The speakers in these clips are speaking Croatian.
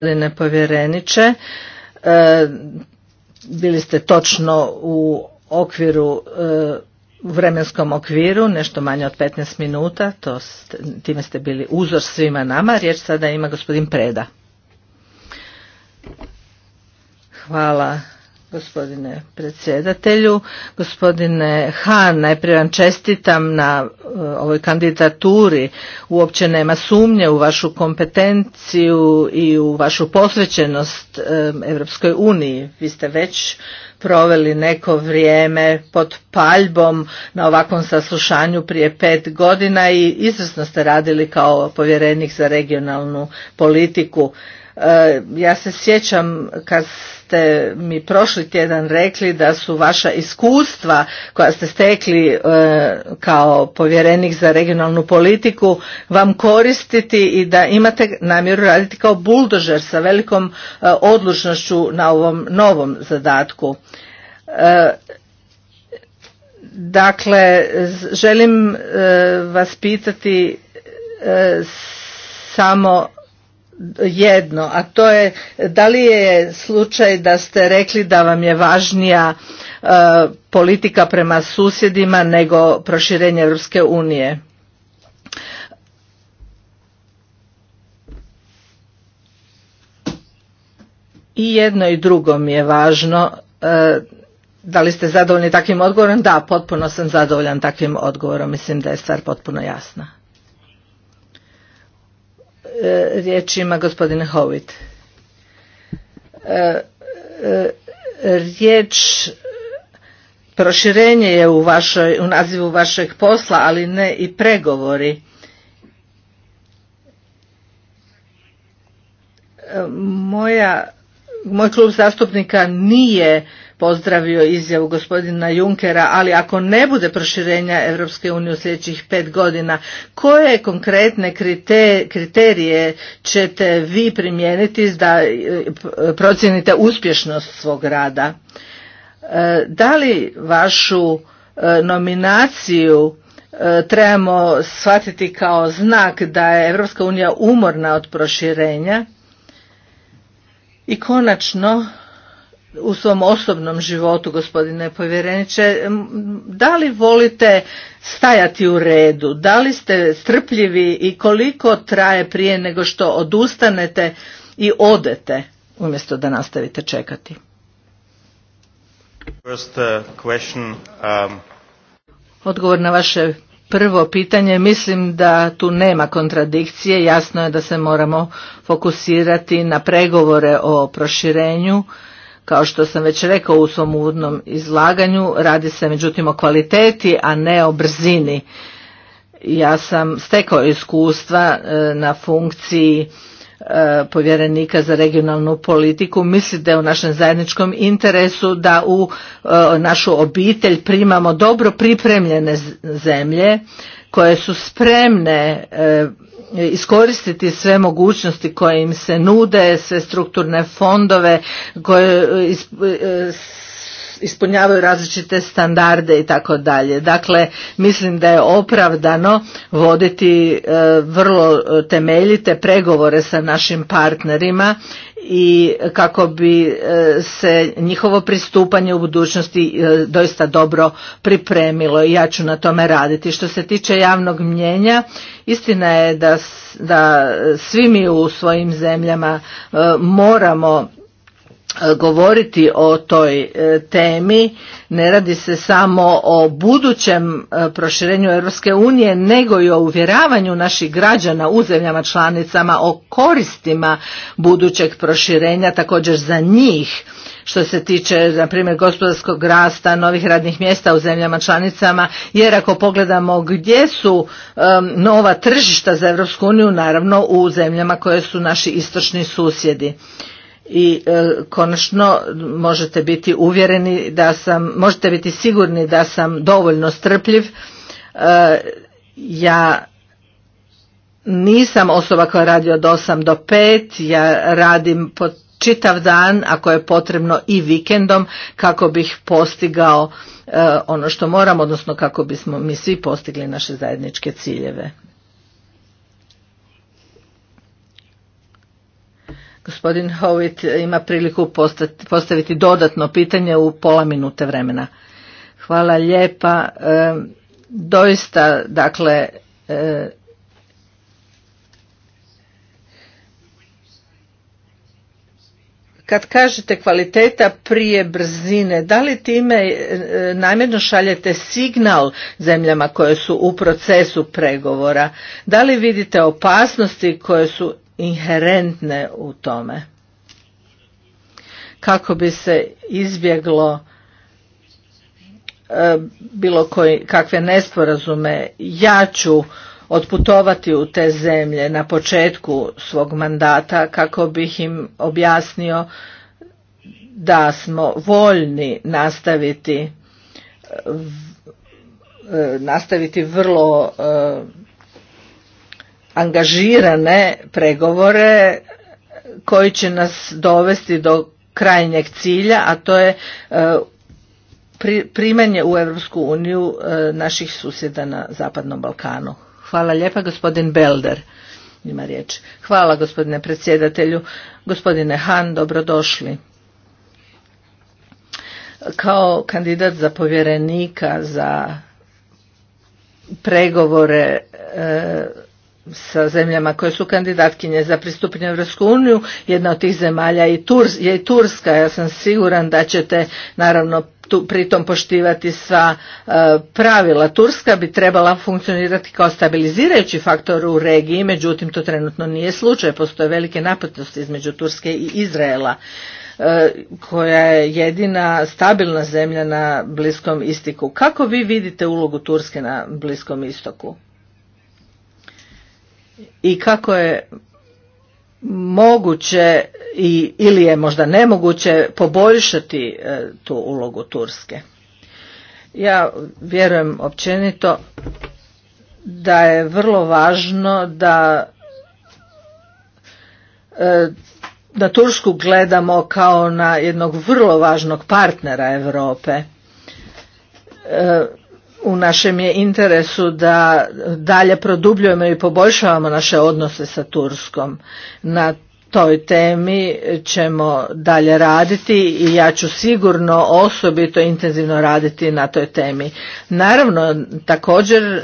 Gospodine povjereniče, e, bili ste točno u okviru e, u vremenskom okviru, nešto manje od 15 minuta, to ste, time ste bili uzor svima nama. Riječ sada ima gospodin Preda. Hvala gospodine predsjedatelju. Gospodine Han, najprije vam čestitam na e, ovoj kandidaturi. Uopće nema sumnje u vašu kompetenciju i u vašu posvećenost Europskoj uniji. Vi ste već proveli neko vrijeme pod paljbom na ovakvom saslušanju prije pet godina i izvrsno ste radili kao povjerenik za regionalnu politiku. Eh, ja se sjećam kad ste mi prošli tjedan rekli da su vaša iskustva koja ste stekli eh, kao povjerenik za regionalnu politiku vam koristiti i da imate namjeru raditi kao buldožer sa velikom eh, odlučnošću na ovom novom zadatku. Dakle, želim vas pitati samo jedno, a to je da li je slučaj da ste rekli da vam je važnija e, politika prema susjedima nego proširenje Europske unije? I jedno i drugo mi je važno. E, da li ste zadovoljni takvim odgovorom? Da, potpuno sam zadovoljan takvim odgovorom. Mislim da je stvar potpuno jasna. E, riječ ima gospodine Hovit. E, e, riječ proširenje je u, u nazivu vašeg posla, ali ne i pregovori. moj klub zastupnika nije pozdravio izjavu gospodina Junkera, ali ako ne bude proširenja Europske unije u sljedećih pet godina, koje konkretne kriterije ćete vi primijeniti da e, procijenite uspješnost svog rada? E, da li vašu e, nominaciju trebamo shvatiti kao znak da je Europska unija umorna od proširenja? I konačno, u svom osobnom životu, gospodine povjereniče, da li volite stajati u redu, da li ste strpljivi i koliko traje prije nego što odustanete i odete umjesto da nastavite čekati? Uh, question, um, Odgovor na vaše prvo pitanje, mislim da tu nema kontradikcije, jasno je da se moramo fokusirati na pregovore o proširenju kao što sam već rekao u svom uvodnom izlaganju, radi se međutim o kvaliteti, a ne o brzini. Ja sam stekao iskustva e, na funkciji e, povjerenika za regionalnu politiku Mislim da je u našem zajedničkom interesu da u e, našu obitelj primamo dobro pripremljene zemlje koje su spremne iskoristiti sve mogućnosti koje im se nude, sve strukturne fondove koje e, e, ispunjavaju različite standarde i tako dalje. Dakle, mislim da je opravdano voditi e, vrlo temeljite pregovore sa našim partnerima i kako bi e, se njihovo pristupanje u budućnosti e, doista dobro pripremilo i ja ću na tome raditi. Što se tiče javnog mnjenja, istina je da, da svi mi u svojim zemljama e, moramo E, govoriti o toj e, temi. Ne radi se samo o budućem e, proširenju Europske unije, nego i o uvjeravanju naših građana u zemljama članicama o koristima budućeg proširenja također za njih što se tiče na primjer gospodarskog rasta, novih radnih mjesta u zemljama članicama, jer ako pogledamo gdje su nova tržišta za Europsku uniju, naravno u zemljama koje su naši istočni susjedi i e, konačno možete biti uvjereni da sam, možete biti sigurni da sam dovoljno strpljiv. E, ja nisam osoba koja radi od 8 do 5, ja radim po čitav dan, ako je potrebno i vikendom, kako bih postigao e, ono što moram, odnosno kako bismo mi svi postigli naše zajedničke ciljeve. Gospodin Howitt ima priliku postaviti dodatno pitanje u pola minute vremena. Hvala lijepa. doista, dakle, kad kažete kvaliteta prije brzine, da li time e, namjerno šaljete signal zemljama koje su u procesu pregovora? Da li vidite opasnosti koje su inherentne u tome kako bi se izbjeglo e, bilo koji, kakve nesporazume ja ću otputovati u te zemlje na početku svog mandata kako bih im objasnio da smo voljni nastaviti e, nastaviti vrlo e, angažirane pregovore koji će nas dovesti do krajnjeg cilja, a to je e, primanje u Europsku uniju e, naših susjeda na Zapadnom Balkanu. Hvala lijepa gospodin Belder. Ima riječ. Hvala gospodine predsjedatelju. Gospodine Han, dobrodošli. Kao kandidat za povjerenika za pregovore e, sa zemljama koje su kandidatkinje za pristupnje Evropsku uniju. Jedna od tih zemalja je i Turska. Ja sam siguran da ćete naravno pritom poštivati sva e, pravila. Turska bi trebala funkcionirati kao stabilizirajući faktor u regiji, međutim to trenutno nije slučaj. Postoje velike napetnosti između Turske i Izraela e, koja je jedina stabilna zemlja na Bliskom istiku. Kako vi vidite ulogu Turske na Bliskom istoku? i kako je moguće i, ili je možda nemoguće poboljšati e, tu ulogu Turske. Ja vjerujem općenito da je vrlo važno da na e, Tursku gledamo kao na jednog vrlo važnog partnera Europe. E, u našem je interesu da dalje produbljujemo i poboljšavamo naše odnose sa Turskom. Na toj temi ćemo dalje raditi i ja ću sigurno osobito intenzivno raditi na toj temi. Naravno, također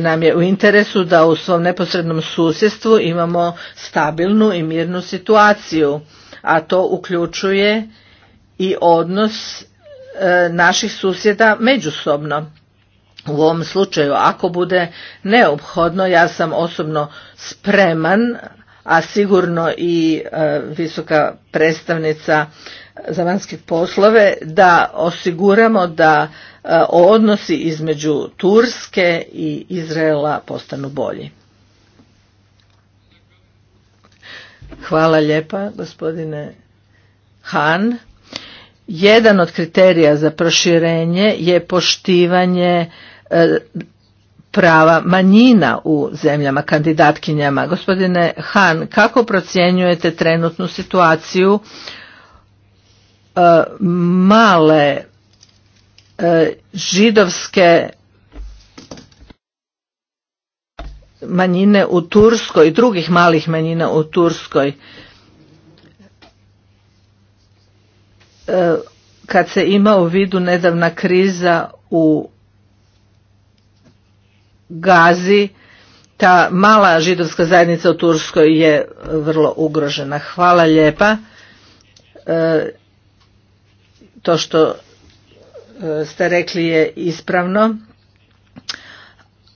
nam je u interesu da u svom neposrednom susjedstvu imamo stabilnu i mirnu situaciju, a to uključuje i odnos e, naših susjeda međusobno u ovom slučaju ako bude neophodno ja sam osobno spreman a sigurno i e, visoka predstavnica za vanjske poslove da osiguramo da e, odnosi između Turske i Izraela postanu bolji. Hvala lijepa gospodine Han. Jedan od kriterija za proširenje je poštivanje E, prava manjina u zemljama kandidatkinjama. Gospodine Han, kako procjenjujete trenutnu situaciju e, male e, židovske manjine u Turskoj i drugih malih manjina u Turskoj kad se ima u vidu nedavna kriza u Gazi, ta mala židovska zajednica u Turskoj je vrlo ugrožena. Hvala lijepa. E, to što e, ste rekli je ispravno.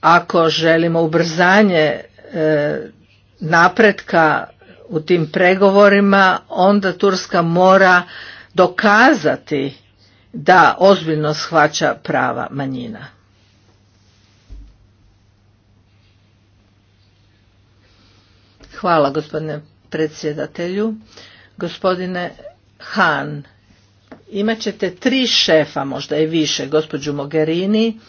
Ako želimo ubrzanje e, napretka u tim pregovorima, onda Turska mora dokazati da ozbiljno shvaća prava manjina. Hvala gospodine predsjedatelju. Gospodine Han, imat ćete tri šefa, možda i više, gospođu Mogherini,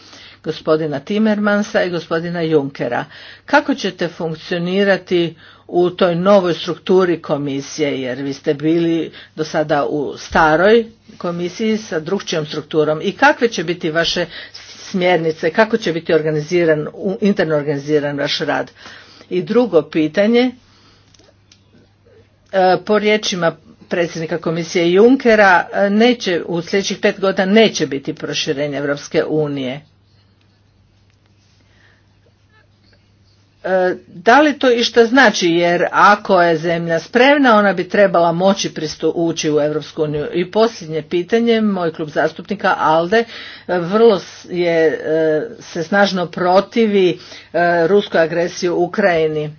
gospodina Timmermansa i gospodina Junkera. Kako ćete funkcionirati u toj novoj strukturi komisije, jer vi ste bili do sada u staroj komisiji sa drugčijom strukturom i kakve će biti vaše smjernice, kako će biti organiziran, interno organiziran vaš rad? I drugo pitanje, e, po riječima predsjednika komisije Junckera, e, neće, u sljedećih pet godina neće biti proširenje Europske unije. E, da li to išta znači jer ako je zemlja spremna ona bi trebala moći pristu, ući u EU. uniju i posljednje pitanje moj klub zastupnika ALDE e, vrlo je e, se snažno protivi ruskoj agresiji u Ukrajini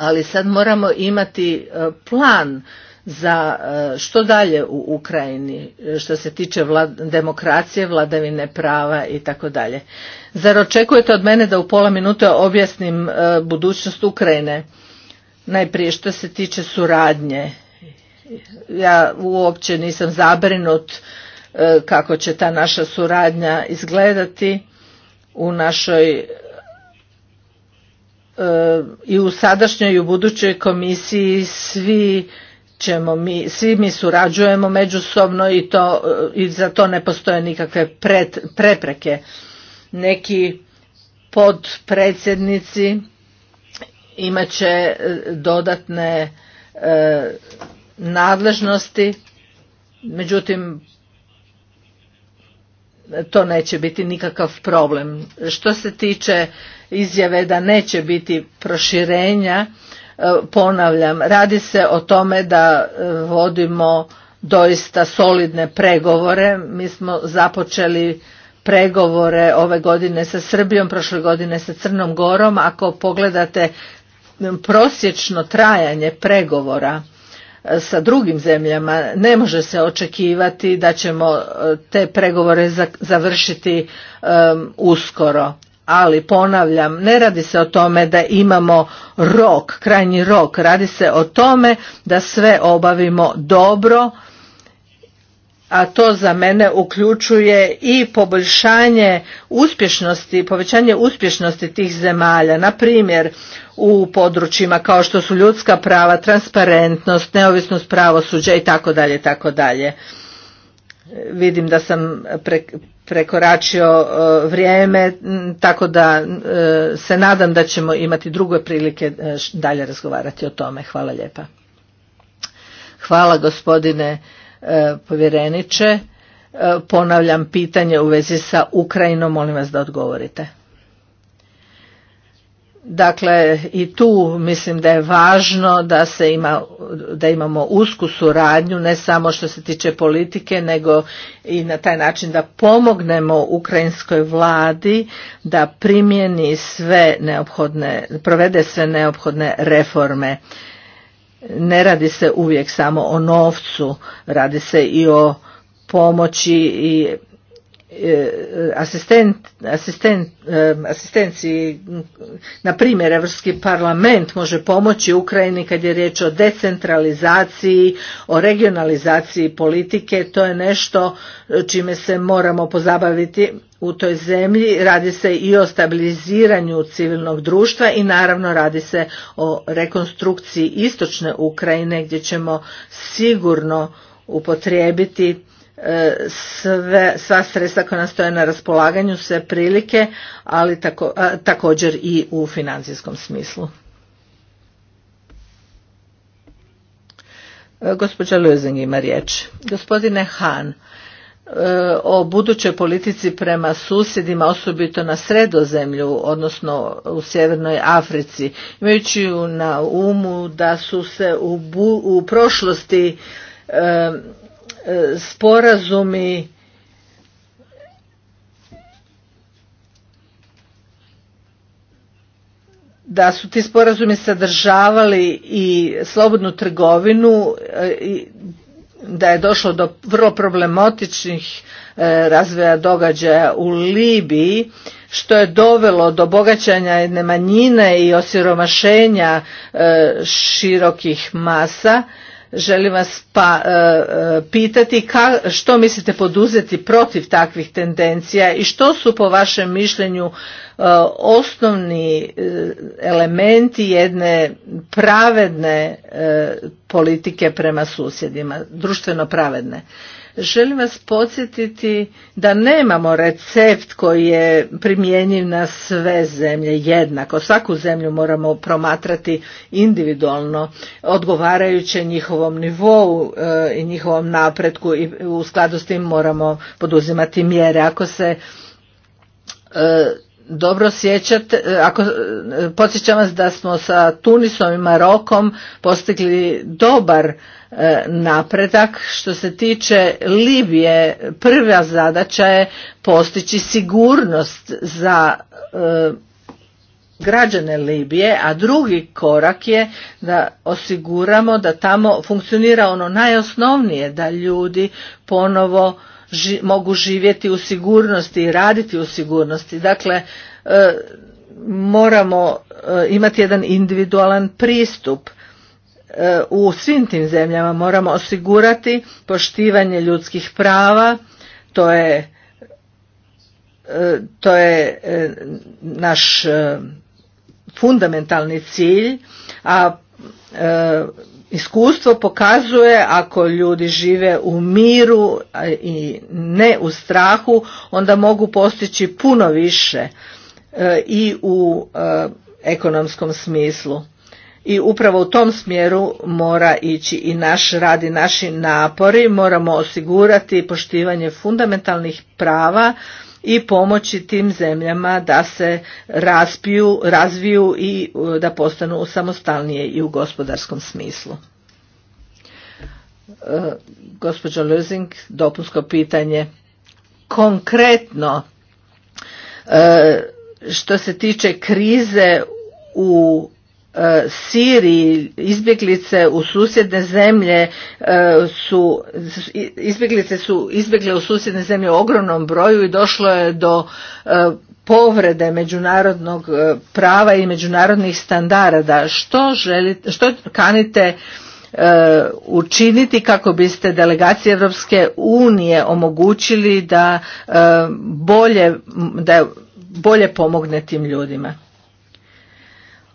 ali sad moramo imati plan za e, što dalje u Ukrajini e, što se tiče demokracije, vladavine prava i tako dalje. Zar očekujete od mene da u pola minute objasnim e, budućnost Ukrajine? Najprije što se tiče suradnje. Ja uopće nisam zabrinut kako će ta naša suradnja izgledati u našoj i u sadašnjoj i u budućoj komisiji svi ćemo mi, svi mi surađujemo međusobno i, to, e, i za to ne postoje nikakve prepreke. Neki podpredsjednici imat će e, dodatne e, nadležnosti, međutim to neće biti nikakav problem. Što se tiče izjave da neće biti proširenja, ponavljam, radi se o tome da e, vodimo doista solidne pregovore. Mi smo započeli pregovore ove godine sa Srbijom, prošle godine sa Crnom Gorom. Ako pogledate prosječno trajanje pregovora e, sa drugim zemljama, ne može se očekivati da ćemo e, te pregovore završiti uskoro ali ponavljam, ne radi se o tome da imamo rok, krajnji rok, radi se o tome da sve obavimo dobro, a to za mene uključuje i poboljšanje uspješnosti, povećanje uspješnosti tih zemalja. Na primjer, u područjima kao što su ljudska prava, transparentnost, neovisnost pravosuđa i tako dalje, tako dalje. Vidim da sam prekoračio e, vrijeme, tako da e, se nadam da ćemo imati druge prilike e, dalje razgovarati o tome. Hvala lijepa. Hvala gospodine povjereniče. Ponavljam pitanje u vezi sa Ukrajinom, molim vas da odgovorite. Dakle, i tu mislim da je važno da, se ima, da imamo usku suradnju, ne samo što se tiče politike, nego i na taj način da pomognemo ukrajinskoj vladi da primjeni sve neophodne, provede sve neophodne reforme. Ne radi se uvijek samo o novcu, radi se i o pomoći i E, asistent, asistent, e, asistenciji na primjer Evropski parlament može pomoći Ukrajini kad je riječ o decentralizaciji, o regionalizaciji politike, to je nešto e, čime se moramo pozabaviti u toj zemlji, radi se i o stabiliziranju civilnog društva i naravno radi se o rekonstrukciji istočne Ukrajine gdje ćemo sigurno upotrijebiti E, sve, sva sredstva koja nam na raspolaganju, sve prilike, ali tako, također i u financijskom smislu. E, gospođa Lözing ima riječ. Gospodine Han, e, o budućoj politici prema susjedima, osobito na sredozemlju, odnosno u sjevernoj Africi, imajući na umu da su se u, prošlosti E, sporazumi da su ti sporazumi sadržavali i slobodnu trgovinu e, i da je došlo do vrlo problematičnih e, razvoja događaja u Libiji što je dovelo do bogaćanja jedne manjine i osiromašenja širokih masa želim vas pa e, e, pitati ka, što mislite poduzeti protiv takvih tendencija i što su po vašem mišljenju e, osnovni elementi jedne pravedne politike prema susjedima društveno pravedne Želim vas podsjetiti da nemamo recept koji je primjenjiv na sve zemlje jednako. Svaku zemlju moramo promatrati individualno, odgovarajuće njihovom nivou e, i njihovom napretku i u skladu s tim moramo poduzimati mjere. Ako se e, dobro sjećate, e, ako e, podsjećam vas da smo sa Tunisom i Marokom postigli dobar e, napredak što se tiče Libije prva zadaća je postići sigurnost za građane Libije, a drugi korak je da osiguramo da tamo funkcionira ono najosnovnije da ljudi ponovo mogu živjeti u sigurnosti i raditi u sigurnosti. Dakle, e, moramo e, imati jedan individualan pristup. E, u svim tim zemljama moramo osigurati poštivanje ljudskih prava, to je to je naš fundamentalni cilj, a Iskustvo pokazuje ako ljudi žive u miru i ne u strahu, onda mogu postići puno više e, i u e, ekonomskom smislu. I upravo u tom smjeru mora ići i naš rad i naši napori, moramo osigurati poštivanje fundamentalnih prava i pomoći tim zemljama da se raspiju, razviju i e, da postanu samostalnije i u gospodarskom smislu. E, gospođo dopunsko pitanje. Konkretno, e, što se tiče krize u E, Siriji izbjeglice u susjedne zemlje e, su izbjeglice su izbjegle u susjedne zemlje u ogromnom broju i došlo je do e, povrede međunarodnog prava i međunarodnih standarda što želite što kanite učiniti kako biste delegacije Europske unije omogućili da bolje da bolje pomogne tim ljudima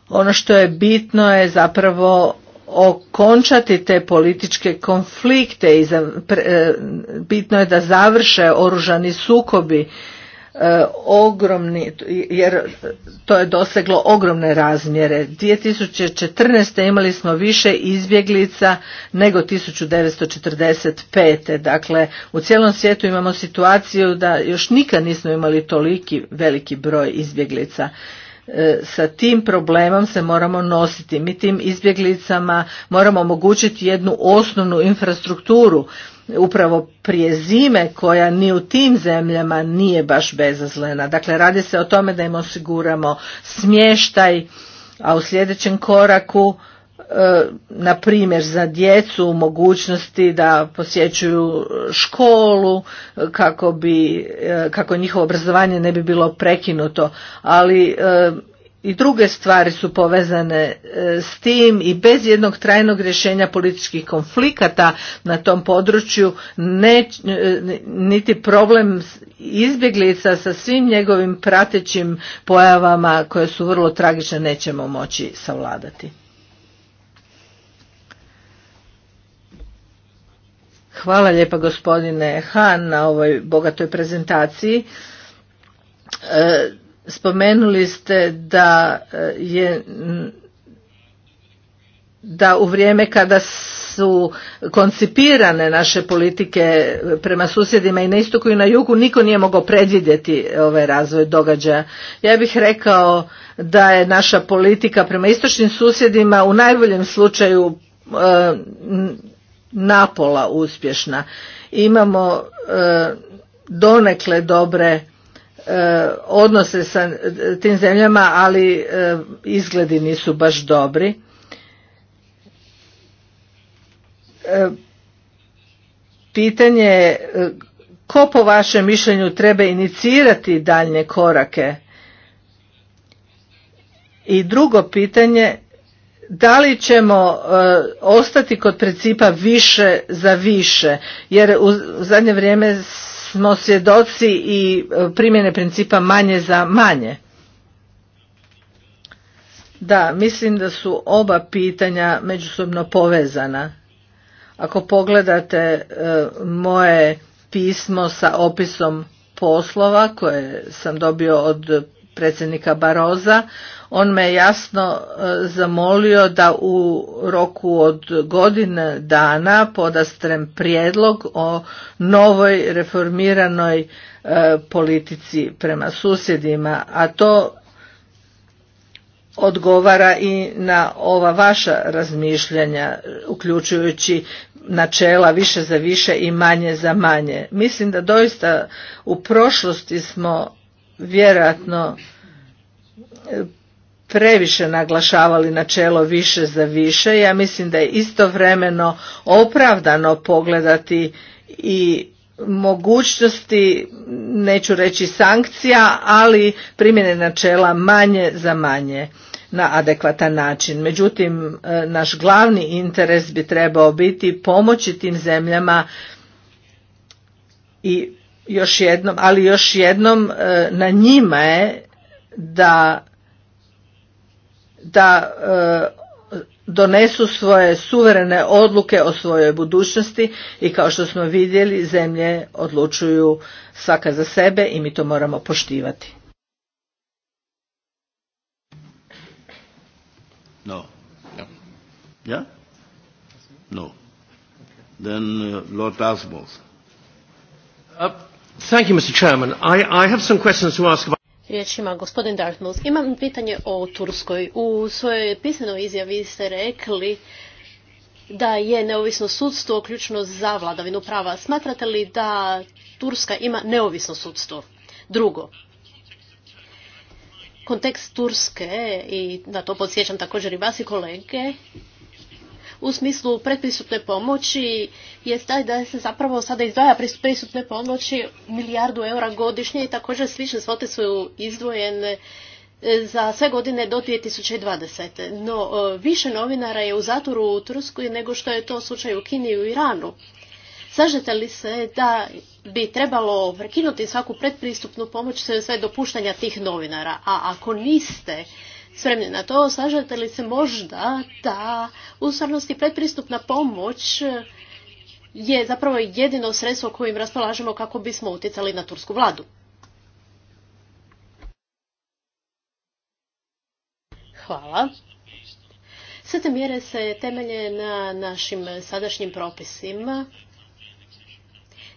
ono što je bitno je zapravo okončati te političke konflikte i za, e, bitno je da završe oružani sukobi e, ogromni jer to je doseglo ogromne razmjere 2014. imali smo više izbjeglica nego 1945. dakle u cijelom svijetu imamo situaciju da još nikad nismo imali toliki veliki broj izbjeglica E, sa tim problemom se moramo nositi. Mi tim izbjeglicama moramo omogućiti jednu osnovnu infrastrukturu upravo prije zime koja ni u tim zemljama nije baš bezazlena. Dakle, radi se o tome da im osiguramo smještaj, a u sljedećem koraku E, na primjer za djecu mogućnosti da posjećuju školu e, kako bi e, kako njihovo obrazovanje ne bi bilo prekinuto ali i druge stvari su povezane s tim i bez jednog trajnog rješenja političkih konflikata na tom području niti problem izbjeglica sa svim njegovim pratećim pojavama koje su vrlo tragične nećemo moći savladati Hvala lijepa gospodine Han na ovoj bogatoj prezentaciji. E, spomenuli ste da e, je da u vrijeme kada su koncipirane naše politike prema susjedima i na istoku i na jugu niko nije mogao predvidjeti ovaj razvoj događaja. Ja bih rekao da je naša politika prema istočnim susjedima u najboljem slučaju e, napola uspješna. Imamo e, donekle dobre e, odnose sa tim zemljama, ali e, izgledi nisu baš dobri. Pitanje je ko po vašem mišljenju treba inicirati daljnje korake? I drugo pitanje da li ćemo e, ostati kod principa više za više jer u zadnje vrijeme smo svjedoci i e, primjene principa manje za manje da mislim da su oba pitanja međusobno povezana ako pogledate e, moje pismo sa opisom poslova koje sam dobio od predsjednika Baroza. On me jasno e, zamolio da u roku od godine dana podastrem prijedlog o novoj reformiranoj e, politici prema susjedima, a to odgovara i na ova vaša razmišljanja, uključujući načela više za više i manje za manje. Mislim da doista u prošlosti smo vjerojatno e, previše naglašavali načelo više za više. Ja mislim da je istovremeno opravdano pogledati i mogućnosti, neću reći sankcija, ali primjene načela manje za manje na adekvatan način. Međutim, e, naš glavni interes bi trebao biti pomoći tim zemljama i još jednom, ali još jednom e, na njima je da da e, donesu svoje suverene odluke o svojoj budućnosti i kao što smo vidjeli zemlje odlučuju svaka za sebe i mi to moramo poštivati. No. Yeah. Yeah? No. Then uh, Lord Riječ ima gospodin Dartmouth, imam pitanje o Turskoj. U svojoj pisanoj izjavi ste rekli da je neovisno sudstvo ključno za vladavinu prava. Smatrate li da Turska ima neovisno sudstvo? Drugo, kontekst Turske, i na to podsjećam također i vas i kolege, u smislu predpristupne pomoći je taj da se zapravo sada izdvaja predpristupne pomoći milijardu eura godišnje i također slične svote su izdvojene e, za sve godine do 2020. No, e, više novinara je u zatvoru u Turskoj nego što je to slučaj u Kini i u Iranu. Slažete li se da bi trebalo prekinuti svaku predpristupnu pomoć sve dopuštanja tih novinara? A ako niste, spremni na to, slažete li se možda da u stvarnosti predpristupna pomoć je zapravo jedino sredstvo kojim raspolažemo kako bismo utjecali na tursku vladu. Hvala. Sve te mjere se temelje na našim sadašnjim propisima,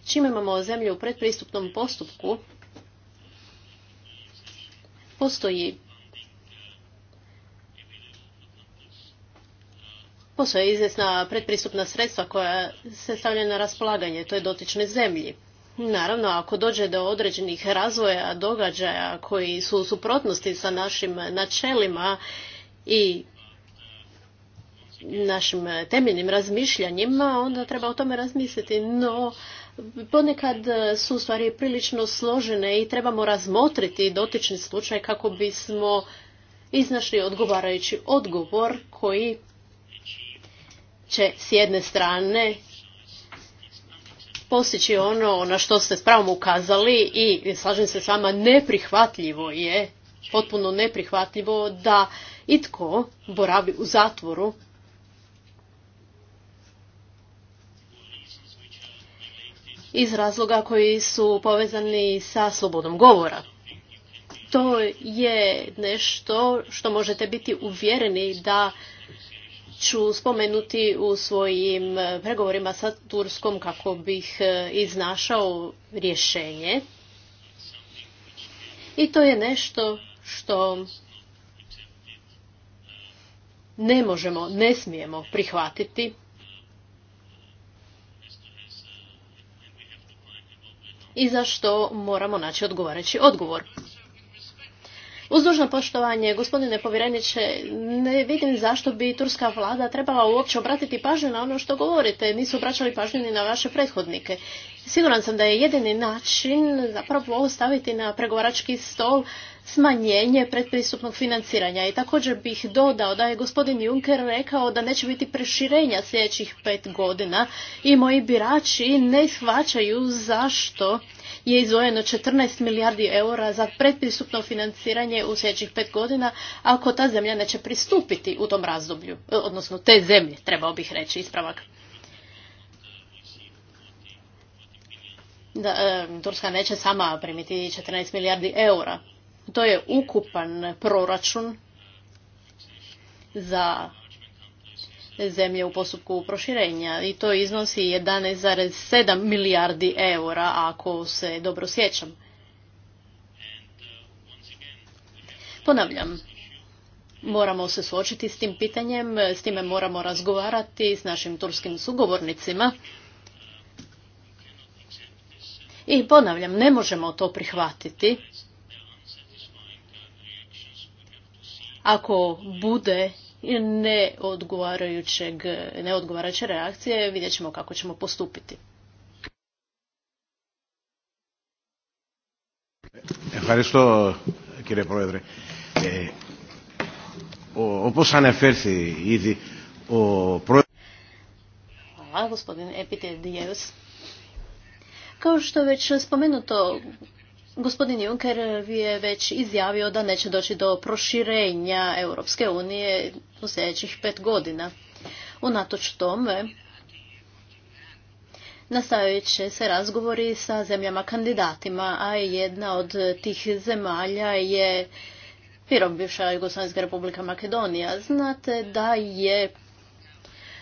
čime imamo zemlju u predpristupnom postupku. Postoji Postoje izvjesna predpristupna sredstva koja se stavlja na raspolaganje toj dotičnoj zemlji. Naravno, ako dođe do određenih razvoja, događaja koji su u suprotnosti sa našim načelima i našim temeljnim razmišljanjima, onda treba o tome razmisliti. No, ponekad su stvari prilično složene i trebamo razmotriti dotični slučaj kako bismo iznašli odgovarajući odgovor koji će s jedne strane postići ono na što ste s pravom ukazali i slažem se s vama neprihvatljivo je potpuno neprihvatljivo da itko boravi u zatvoru iz razloga koji su povezani sa slobodom govora. To je nešto što možete biti uvjereni da ću spomenuti u svojim e, pregovorima sa Turskom kako bih e, iznašao rješenje. I to je nešto što ne možemo, ne smijemo prihvatiti. I za što moramo naći odgovarajući odgovor. Uz dužno poštovanje, gospodine povjereniče, ne vidim zašto bi turska vlada trebala uopće obratiti pažnju na ono što govorite. Nisu obraćali pažnju ni na vaše prethodnike. Siguran sam da je jedini način zapravo staviti na pregovarački stol smanjenje pretpristupnog financiranja. I također bih dodao da je gospodin Juncker rekao da neće biti preširenja sljedećih pet godina i moji birači ne shvaćaju zašto je izvojeno 14 milijardi eura za pretpristupno financiranje u sljedećih pet godina ako ta zemlja neće pristupiti u tom razdoblju, e, odnosno te zemlje, trebao bih reći ispravak. Da, e, Turska neće sama primiti 14 milijardi eura. To je ukupan proračun za zemlje u postupku proširenja i to iznosi 11,7 milijardi eura ako se dobro sjećam. Ponavljam, moramo se suočiti s tim pitanjem, s time moramo razgovarati s našim turskim sugovornicima. I ponavljam, ne možemo to prihvatiti. Ako bude neodgovarajućeg, neodgovarajuće reakcije, vidjet ćemo kako ćemo postupiti. Hvala što, kire Ε, ο, o αναφέρθη ήδη ο Hvala, gospodin Epitedijeus. Kao što već spomenuto, Gospodin Juncker je već izjavio da neće doći do proširenja Europske unije u sljedećih pet godina. Unatoč tome, nastavit će se razgovori sa zemljama kandidatima, a jedna od tih zemalja je Pirom, bivša Jugoslavijska republika Makedonija. Znate da je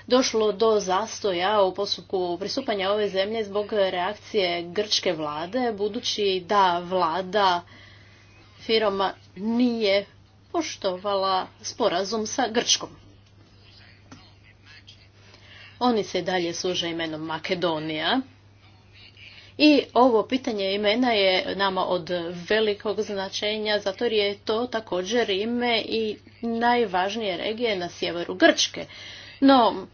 došlo do zastoja u postupku pristupanja ove zemlje zbog reakcije grčke vlade, budući da vlada firoma nije poštovala sporazum sa Grčkom. Oni se dalje služe imenom Makedonija. I ovo pitanje imena je nama od velikog značenja, zato jer je to također ime i najvažnije regije na sjeveru Grčke. No,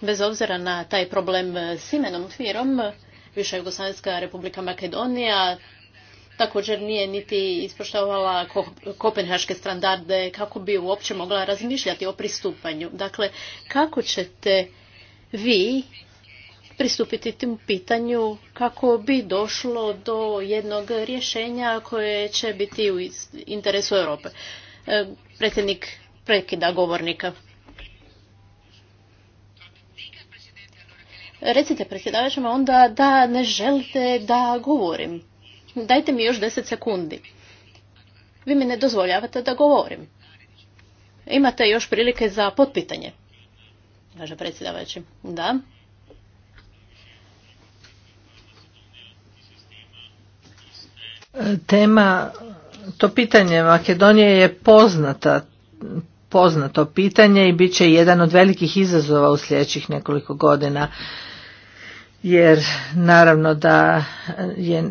bez obzira na taj problem e, s imenom Tvirom, e, više Jugoslavijska republika Makedonija također nije niti ispoštovala kopenhaške standarde kako bi uopće mogla razmišljati o pristupanju. Dakle, kako ćete vi pristupiti tim pitanju kako bi došlo do jednog rješenja koje će biti u interesu Europe. E, predsjednik prekida govornika. recite predsjedavajućima onda da ne želite da govorim. Dajte mi još deset sekundi. Vi mi ne dozvoljavate da govorim. Imate još prilike za potpitanje. Kaže predsjedavajući. Da. Tema, to pitanje Makedonije je poznata poznato pitanje i bit će jedan od velikih izazova u sljedećih nekoliko godina jer naravno da je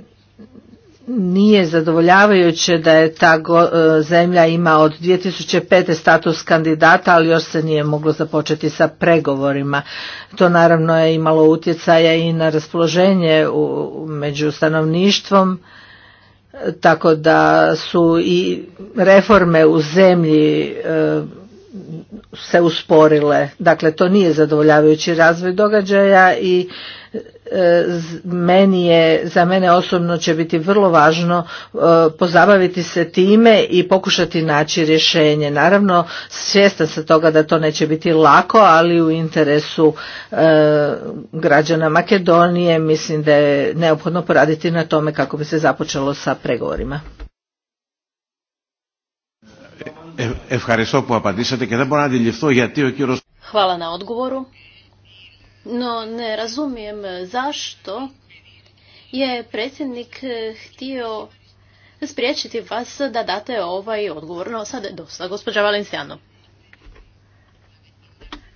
nije zadovoljavajuće da je ta e, zemlja ima od 2005. status kandidata, ali još se nije moglo započeti sa pregovorima. To naravno je imalo utjecaja i na raspoloženje u, među stanovništvom tako da su i reforme u zemlji e, se usporile. Dakle, to nije zadovoljavajući razvoj događaja i E, meni je, za mene osobno će biti vrlo važno e, pozabaviti se time i pokušati naći rješenje. Naravno, svjestan se toga da to neće biti lako, ali u interesu e, građana Makedonije mislim da je neophodno poraditi na tome kako bi se započelo sa pregovorima. Hvala na odgovoru. No ne razumijem zašto je predsjednik eh, htio spriječiti vas da date ovaj odgovor. No sada je dosta, gospođa Valencijano.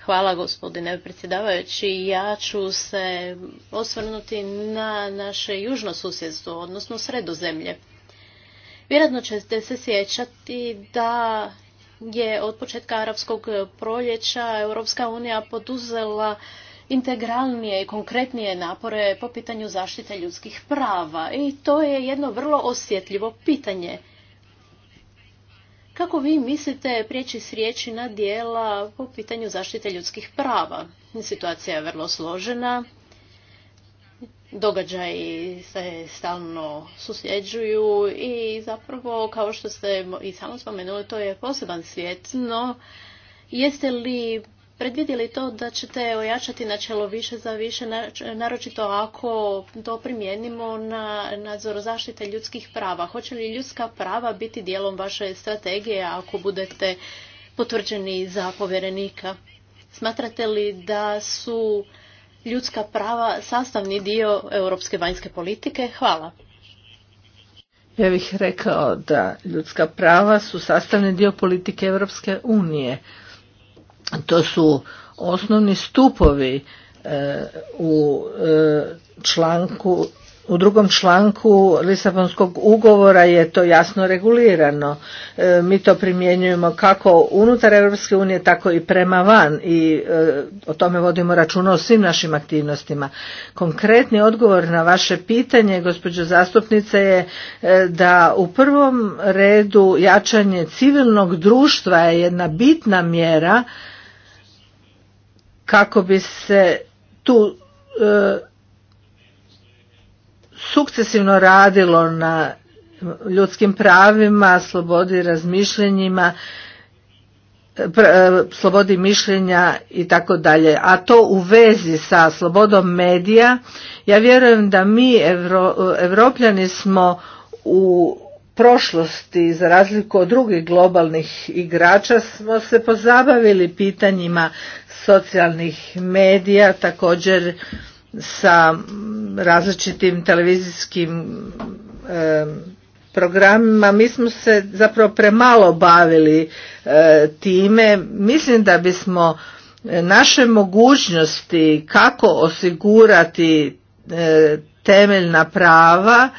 Hvala gospodine predsjedavajući. Ja ću se osvrnuti na naše južno susjedstvo, odnosno sredozemlje. Vjerojatno ćete se sjećati da je od početka arapskog proljeća Europska unija poduzela integralnije i konkretnije napore po pitanju zaštite ljudskih prava i to je jedno vrlo osjetljivo pitanje. Kako vi mislite prijeći s riječi na dijela po pitanju zaštite ljudskih prava? Situacija je vrlo složena, događaji se stalno susljeđuju i zapravo, kao što ste i samo spomenuli, to je poseban svijet, no jeste li predvidjeli to da ćete ojačati načelo više za više, naročito ako to primijenimo na nadzor zaštite ljudskih prava? Hoće li ljudska prava biti dijelom vaše strategije ako budete potvrđeni za povjerenika? Smatrate li da su ljudska prava sastavni dio europske vanjske politike? Hvala. Ja bih rekao da ljudska prava su sastavni dio politike Europske unije to su osnovni stupovi e, u e, članku u drugom članku Lisabonskog ugovora je to jasno regulirano. E, mi to primjenjujemo kako unutar Europske unije, tako i prema van i o tome vodimo računa o svim našim aktivnostima. Konkretni odgovor na vaše pitanje, gospođo zastupnice, je da u prvom redu jačanje civilnog društva je jedna bitna mjera kako bi se tu e, sukcesivno radilo na ljudskim pravima, slobodi razmišljenjima, e, e, slobodi mišljenja i tako dalje. A to u vezi sa slobodom medija, ja vjerujem da mi evropljani smo u prošlosti, za razliku od drugih globalnih igrača, smo se pozabavili pitanjima socijalnih medija, također sa različitim televizijskim programima mi smo se zapravo premalo bavili e, time mislim da bismo naše mogućnosti kako osigurati e, temeljna prava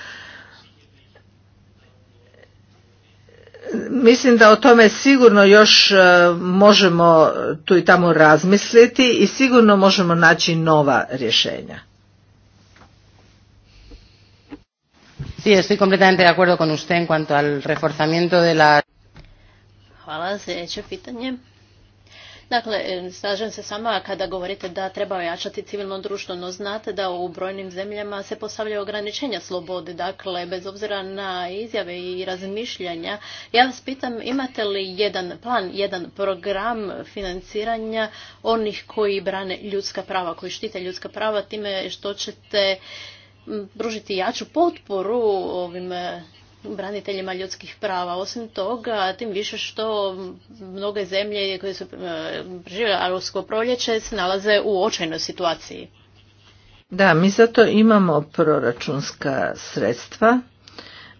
Mislim da o tome sigurno još e, možemo tu i tamo razmisliti i sigurno možemo naći nova rješenja. Sí, estoy completamente de acuerdo con usted en cuanto al reforzamiento de la... Hvala, sljedeće pitanje. Dakle, e, slažem se sama kada govorite da treba ojačati civilno društvo, no znate da u brojnim zemljama se postavljaju ograničenja slobode. Dakle, bez obzira na izjave i razmišljanja, ja vas pitam imate li jedan plan, jedan program financiranja onih koji brane ljudska prava, koji štite ljudska prava time što ćete pružiti jaču potporu ovim braniteljima ljudskih prava. Osim toga, tim više što mnoge zemlje koje su e, žive arabsko proljeće se nalaze u očajnoj situaciji. Da, mi zato imamo proračunska sredstva.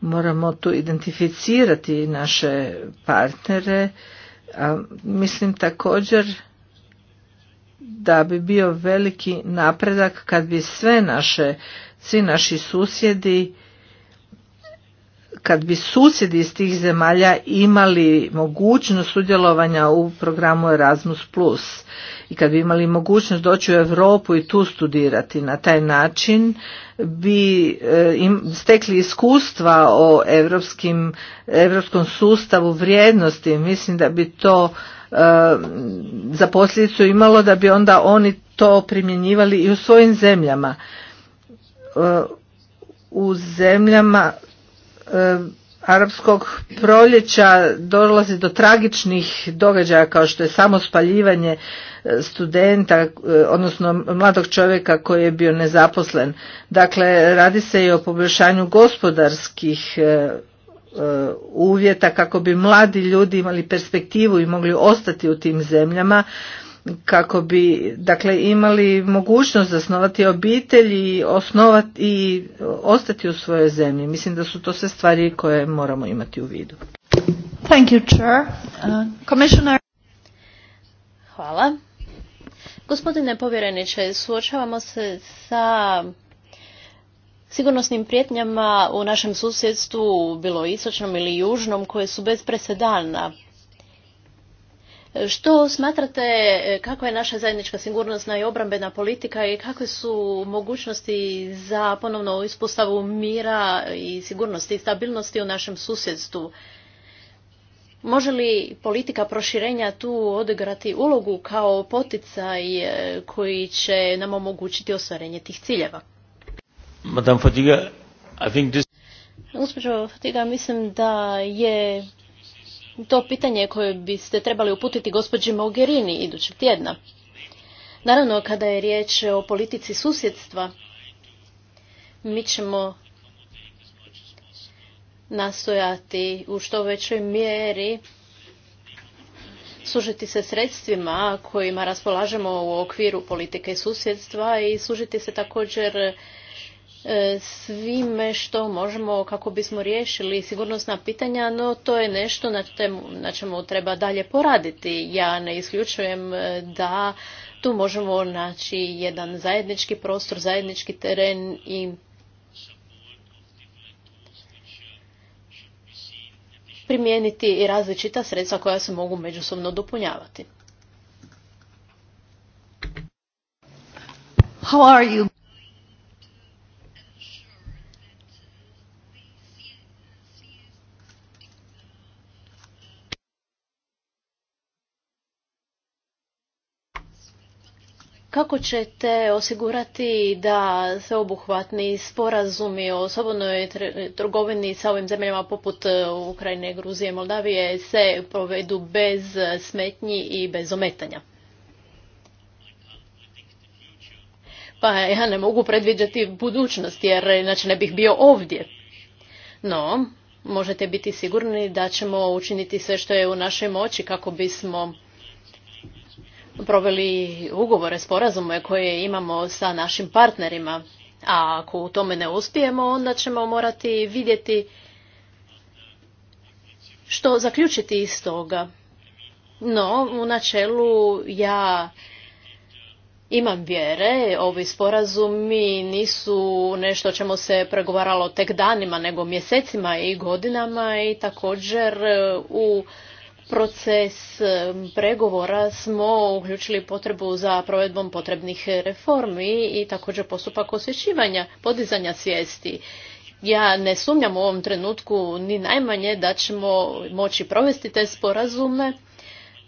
Moramo tu identificirati naše partnere. A mislim također da bi bio veliki napredak kad bi sve naše, svi naši susjedi kad bi susjedi iz tih zemalja imali mogućnost sudjelovanja u programu Erasmus Plus i kad bi imali mogućnost doći u Europu i tu studirati na taj način bi e, stekli iskustva o europskim, europskom sustavu vrijednosti. Mislim da bi to e, za posljedicu imalo da bi onda oni to primjenjivali i u svojim zemljama e, u zemljama arapskog proljeća dolazi do tragičnih događaja kao što je samo spaljivanje eh, studenta, eh, odnosno mladog čovjeka koji je bio nezaposlen. Dakle, radi se i o poboljšanju gospodarskih eh, uvjeta kako bi mladi ljudi imali perspektivu i mogli ostati u tim zemljama kako bi dakle imali mogućnost zasnovati obitelj i osnovati i ostati u svojoj zemlji. Mislim da su to sve stvari koje moramo imati u vidu. Thank you, Chair. Uh, Commissioner. Hvala. Gospodine povjereniče, suočavamo se sa sigurnosnim prijetnjama u našem susjedstvu, bilo istočnom ili južnom, koje su bez presedana. Što smatrate, e, kakva je naša zajednička sigurnosna i obrambena politika i kakve su mogućnosti za ponovno ispostavu mira i sigurnosti i stabilnosti u našem susjedstvu? Može li politika proširenja tu odigrati ulogu kao poticaj e, koji će nam omogućiti ostvarenje tih ciljeva? Madame Fatiga, mislim da je to pitanje koje biste trebali uputiti gospođi Mogherini idućeg tjedna. Naravno, kada je riječ o politici susjedstva, mi ćemo nastojati u što većoj mjeri služiti se sredstvima kojima raspolažemo u okviru politike susjedstva i služiti se također E, svime što možemo kako bismo riješili sigurnosna pitanja, no to je nešto na, na čemu treba dalje poraditi. Ja ne isključujem e, da tu možemo naći jedan zajednički prostor, zajednički teren i primijeniti i različita sredstva koja se mogu međusobno dopunjavati. How are Kako ćete osigurati da se obuhvatni sporazumi o slobodnoj trgovini sa ovim zemljama poput e, Ukrajine, Gruzije, Moldavije se provedu bez smetnji i bez ometanja? Pa ja ne mogu predviđati budućnost jer znači ne bih bio ovdje. No, možete biti sigurni da ćemo učiniti sve što je u našoj moći kako bismo proveli ugovore, sporazume koje imamo sa našim partnerima. A ako u tome ne uspijemo, onda ćemo morati vidjeti što zaključiti iz toga. No, u načelu ja imam vjere, ovi sporazumi nisu nešto čemu se pregovaralo tek danima, nego mjesecima i godinama i također u proces pregovora smo uključili potrebu za provedbom potrebnih reformi i također postupak osvješćivanja, podizanja svijesti. Ja ne sumnjam u ovom trenutku ni najmanje da ćemo moći provesti te sporazume.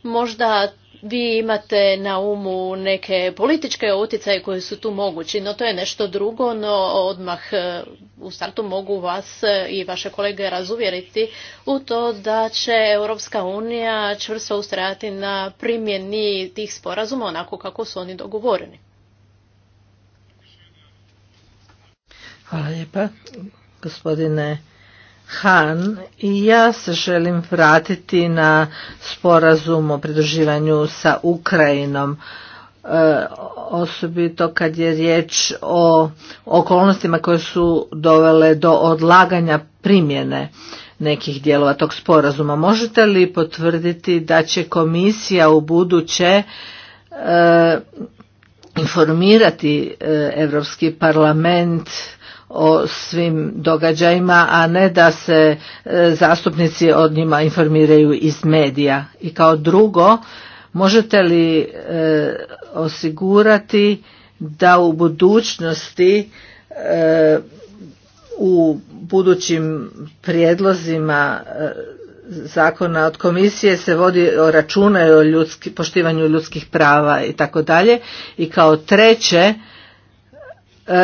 Možda vi imate na umu neke političke utjecaje koji su tu mogući, no to je nešto drugo, no odmah e, u startu mogu vas e, i vaše kolege razuvjeriti u to da će Europska unija čvrsto ustrajati na primjeni tih sporazuma onako kako su oni dogovoreni. Hvala lijepa, gospodine Han i ja se želim vratiti na sporazum o pridruživanju sa Ukrajinom e, osobito kad je riječ o okolnostima koje su dovele do odlaganja primjene nekih dijelova tog sporazuma. Možete li potvrditi da će komisija u buduće e, informirati Europski parlament o svim događajima, a ne da se e, zastupnici od njima informiraju iz medija. I kao drugo, možete li e, osigurati da u budućnosti e, u budućim prijedlozima zakona od komisije se vodi o računaju o poštivanju ljudskih prava i tako dalje. I kao treće, E,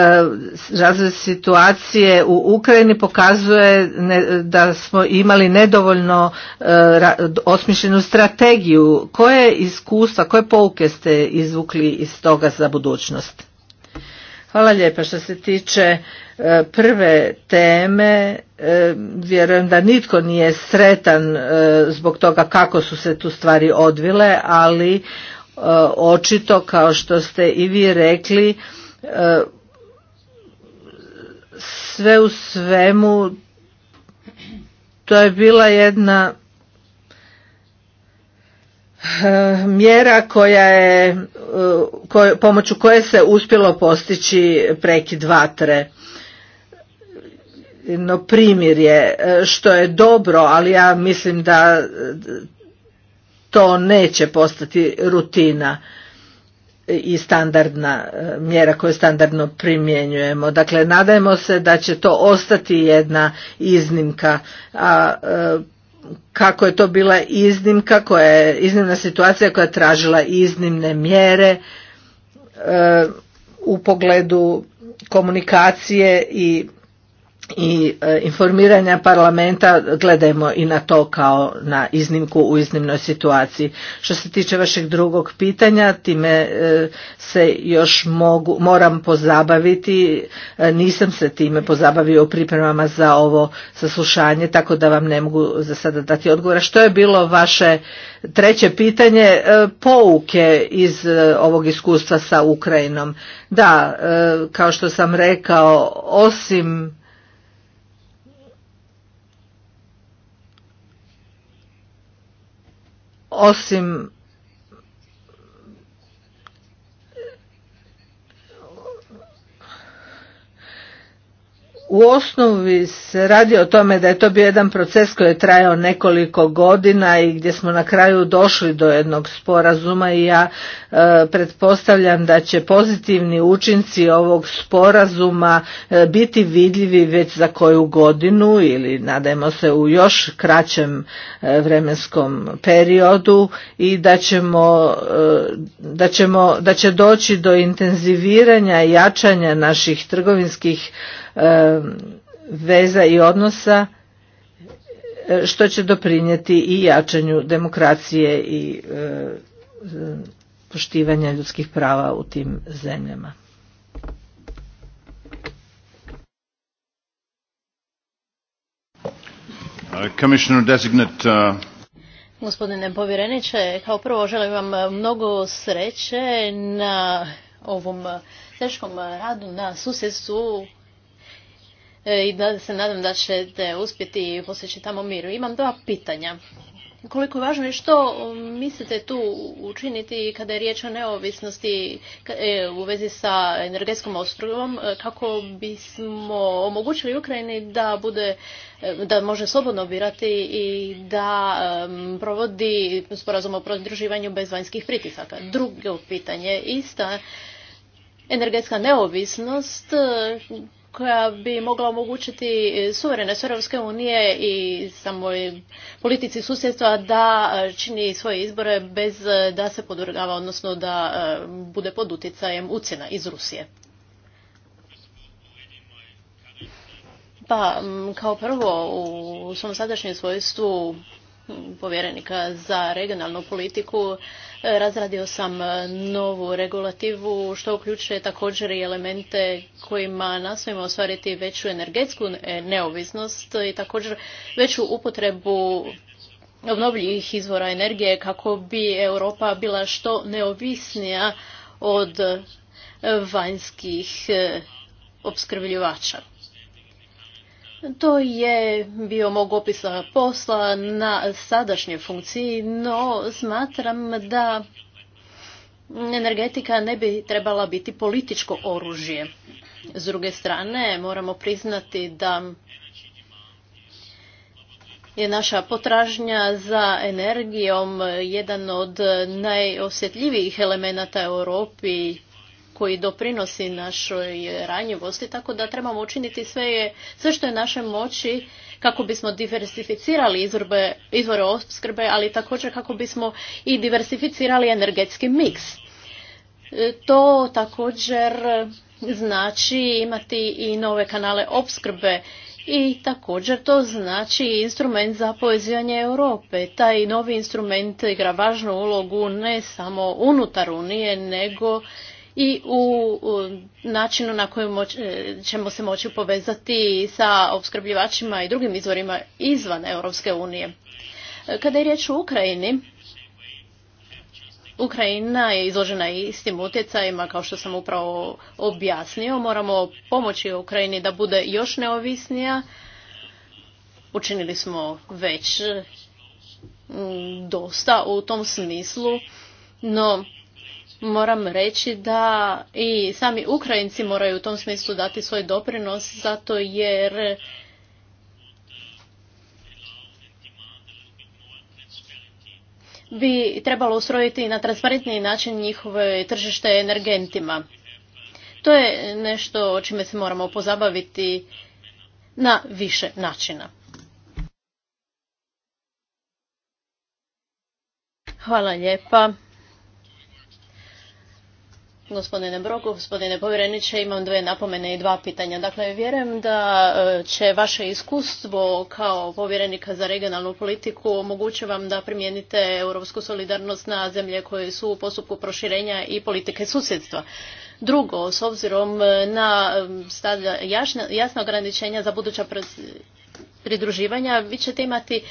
razvoj situacije u Ukrajini pokazuje da smo imali nedovoljno e, osmišljenu strategiju. Koje iskustva, koje pouke ste izvukli iz toga za budućnost? Hvala lijepa. Što se tiče e, prve teme, vjerujem da nitko nije sretan zbog toga kako su se tu stvari odvile, ali očito kao što ste i vi rekli, sve u svemu to je bila jedna eh, mjera koja je eh, pomoću koje se uspjelo postići prekid vatre no primjer je eh, što je dobro ali ja mislim da to neće postati rutina i standardna e, mjera koju standardno primjenjujemo. Dakle, nadajmo se da će to ostati jedna iznimka, a e, kako je to bila iznimka, koja je iznimna situacija koja je tražila iznimne mjere e, u pogledu komunikacije i i e, informiranja parlamenta gledajmo i na to kao na iznimku u iznimnoj situaciji. Što se tiče vašeg drugog pitanja, time e, se još mogu, moram pozabaviti, e, nisam se time pozabavio u pripremama za ovo saslušanje, tako da vam ne mogu za sada dati odgovora. Što je bilo vaše treće pitanje, pouke iz ovog iskustva sa Ukrajinom? Da, kao što sam rekao, osim osim u osnovi se radi o tome da je to bio jedan proces koji je trajao nekoliko godina i gdje smo na kraju došli do jednog sporazuma i ja e, pretpostavljam da će pozitivni učinci ovog sporazuma e, biti vidljivi već za koju godinu ili nadajmo se u još kraćem e, vremenskom periodu i da ćemo e, da ćemo da će doći do intenziviranja i jačanja naših trgovinskih veza i odnosa e, što će doprinijeti i jačanju demokracije i e, poštivanja ljudskih prava u tim zemljama. Uh, uh, Gospodine povjereniče, kao prvo želim vam mnogo sreće na ovom teškom radu na susjedstvu E, i da se nadam da ćete uspjeti i posjeći tamo miru. Imam dva pitanja. Koliko je važno i što um, mislite tu učiniti kada je riječ o neovisnosti e, u vezi sa energetskom ostrovom e, kako bismo omogućili Ukrajini da bude da može slobodno birati i da um, provodi sporazum o prodruživanju bez vanjskih pritisaka. Drugo pitanje, ista energetska neovisnost koja bi mogla omogućiti e, suverene Europske unije i samoj politici susjedstva da e, čini svoje izbore bez e, da se podvrgava, odnosno da bude pod utjecajem ucjena iz Rusije. Pa, kao prvo, u svom sadašnjem svojstvu povjerenika za regionalnu politiku e, razradio sam e, novu regulativu što uključuje također i elemente kojima nastojimo ostvariti veću energetsku neovisnost i također veću upotrebu obnovljivih izvora energije kako bi Europa bila što neovisnija od vanjskih e, opskrbljivača. To je bio mog opisa posla na sadašnjoj funkciji, no smatram da energetika ne bi trebala biti političko oružje. S druge strane, moramo priznati da je naša potražnja za energijom jedan od najosjetljivijih elemenata Europi koji doprinosi našoj ranjivosti, tako da trebamo učiniti sve, sve što je naše moći kako bismo diversificirali izvore opskrbe, ali također kako bismo i diversificirali energetski miks. E, to također znači imati i nove kanale opskrbe i također to znači instrument za povezivanje Europe. Taj novi instrument igra važnu ulogu ne samo unutar Unije, nego i u načinu na kojem ćemo se moći povezati sa opskrbljivačima i drugim izvorima izvan Europske unije. E, kada je riječ o Ukrajini, Ukrajina je izložena istim utjecajima kao što sam upravo objasnio. Moramo pomoći Ukrajini da bude još neovisnija. Učinili smo već mm, dosta u tom smislu, no moram reći da i sami Ukrajinci moraju u tom smislu dati svoj doprinos zato jer bi trebalo ustrojiti na transparentniji način njihove tržište energentima. To je nešto o čime se moramo pozabaviti na više načina. Hvala lijepa. Gospodine Broku, gospodine povjereniče, imam dve napomene i dva pitanja. Dakle, vjerujem da e, će vaše iskustvo kao povjerenika za regionalnu politiku omogući vam da primijenite europsku solidarnost na zemlje koje su u postupku proširenja i politike susjedstva. Drugo, s obzirom na jasna ograničenja za buduća pridruživanja, vi ćete imati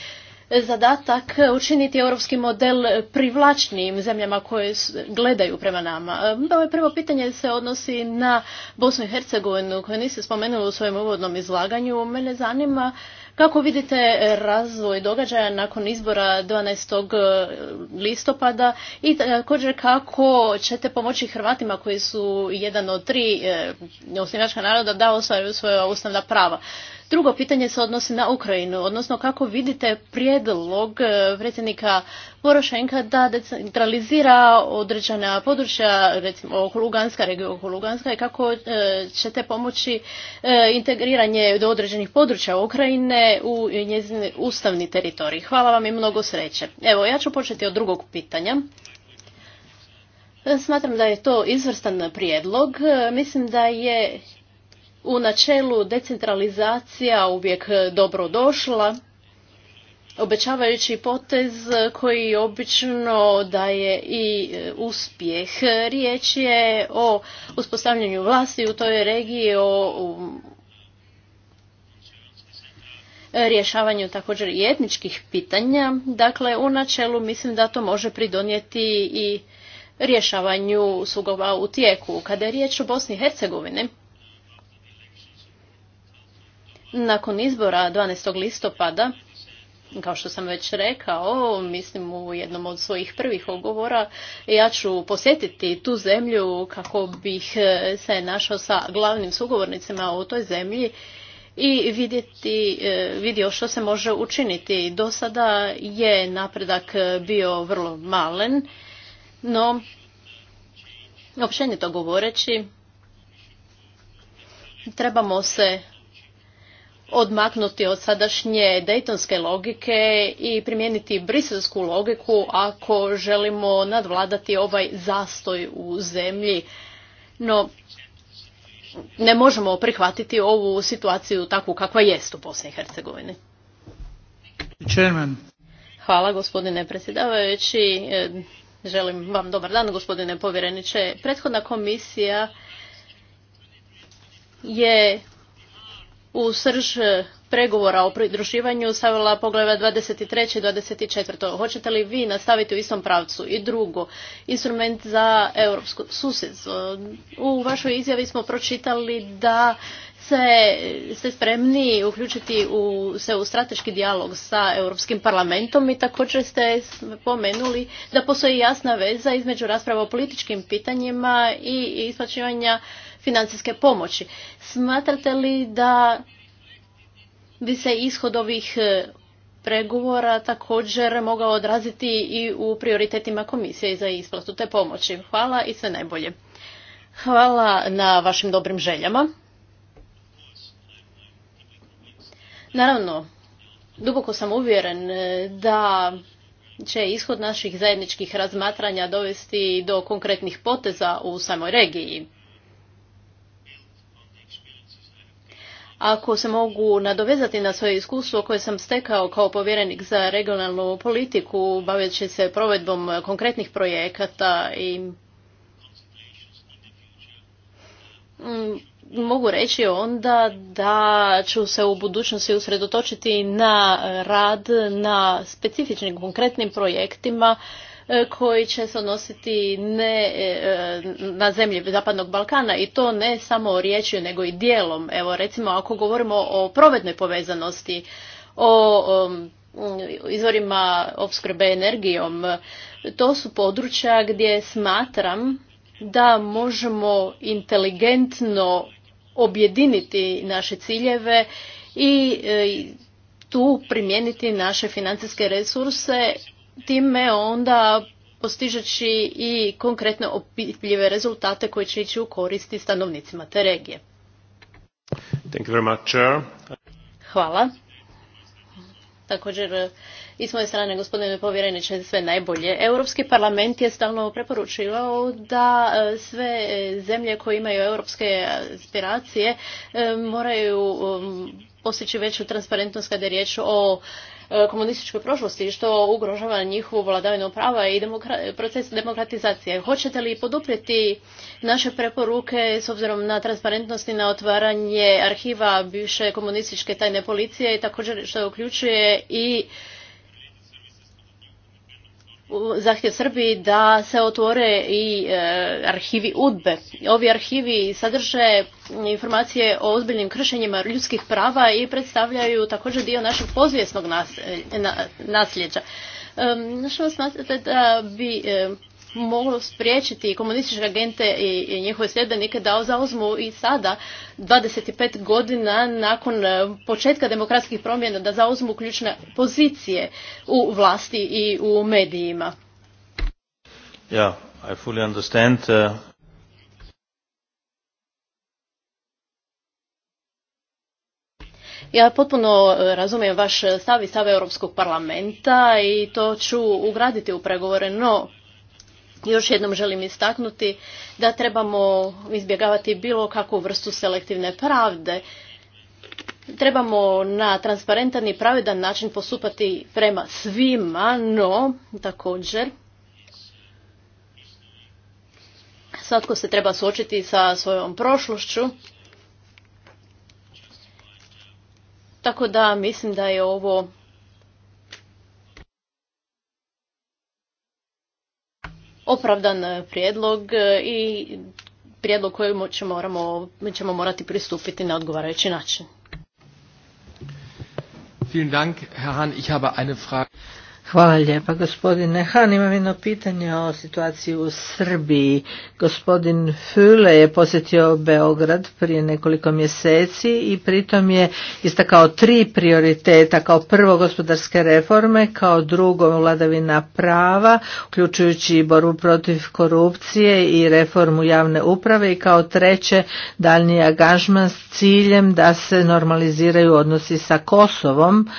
zadatak učiniti europski model privlačnijim zemljama koje gledaju prema nama. E, ovo prvo pitanje se odnosi na Bosnu i Hercegovinu koju niste spomenuli u svojem uvodnom izlaganju. Mene zanima kako vidite razvoj događaja nakon izbora 12. E, listopada i također kako ćete pomoći Hrvatima koji su jedan od tri e, osnivačka naroda da ostvaruju svoja ustavna prava. Drugo pitanje se odnosi na Ukrajinu, odnosno kako vidite prijedlog e, predsjednika Porošenka da decentralizira određena područja, recimo Luganska, regija i kako e, ćete pomoći e, integriranje do određenih područja Ukrajine u njezin ustavni teritorij. Hvala vam i mnogo sreće. Evo, ja ću početi od drugog pitanja. Smatram da je to izvrstan prijedlog. Mislim da je u načelu decentralizacija uvijek dobro došla, obećavajući potez koji obično daje i e, uspjeh. Riječ je o uspostavljanju vlasti u toj regiji, o rješavanju također i etničkih pitanja. Dakle, u načelu mislim da to može pridonijeti i rješavanju sugova u tijeku. Kada je riječ o Bosni i Hercegovini, nakon izbora 12. listopada, kao što sam već rekao, mislim u jednom od svojih prvih ogovora, ja ću posjetiti tu zemlju kako bih e, se našao sa glavnim sugovornicima u toj zemlji i vidjeti, e, vidio što se može učiniti. Do sada je napredak bio vrlo malen, no općenito govoreći trebamo se odmaknuti od sadašnje dejtonske logike i primijeniti briselsku logiku ako želimo nadvladati ovaj zastoj u zemlji. No, ne možemo prihvatiti ovu situaciju takvu kakva jest u Bosni i Hercegovini. Hvala gospodine predsjedavajući. E, želim vam dobar dan gospodine povjereniče. Prethodna komisija je u srž e, pregovora o pridruživanju stavila pogleda 23. i 24. Hoćete li vi nastaviti u istom pravcu? I drugo, instrument za europsku susjedstvo. E, u vašoj izjavi smo pročitali da se ste spremni uključiti se u strateški dijalog sa Europskim parlamentom i također ste spomenuli da postoji jasna veza između rasprava o političkim pitanjima i isplaćivanja financijske pomoći. Smatrate li da bi se ishod ovih e, pregovora također mogao odraziti i u prioritetima komisije za isplatu te pomoći? Hvala i sve najbolje. Hvala na vašim dobrim željama. Naravno, duboko sam uvjeren e, da će ishod naših zajedničkih razmatranja dovesti do konkretnih poteza u samoj regiji. Ako se mogu nadovezati na svoje iskustvo koje sam stekao kao povjerenik za regionalnu politiku, baveći se provedbom konkretnih projekata i mm, mogu reći onda da ću se u budućnosti usredotočiti na rad na specifičnim konkretnim projektima E, koji će se odnositi ne e, na zemlje Zapadnog Balkana i to ne samo riječju nego i dijelom. Evo recimo ako govorimo o provednoj povezanosti, o mm, izvorima opskrbe energijom, to su područja gdje smatram da možemo inteligentno objediniti naše ciljeve i e, tu primijeniti naše financijske resurse time onda postižeći i konkretne opitljive rezultate koji će ići u koristi stanovnicima te regije. Hvala. Također, i s moje strane, gospodine povjereniče, sve najbolje. Europski parlament je stalno preporučivao da e, sve e, zemlje koje imaju europske aspiracije e, moraju postići veću transparentnost kada je riječ o E, komunističkoj prošlosti što ugrožava njihovu vladavinu prava i proces demokratizacije. Hoćete li poduprijeti naše preporuke s obzirom na transparentnost i na otvaranje arhiva bivše komunističke tajne policije i također što uključuje i zahtjev Srbiji da se otvore i e, arhivi UDBE. Ovi arhivi sadrže informacije o ozbiljnim kršenjima ljudskih prava i predstavljaju također dio našeg pozvijesnog e, nasljeđa. E, da bi e, moglo spriječiti komunističke agente i njihove sljedbenike da zauzmu i sada 25 godina nakon e, početka demokratskih promjena da zauzmu ključne pozicije u vlasti i u medijima. Ja, I fully understand. Uh, ja potpuno e, razumijem vaš stav i stav Europskog parlamenta i to ću ugraditi u pregovore, no još jednom želim istaknuti da trebamo izbjegavati bilo kakvu vrstu selektivne pravde. Trebamo na transparentan i pravedan način postupati prema svima, no također svatko se treba suočiti sa svojom prošlošću. Tako da mislim da je ovo opravdan e, prijedlog e, i prijedlog kojemu ćemo, ćemo morati pristupiti na odgovarajući način. Hvala lijepa gospodine Han. Imam jedno pitanje o situaciji u Srbiji. Gospodin Füle je posjetio Beograd prije nekoliko mjeseci i pritom je istakao tri prioriteta kao prvo gospodarske reforme, kao drugo vladavina prava, uključujući borbu protiv korupcije i reformu javne uprave i kao treće daljnji agažman s ciljem da se normaliziraju odnosi sa Kosovom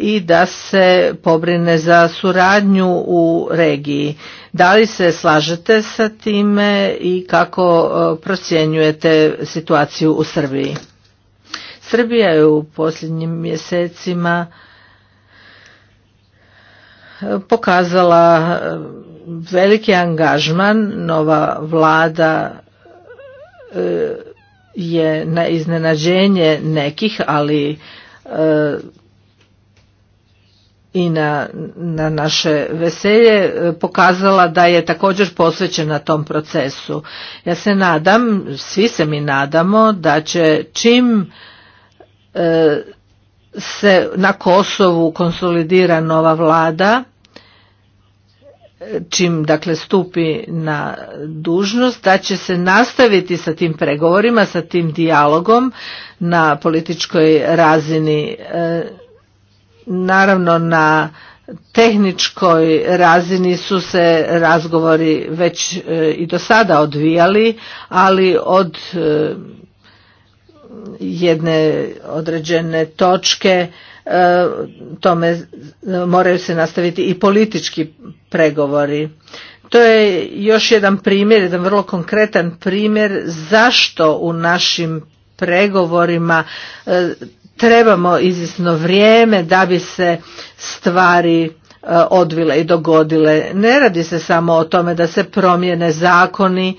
i da se pobrine za suradnju u regiji. Da li se slažete sa time i kako e, procjenjujete situaciju u Srbiji? Srbija je u posljednjim mjesecima e, pokazala e, veliki angažman, nova vlada je na iznenađenje nekih, ali i na, naše veselje e, pokazala da je također posvećena tom procesu. Ja se nadam, svi se mi nadamo da će čim e, se na Kosovu konsolidira nova vlada, e, čim dakle stupi na dužnost, da će se nastaviti sa tim pregovorima, sa tim dijalogom na političkoj razini Naravno na tehničkoj razini su se razgovori već e, i do sada odvijali, ali od e, jedne određene točke e, tome moraju se nastaviti i politički pregovori. To je još jedan primjer, jedan vrlo konkretan primjer zašto u našim pregovorima trebamo izvjesno vrijeme da bi se stvari e, odvile i dogodile. Ne radi se samo o tome da se promijene zakoni,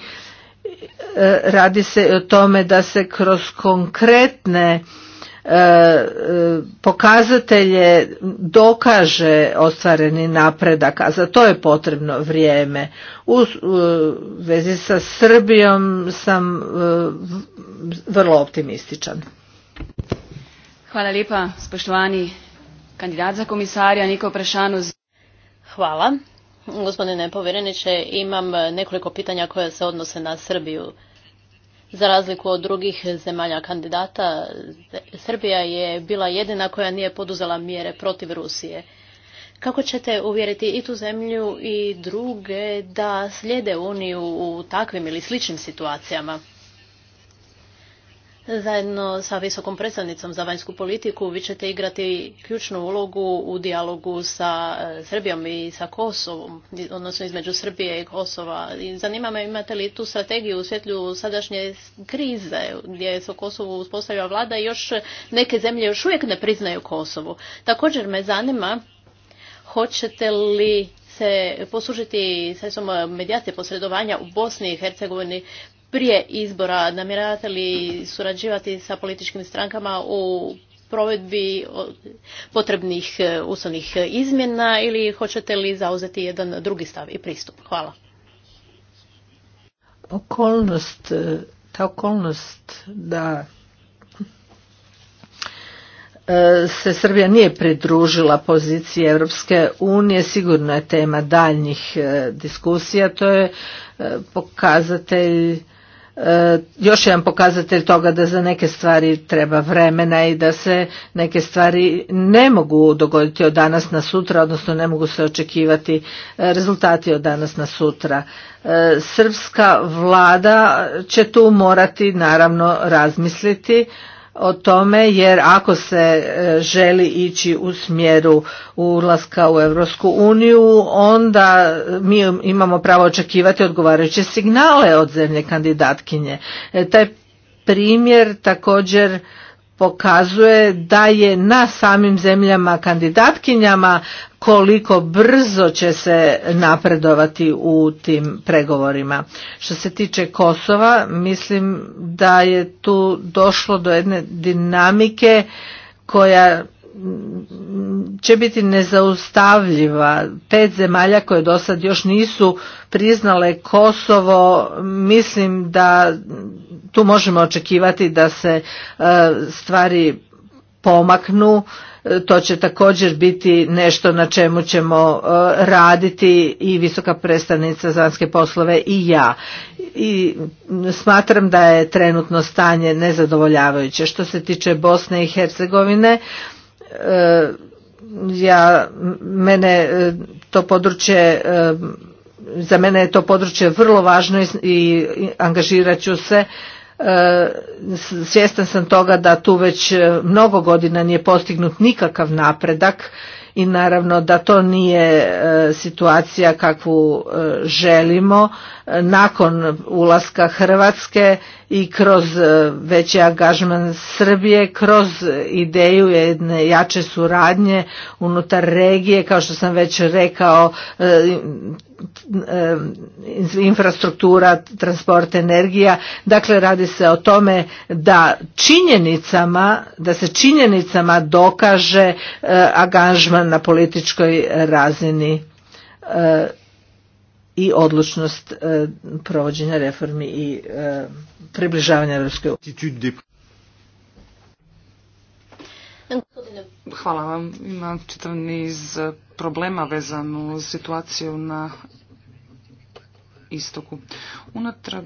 e, radi se i o tome da se kroz konkretne e, pokazatelje dokaže ostvareni napredak, a za to je potrebno vrijeme. U vezi sa Srbijom sam vrlo optimističan. Hvala lijepa, spoštovani kandidat za komisarja, neko vprašanje. Hvala. Gospodine povjereniče, imam nekoliko pitanja koja se odnose na Srbiju. Za razliku od drugih zemalja kandidata, Srbija je bila jedina koja nije poduzela mjere protiv Rusije. Kako ćete uvjeriti i tu zemlju i druge da slijede Uniju u takvim ili sličnim situacijama? Zajedno sa visokom predstavnicom za vanjsku politiku vi ćete igrati ključnu ulogu u dijalogu sa e, Srbijom i sa Kosovom, odnosno između Srbije i Kosova. I zanima me imate li tu strategiju u svjetlju sadašnje krize gdje se u Kosovu uspostavlja vlada i još neke zemlje još uvijek ne priznaju Kosovu. Također me zanima hoćete li se poslužiti sredstvom medijacije posredovanja u Bosni i Hercegovini prije izbora namjeravate li surađivati sa političkim strankama u provedbi potrebnih e, ustavnih izmjena ili hoćete li zauzeti jedan drugi stav i pristup? Hvala. Okolnost, e, ta okolnost da e, se Srbija nije pridružila poziciji Europske unije, sigurno je tema daljnjih diskusija, to je pokazatelj E, još jedan pokazatelj toga da za neke stvari treba vremena i da se neke stvari ne mogu dogoditi od danas na sutra, odnosno ne mogu se očekivati e, rezultati od danas na sutra. E, srpska vlada će tu morati naravno razmisliti o tome jer ako se e, želi ići u smjeru ulaska u Europsku uniju onda mi imamo pravo očekivati odgovarajuće signale od zemlje kandidatkinje. E, taj primjer također pokazuje da je na samim zemljama kandidatkinjama koliko brzo će se napredovati u tim pregovorima. Što se tiče Kosova, mislim da je tu došlo do jedne dinamike koja će biti nezaustavljiva. Pet zemalja koje do sad još nisu priznale Kosovo, mislim da tu možemo očekivati da se e, stvari pomaknu e, to će također biti nešto na čemu ćemo e, raditi i visoka predstavnica za vanjske poslove i ja i smatram da je trenutno stanje nezadovoljavajuće što se tiče Bosne i Hercegovine ja mene to područje za mene je to područje vrlo važno i angažirat ću se E, svjestan sam toga da tu već e, mnogo godina nije postignut nikakav napredak i naravno da to nije e, situacija kakvu želimo nakon ulaska Hrvatske i kroz veći angažman Srbije, kroz ideju jedne jače suradnje unutar regije, kao što sam već rekao, infrastruktura, transport, energija. Dakle, radi se o tome da činjenicama, da se činjenicama dokaže e, angažman na političkoj razini e, i odlučnost e, provođenja reformi i približavanja Evropske unije. Hvala vam. Imam čitav niz problema vezanu uz situaciju na istoku. Unatrag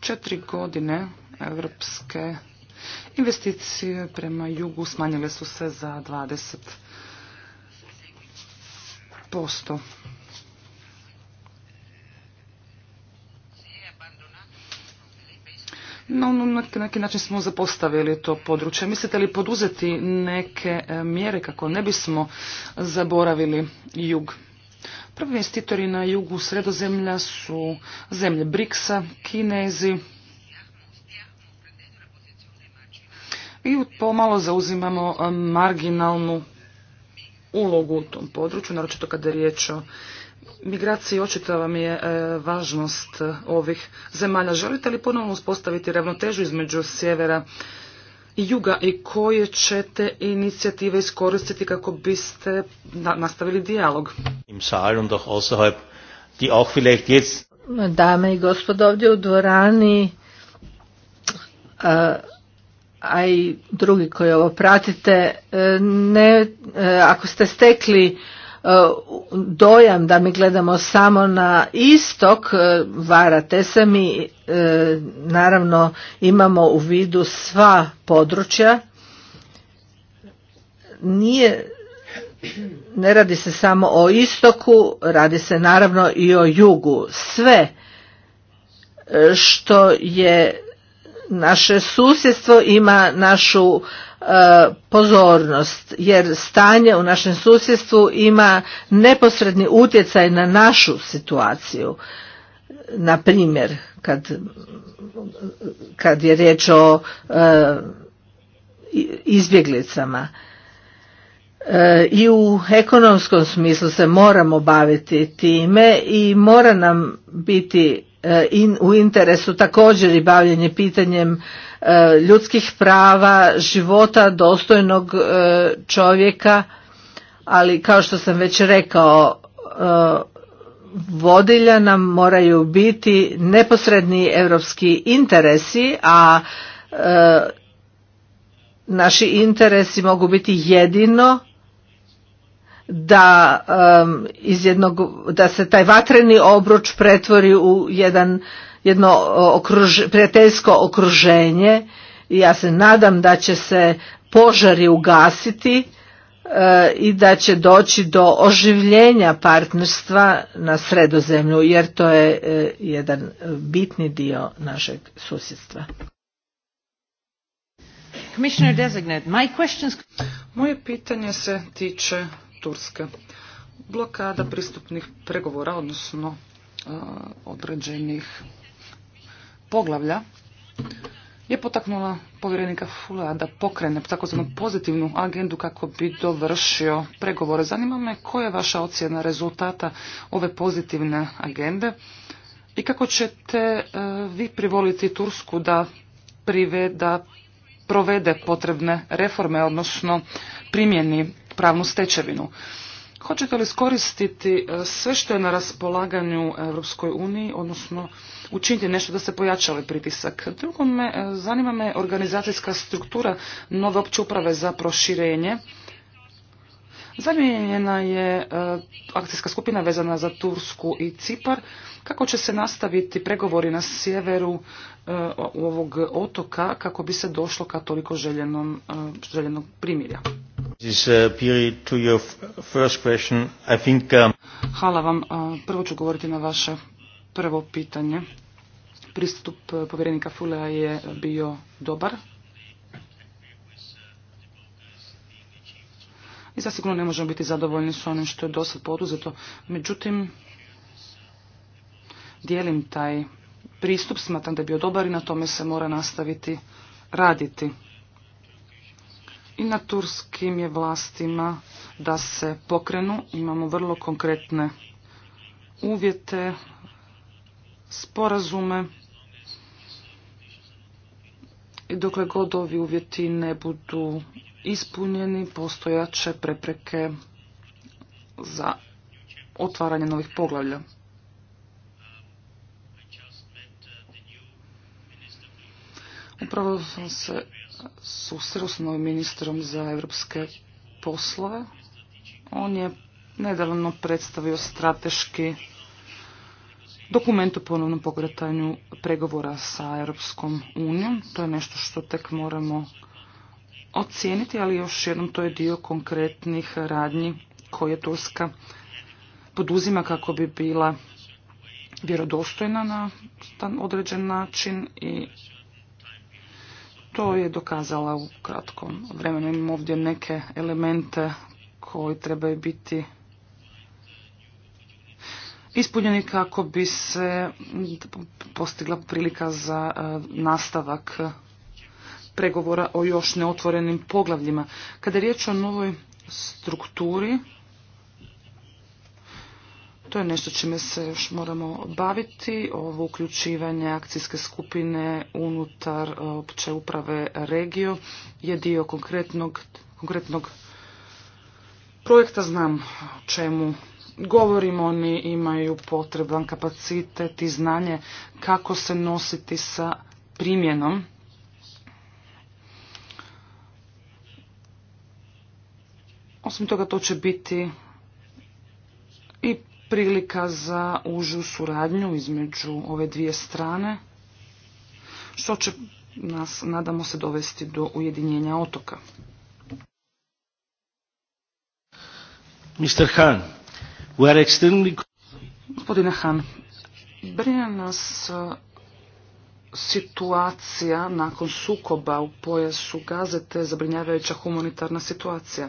četiri godine evropske investicije prema jugu smanjile su se za 20%. No, na neki način smo zapostavili to područje. Mislite li poduzeti neke e, mjere kako ne bismo zaboravili jug? Prvi investitori na jugu sredozemlja su zemlje Briksa, Kinezi. I pomalo zauzimamo e, marginalnu ulogu u tom području, naročito kada je riječ o migraciji, očito vam je e, važnost e, ovih zemalja. Želite li ponovno uspostaviti ravnotežu između sjevera i juga i koje ćete inicijative iskoristiti kako biste nastavili dijalog? Dame i gospodo ovdje u dvorani, e, a i drugi koji ovo pratite, e, ne, e, ako ste stekli e, dojam da mi gledamo samo na istok, varate se mi, naravno imamo u vidu sva područja, nije ne radi se samo o istoku, radi se naravno i o jugu. Sve što je naše susjedstvo ima našu e, pozornost jer stanje u našem susjedstvu ima neposredni utjecaj na našu situaciju na primjer kad, kad je riječ o e, izbjeglicama e, i u ekonomskom smislu se moramo baviti time i mora nam biti E, u interesu također i bavljenje pitanjem e, ljudskih prava, života dostojnog e, čovjeka, ali kao što sam već rekao, vodilja nam moraju biti neposredni europski interesi, a naši interesi mogu biti jedino da, um, iz jednog, da se taj vatreni obruč pretvori u jedan, jedno okruž, prijateljsko okruženje i ja se nadam da će se požari ugasiti uh, i da će doći do oživljenja partnerstva na sredozemlju jer to je uh, jedan bitni dio našeg susjedstva. Moje pitanje se tiče Turske. Blokada pristupnih pregovora, odnosno e, određenih poglavlja, je potaknula povjerenika Fula da pokrene takozvanu pozitivnu agendu kako bi dovršio pregovore. Zanima me koja je vaša ocjena rezultata ove pozitivne agende i kako ćete e, vi privoliti Tursku da da provede potrebne reforme, odnosno primjeni pravnu stečevinu. Hoćete li iskoristiti e, sve što je na raspolaganju Europskoj uniji, odnosno učiniti nešto da se pojačali ovaj pritisak? Drugo me, e, zanima me organizacijska struktura nove opće uprave za proširenje. Zamijenjena je e, akcijska skupina vezana za Tursku i Cipar. Kako će se nastaviti pregovori na sjeveru ovog otoka kako bi se došlo ka toliko željenog primirja? Uh, um, Hvala vam. Prvo ću govoriti na vaše prvo pitanje. Pristup uh, povjerenika Fulea je bio dobar. I zasigurno ne možemo biti zadovoljni s onim što je dosad poduzeto. Međutim, dijelim taj pristup, smatram da je bio dobar i na tome se mora nastaviti raditi i na turskim je vlastima da se pokrenu. Imamo vrlo konkretne uvjete, sporazume i dokle god ovi uvjeti ne budu ispunjeni, postojaće prepreke za otvaranje novih poglavlja. Upravo sam se susreo s novim ministrom za evropske poslove. On je nedavno predstavio strateški dokument o ponovnom pokretanju pregovora sa Europskom unijom. To je nešto što tek moramo ocijeniti, ali još jednom to je dio konkretnih radnji koje Turska poduzima kako bi bila vjerodostojna na određen način i to je dokazala u kratkom vremenu. imam ovdje neke elemente koji trebaju biti ispunjeni kako bi se postigla prilika za e, nastavak pregovora o još neotvorenim poglavljima. Kada je riječ o novoj strukturi, to je nešto čime se još moramo baviti, ovo uključivanje akcijske skupine unutar e, opće uprave regiju je dio konkretnog, konkretnog projekta, znam o čemu govorimo, oni imaju potreban kapacitet i znanje kako se nositi sa primjenom Osim toga, to će biti i prilika za užu suradnju između ove dvije strane, što će nas, nadamo se, dovesti do ujedinjenja otoka. Mr. Han, we are extremely... Gospodine Han, brine nas e, situacija nakon sukoba u pojasu gazete zabrinjavajuća humanitarna situacija.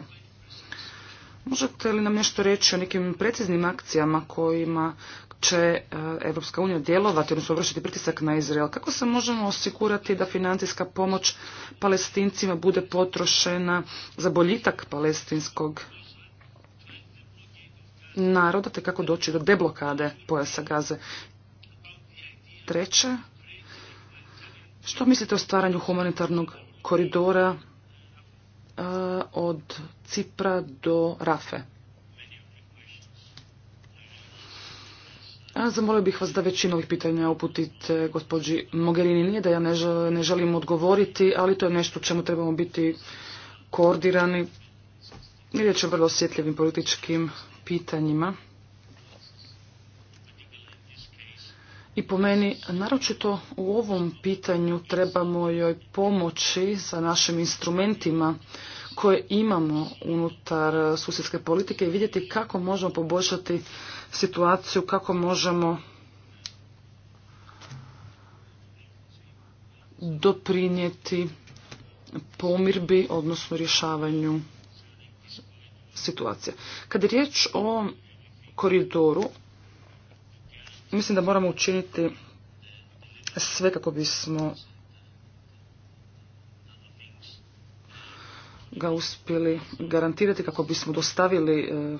Možete li nam nešto reći o nekim preciznim akcijama kojima će Europska unija djelovati, odnosno vršiti pritisak na Izrael? Kako se možemo osigurati da financijska pomoć palestincima bude potrošena za boljitak palestinskog naroda, te kako doći do deblokade pojasa gaze? Treće, što mislite o stvaranju humanitarnog koridora od Cipra do Rafe. zamolio bih vas da većinu ovih pitanja uputite gospođi Mogherini. Nije da ja ne želim odgovoriti, ali to je nešto čemu trebamo biti koordirani. Riječ je o vrlo osjetljivim političkim pitanjima. I po meni, naročito u ovom pitanju trebamo joj pomoći sa našim instrumentima koje imamo unutar susjedske politike i vidjeti kako možemo poboljšati situaciju, kako možemo doprinijeti pomirbi, odnosno rješavanju situacije. Kad je riječ o koridoru, Mislim da moramo učiniti sve kako bismo ga uspjeli garantirati kako bismo dostavili e,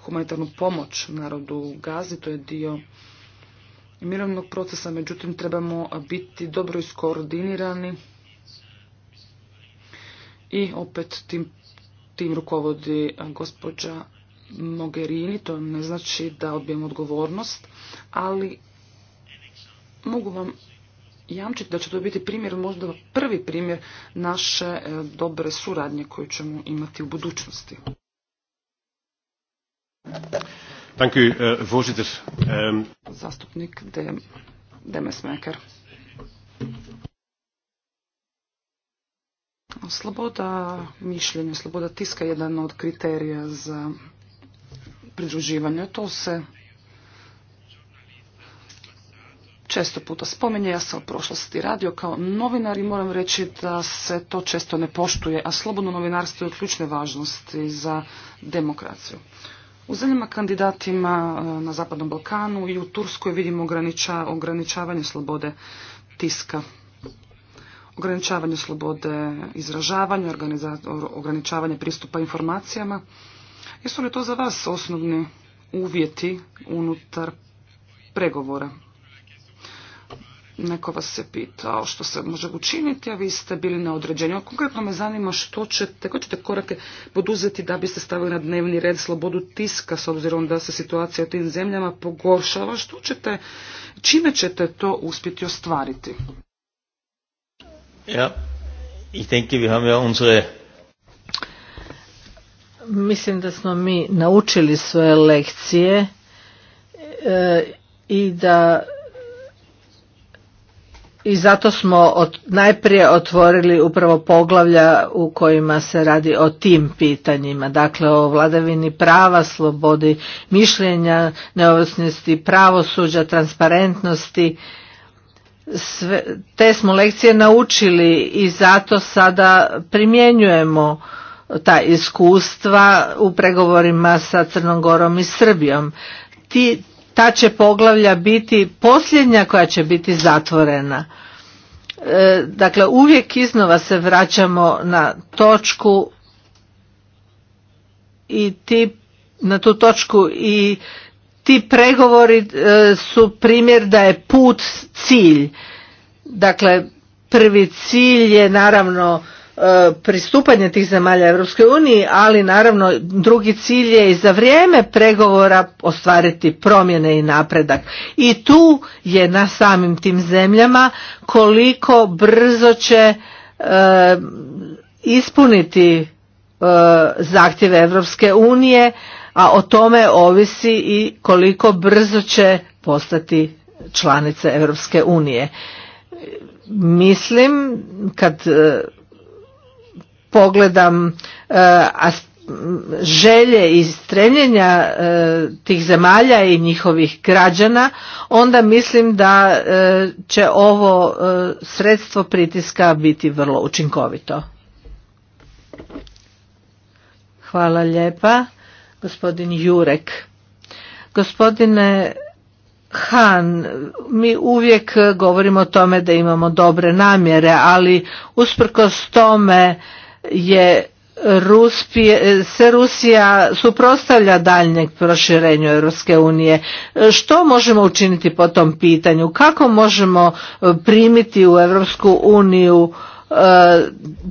humanitarnu pomoć narodu u Gazi, to je dio mirovnog procesa, međutim trebamo biti dobro iskoordinirani i opet tim, tim rukovodi gospođa Mogherini, to ne znači da odbijem odgovornost, ali mogu vam jamčiti da će to biti primjer, možda prvi primjer naše e, dobre suradnje koju ćemo imati u budućnosti. Dank eh, ehm, Zastupnik Sloboda mišljenja, sloboda tiska je jedan od kriterija za pridruživanju. To se često puta spominje, ja sam u prošlosti radio kao novinar i moram reći da se to često ne poštuje, a slobodno novinarstvo je od ključne važnosti za demokraciju. U zemljama kandidatima e, na Zapadnom Balkanu i u Turskoj vidimo ograniča, ograničavanje slobode tiska, ograničavanje slobode izražavanja, ograničavanje pristupa informacijama, Jesu li to za vas osnovni uvjeti unutar pregovora? Neko vas se pitao što se može učiniti, a vi ste bili na određenju. Konkretno me zanima što ćete, koje ćete korake poduzeti da biste stavili na dnevni red slobodu tiska s obzirom da se situacija u tim zemljama pogoršava. Što ćete, čime ćete to uspjeti ostvariti? Ja, ich denke, wir haben ja unsere mislim da smo mi naučili svoje lekcije e, i da i zato smo od, najprije otvorili upravo poglavlja u kojima se radi o tim pitanjima, dakle o vladavini prava, slobodi mišljenja, neovisnosti pravosuđa, transparentnosti. Sve, te smo lekcije naučili i zato sada primjenjujemo ta iskustva u pregovorima sa Crnom Gorom i Srbijom. Ti, ta će poglavlja biti posljednja koja će biti zatvorena. E, dakle, uvijek iznova se vraćamo na točku i ti, na tu točku i ti pregovori e, su primjer da je put cilj. Dakle, prvi cilj je naravno E, pristupanje tih zemalja Europskoj uniji, ali naravno drugi cilj je i za vrijeme pregovora ostvariti promjene i napredak. I tu je na samim tim zemljama koliko brzo će e, ispuniti e, zahtjeve Europske unije, a o tome ovisi i koliko brzo će postati članice Europske unije. Mislim kad e, pogledam e, želje i stremljenja e, tih zemalja i njihovih građana, onda mislim da e, će ovo sredstvo pritiska biti vrlo učinkovito. Hvala lijepa. Gospodin Jurek. Gospodine Han, mi uvijek govorimo o tome da imamo dobre namjere, ali usprkos tome je Ruspije, se Rusija suprotstavlja daljnjeg proširenju Europske unije. Što možemo učiniti po tom pitanju? Kako možemo e, primiti u Europsku uniju e,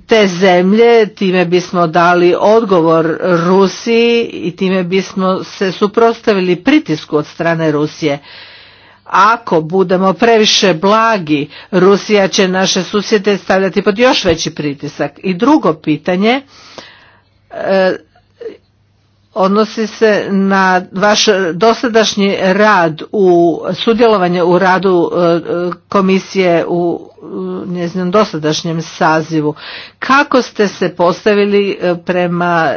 te zemlje, time bismo dali odgovor Rusiji i time bismo se suprotstavili pritisku od strane Rusije. Ako budemo previše blagi, Rusija će naše susjede stavljati pod još veći pritisak. I drugo pitanje e, odnosi se na vaš dosadašnji rad u sudjelovanje u radu e, komisije u njezinom dosadašnjem sazivu. Kako ste se postavili e, prema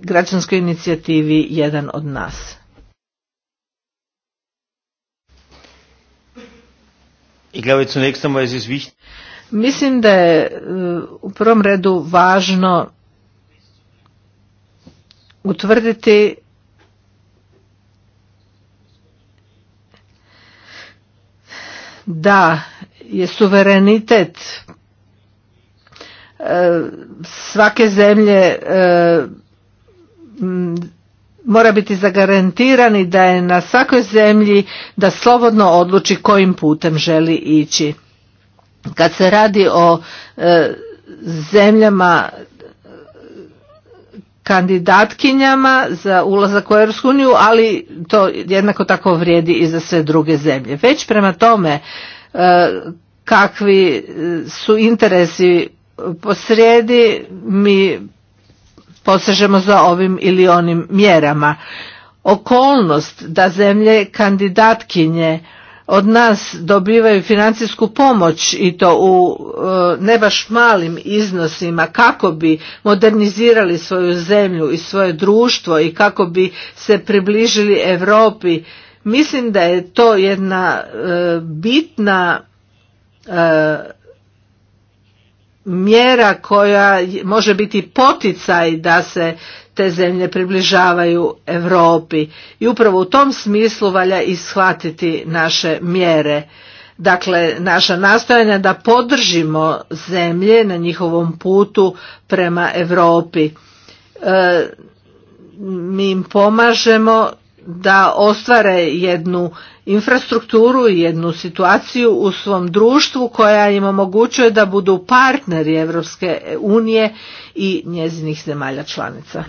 građanskoj inicijativi jedan od nas? Ich glaube zunächst einmal ist es wichtig. Mislim da je e, u prvom redu važno utvrditi da je suverenitet e, svake zemlje e, mora biti zagarantirani da je na svakoj zemlji da slobodno odluči kojim putem želi ići. Kad se radi o e, zemljama kandidatkinjama za ulazak u Europsku uniju, ali to jednako tako vrijedi i za sve druge zemlje. Već prema tome e, kakvi su interesi posrijedi mi posežemo za ovim ili onim mjerama. Okolnost da zemlje kandidatkinje od nas dobivaju financijsku pomoć i to u e, ne baš malim iznosima kako bi modernizirali svoju zemlju i svoje društvo i kako bi se približili Europi. Mislim da je to jedna e, bitna e, mjera koja može biti poticaj da se te zemlje približavaju Europi i upravo u tom smislu valja ishvatiti naše mjere. Dakle, naša nastojanja da podržimo zemlje na njihovom putu prema Europi. E, mi im pomažemo da ostvare jednu infrastrukturu i jednu situaciju u svom društvu koja im omogućuje da budu partneri Evropske unije i njezinih zemalja članica.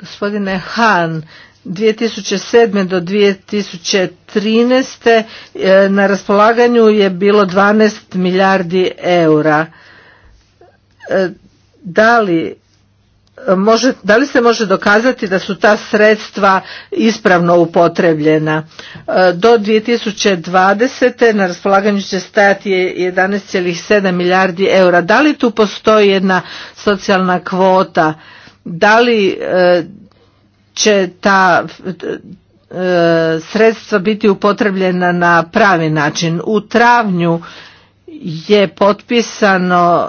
Gospodine Hahn, 2007. do 2013. E, na raspolaganju je bilo 12 milijardi eura. E, da li, može, da li se može dokazati da su ta sredstva ispravno upotrebljena? E, do 2020. na raspolaganju će stajati 11,7 milijardi eura. Da li tu postoji jedna socijalna kvota? Da li će ta e, sredstva biti upotrebljena na pravi način. U travnju je potpisano,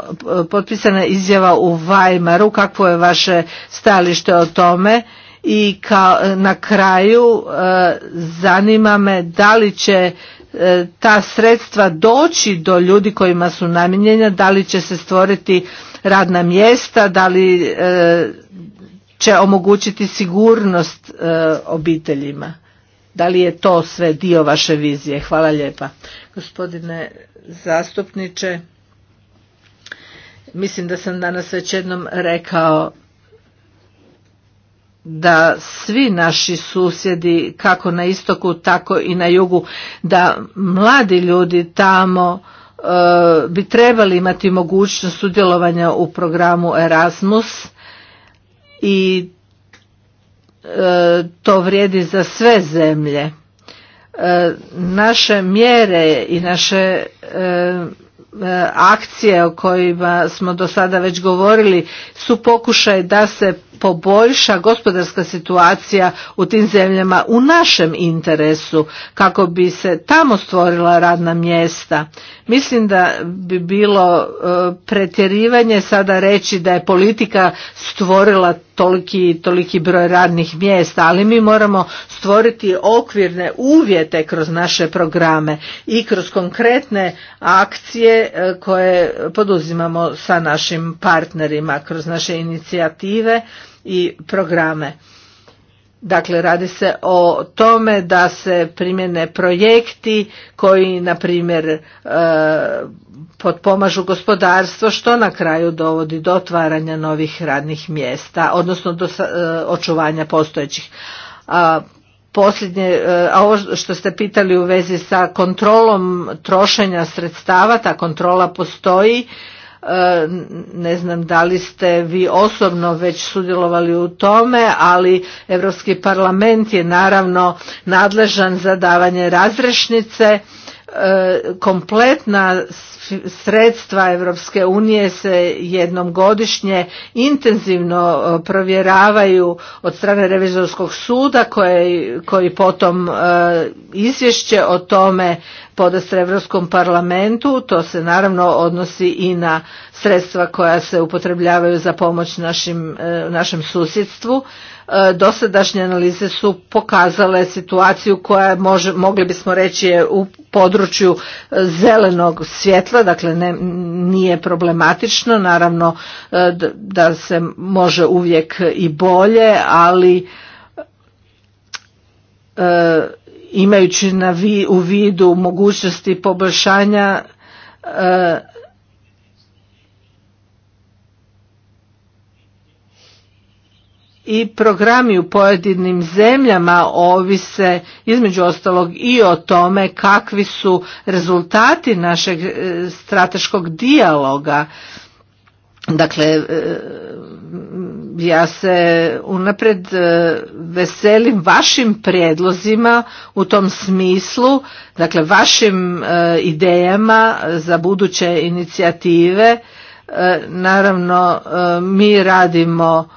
potpisana izjava u Weimaru, kakvo je vaše stajalište o tome i ka, na kraju e, zanima me da li će e, ta sredstva doći do ljudi kojima su namijenjena, da li će se stvoriti radna mjesta, da li će omogućiti sigurnost e, obiteljima. Da li je to sve dio vaše vizije? Hvala lijepa. Gospodine zastupniče, mislim da sam danas već jednom rekao da svi naši susjedi kako na istoku tako i na jugu da mladi ljudi tamo e, bi trebali imati mogućnost sudjelovanja u programu Erasmus i e, to vrijedi za sve zemlje. E, naše mjere i naše e, akcije o kojima smo do sada već govorili su pokušaj da se poboljša gospodarska situacija u tim zemljama u našem interesu kako bi se tamo stvorila radna mjesta. Mislim da bi bilo e, pretjerivanje sada reći da je politika stvorila toliki, toliki broj radnih mjesta, ali mi moramo stvoriti okvirne uvjete kroz naše programe i kroz konkretne akcije e, koje poduzimamo sa našim partnerima, kroz naše inicijative i programe. Dakle, radi se o tome da se primjene projekti koji, na primjer, e, potpomažu gospodarstvo, što na kraju dovodi do otvaranja novih radnih mjesta, odnosno do e, očuvanja postojećih. posljednje, e, a ovo što ste pitali u vezi sa kontrolom trošenja sredstava, ta kontrola postoji, ne znam da li ste vi osobno već sudjelovali u tome, ali Europski parlament je naravno nadležan za davanje razrešnice kompletna sredstva Europske unije se jednom godišnje intenzivno e, provjeravaju od strane revizorskog suda koji, koji potom e, izvješće o tome podastre Europskom parlamentu, to se naravno odnosi i na sredstva koja se upotrebljavaju za pomoć našim, e, našem susjedstvu E, dosadašnje analize su pokazale situaciju koja može, mogli bismo reći je u području e, zelenog svjetla, dakle ne, nije problematično, naravno e, da se može uvijek i bolje, ali imajući na u vidu mogućnosti poboljšanja e, i programi u pojedinim zemljama ovise između ostalog i o tome kakvi su rezultati našeg e, strateškog dijaloga. Dakle, e, ja se unapred e, veselim vašim prijedlozima u tom smislu, dakle vašim idejama za buduće inicijative. Naravno, mi radimo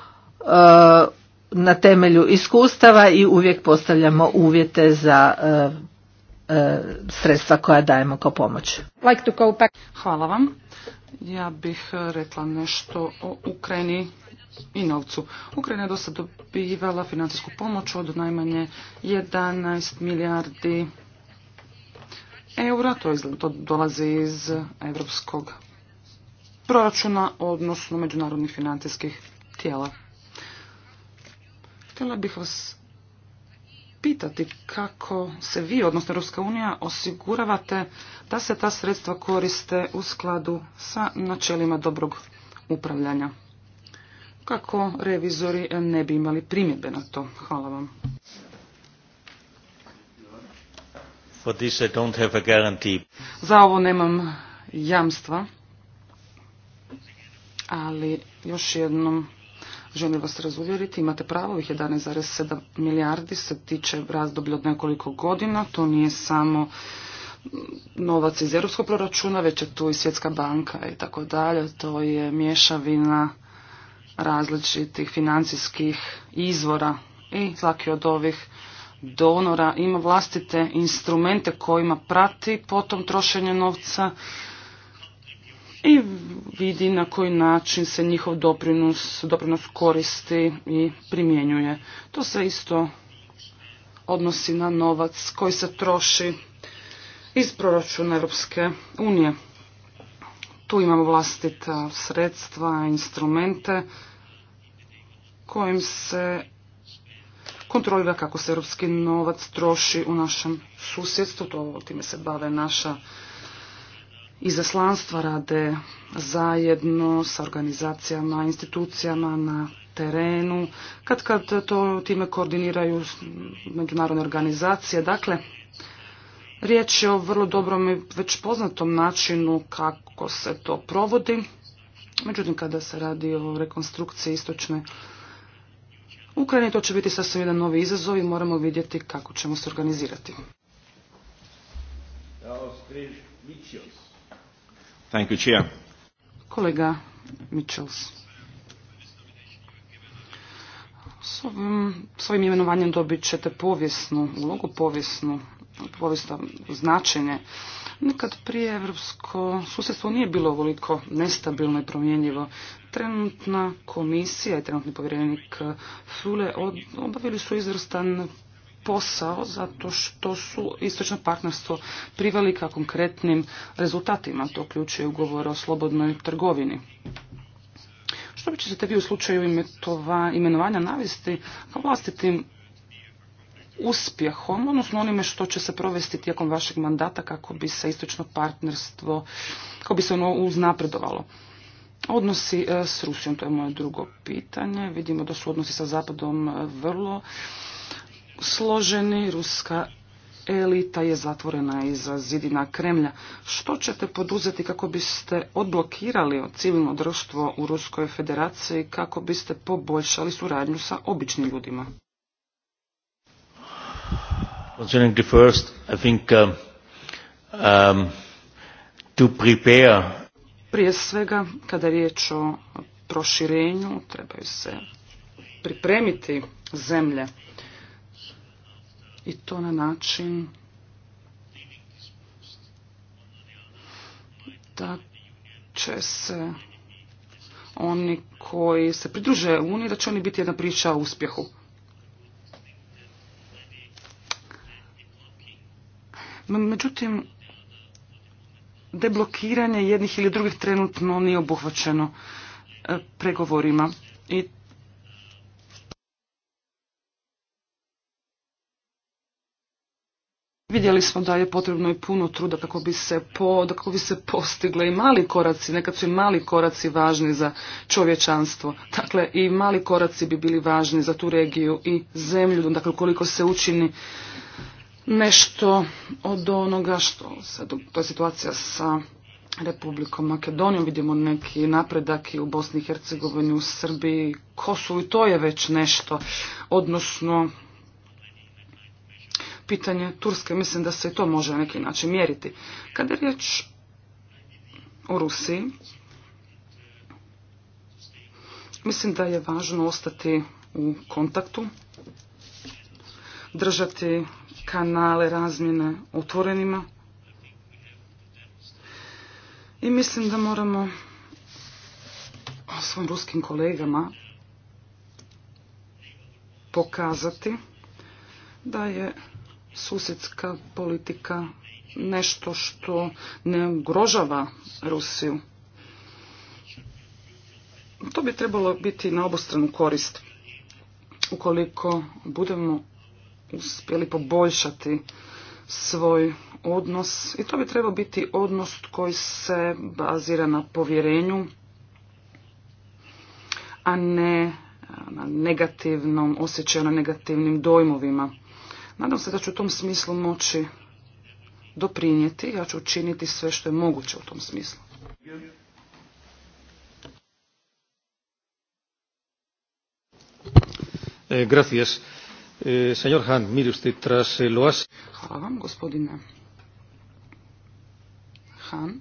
E, na temelju iskustava i uvijek postavljamo uvjete za e, e, sredstva koja dajemo kao pomoć. Hvala vam. Ja bih rekla nešto o Ukrajini i novcu. Ukrajina je dosta dobivala financijsku pomoć od najmanje 11 milijardi eura, to, to dolazi iz europskog proračuna, odnosno međunarodnih financijskih tijela. Htjela bih vas pitati kako se vi, odnosno Ruska unija, osiguravate da se ta sredstva koriste u skladu sa načelima dobrog upravljanja. Kako revizori ne bi imali primjedbe na to? Hvala vam. Za ovo nemam jamstva, ali još jednom Želim vas razuvjeriti, imate pravo, ovih 11,7 milijardi se tiče razdoblja od nekoliko godina. To nije samo novac iz europskog proračuna, već je tu i Svjetska banka i tako dalje. To je mješavina različitih financijskih izvora i svaki od ovih donora ima vlastite instrumente kojima prati potom trošenje novca i vidi na koji način se njihov doprinos, doprinos koristi i primjenjuje. To se isto odnosi na novac koji se troši iz proračuna Europske unije. Tu imamo vlastita sredstva, instrumente kojim se kontrolira kako se europski novac troši u našem susjedstvu, to time se bave naša izaslanstva rade zajedno sa organizacijama, institucijama na terenu, kad kad to time koordiniraju međunarodne organizacije. Dakle, riječ je o vrlo dobrom i već poznatom načinu kako se to provodi. Međutim, kada se radi o rekonstrukciji istočne Ukrajine, to će biti sasvim jedan novi izazov i moramo vidjeti kako ćemo se organizirati. Thank you, Chair. Kolega Michels. S ovim, imenovanjem dobit ćete povijesnu ulogu, povijesnu, povijesno značenje. Nikad prije evropsko susjedstvo nije bilo ovoliko nestabilno i promjenjivo. Trenutna komisija i trenutni povjerenik Fule obavili su izvrstan posao zato što su istočno partnerstvo priveli ka konkretnim rezultatima. To uključuje ugovor o slobodnoj trgovini. Što bi ćete vi u slučaju imenovanja navesti kao vlastitim uspjehom, odnosno onime što će se provesti tijekom vašeg mandata kako bi se istočno partnerstvo, kako bi se ono uznapredovalo. Odnosi e, s Rusijom, to je moje drugo pitanje. Vidimo da su odnosi sa Zapadom e, vrlo složeni, ruska elita je zatvorena iza zidina Kremlja. Što ćete poduzeti kako biste odblokirali civilno društvo u Ruskoj federaciji, kako biste poboljšali suradnju sa običnim ljudima? Um, um, Prije svega, kada je riječ o proširenju, trebaju se pripremiti zemlje i to na način da će se oni koji se pridruže Uniji, da će oni biti jedna priča o uspjehu. Međutim, deblokiranje jednih ili drugih trenutno nije obuhvaćeno e, pregovorima. I Vidjeli smo da je potrebno i puno truda kako bi se, po, kako bi se postigle i mali koraci, nekad su i mali koraci važni za čovječanstvo. Dakle, i mali koraci bi bili važni za tu regiju i zemlju, dakle koliko se učini nešto od onoga što se, to je situacija sa Republikom Makedonijom, vidimo neki napredak i u Bosni i Hercegovini, u Srbiji, Kosovu i to je već nešto, odnosno pitanje Turske. Mislim da se i to može na neki način mjeriti. Kada je riječ o Rusiji, mislim da je važno ostati u kontaktu, držati kanale razmjene otvorenima i mislim da moramo svojim ruskim kolegama pokazati da je susjedska politika nešto što ne ugrožava Rusiju. To bi trebalo biti na obostranu korist. Ukoliko budemo uspjeli poboljšati svoj odnos i to bi trebao biti odnos koji se bazira na povjerenju, a ne na negativnom osjećaju, na negativnim dojmovima. Nadam se da ću u tom smislu moći doprinijeti, ja ću učiniti sve što je moguće u tom smislu. Eh, gracias. Eh, señor Han, Hvala vam, gospodine Han.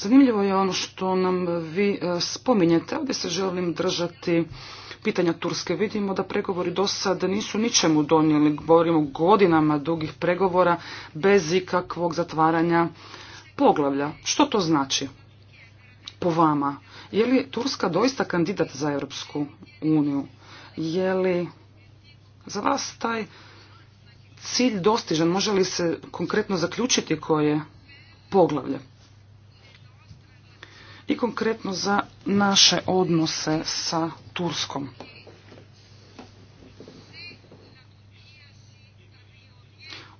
Zanimljivo je ono što nam vi e, spominjete. Ovdje se želim držati pitanja Turske. Vidimo da pregovori do sada nisu ničemu donijeli. Govorimo godinama dugih pregovora bez ikakvog zatvaranja poglavlja. Što to znači po vama? Je li Turska doista kandidat za Europsku uniju? Je li za vas taj cilj dostižan? Može li se konkretno zaključiti koje poglavlje? i konkretno za naše odnose sa Turskom.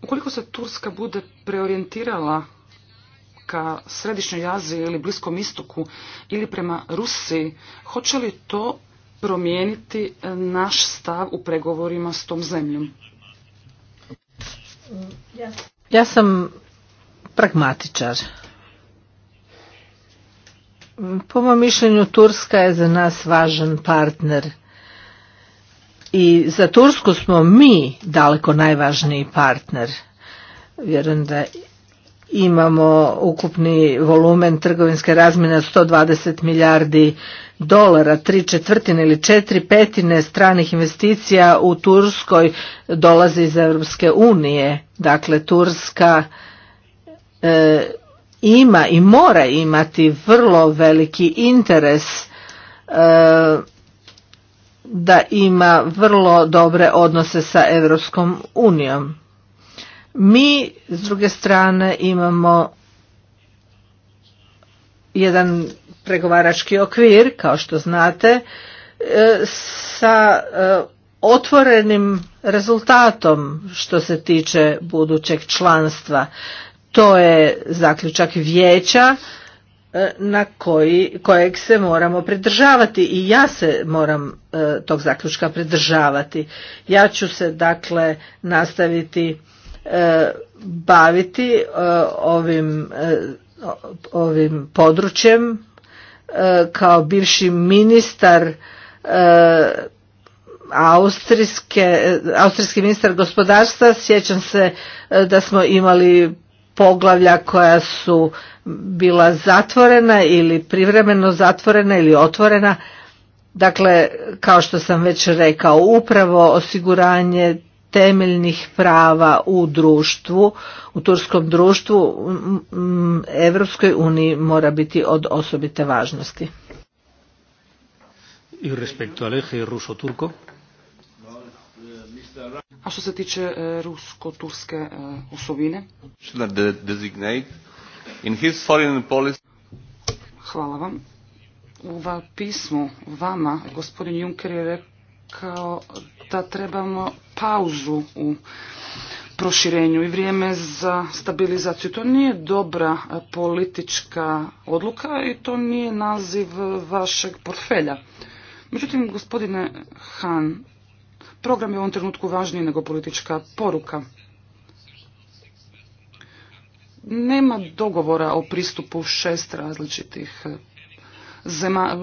Ukoliko se Turska bude preorijentirala ka Središnjoj Aziji ili Bliskom istoku ili prema Rusiji, hoće li to promijeniti naš stav u pregovorima s tom zemljom? Ja sam pragmatičar. Po mom mišljenju Turska je za nas važan partner i za Tursku smo mi daleko najvažniji partner. Vjerujem da imamo ukupni volumen trgovinske razmjene od 120 milijardi dolara, tri četvrtine ili četiri petine stranih investicija u Turskoj dolazi iz Europske unije. Dakle, Turska e, ima i mora imati vrlo veliki interes e, da ima vrlo dobre odnose sa Europskom unijom. Mi s druge strane imamo jedan pregovarački okvir kao što znate e, sa e, otvorenim rezultatom što se tiče budućeg članstva to je zaključak vijeća e, na koji, kojeg se moramo pridržavati i ja se moram e, tog zaključka pridržavati. Ja ću se dakle nastaviti e, baviti ovim, ovim područjem kao bivši ministar Austrijske, austrijski ministar gospodarstva sjećam se da smo imali poglavlja koja su bila zatvorena ili privremeno zatvorena ili otvorena. Dakle, kao što sam već rekao, upravo osiguranje temeljnih prava u društvu, u turskom društvu, mm, Evropskoj uniji mora biti od osobite važnosti. I respektu al eje ruso turko a što se tiče e, rusko-turske e, osobine? Hvala vam. U pismu vama gospodin Juncker je rekao da trebamo pauzu u proširenju i vrijeme za stabilizaciju. To nije dobra e, politička odluka i to nije naziv vašeg portfelja. Međutim, gospodine Han, Program je u ovom trenutku važniji nego politička poruka. Nema dogovora o pristupu šest različitih eh,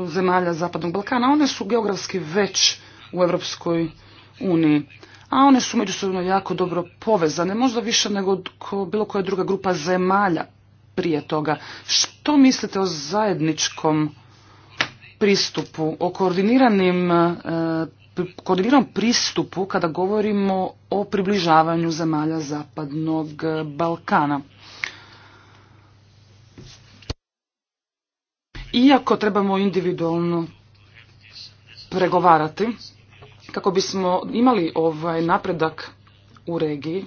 zemalja Zapadnog Balkana. One su geografski već u Europskoj uniji, a one su međusobno jako dobro povezane, možda više nego bilo koja druga grupa zemalja prije toga. Što mislite o zajedničkom pristupu, o koordiniranim eh, koordiniranom pristupu kada govorimo o približavanju zemalja Zapadnog Balkana. Iako trebamo individualno pregovarati, kako bismo imali ovaj napredak u regiji,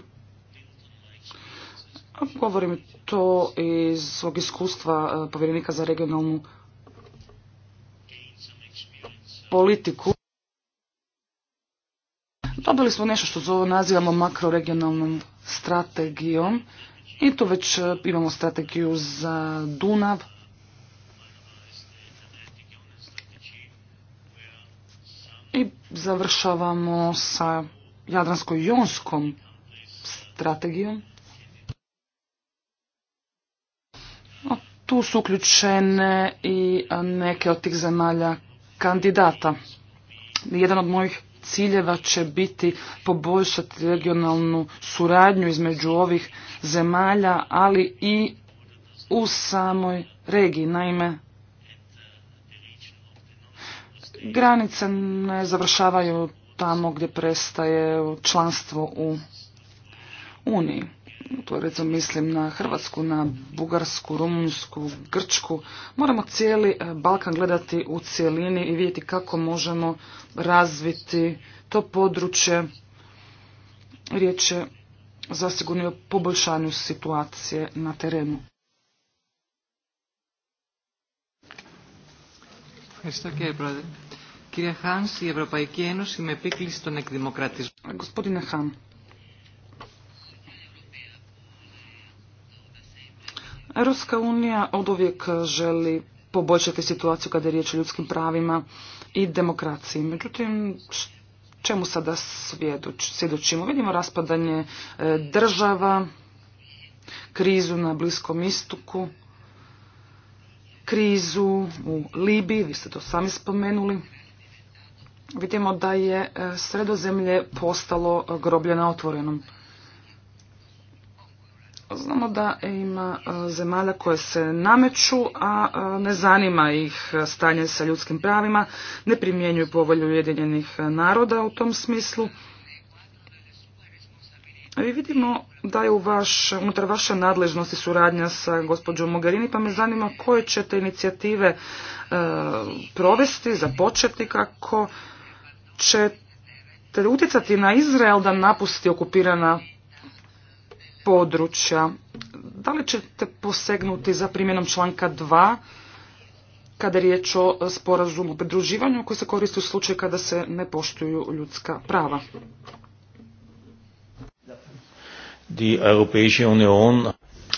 govorim to iz svog iskustva eh, povjerenika za regionalnu politiku, Dobili smo nešto što zove, nazivamo makroregionalnom strategijom i tu već e, imamo strategiju za Dunav. I završavamo sa Jadransko-jonskom strategijom. Tu su uključene i neke od tih zemalja kandidata. Jedan od mojih ciljeva će biti poboljšati regionalnu suradnju između ovih zemalja, ali i u samoj regiji. Naime, granice ne završavaju tamo gdje prestaje članstvo u Uniji tu recimo mislim na Hrvatsku, na Bugarsku, Rumunjsku, Grčku, moramo cijeli e, Balkan gledati u cjelini i vidjeti kako možemo razviti to područje. Riječ je zasigurno o poboljšanju situacije na terenu. Gospodine Han, Europska unija od želi poboljšati situaciju kada je riječ o ljudskim pravima i demokraciji. Međutim, čemu sada svjedočimo? Vidimo raspadanje e, država, krizu na Bliskom istoku, krizu u Libiji, vi ste to sami spomenuli. Vidimo da je e, sredozemlje postalo groblje na otvorenom. Znamo da ima e, zemalja koje se nameću, a e, ne zanima ih e, stanje sa ljudskim pravima, ne primjenjuju povolju Ujedinjenih naroda u tom smislu. Vi vidimo da je vaš, unutar vaše nadležnosti suradnja sa gospođom Mogherini, pa me zanima koje ćete inicijative provesti, započeti kako ćete utjecati na Izrael da napusti okupirana područja. Da li ćete posegnuti za primjenom članka 2 kada je riječ o sporazumu o pridruživanju koji se koristi u slučaju kada se ne poštuju ljudska prava?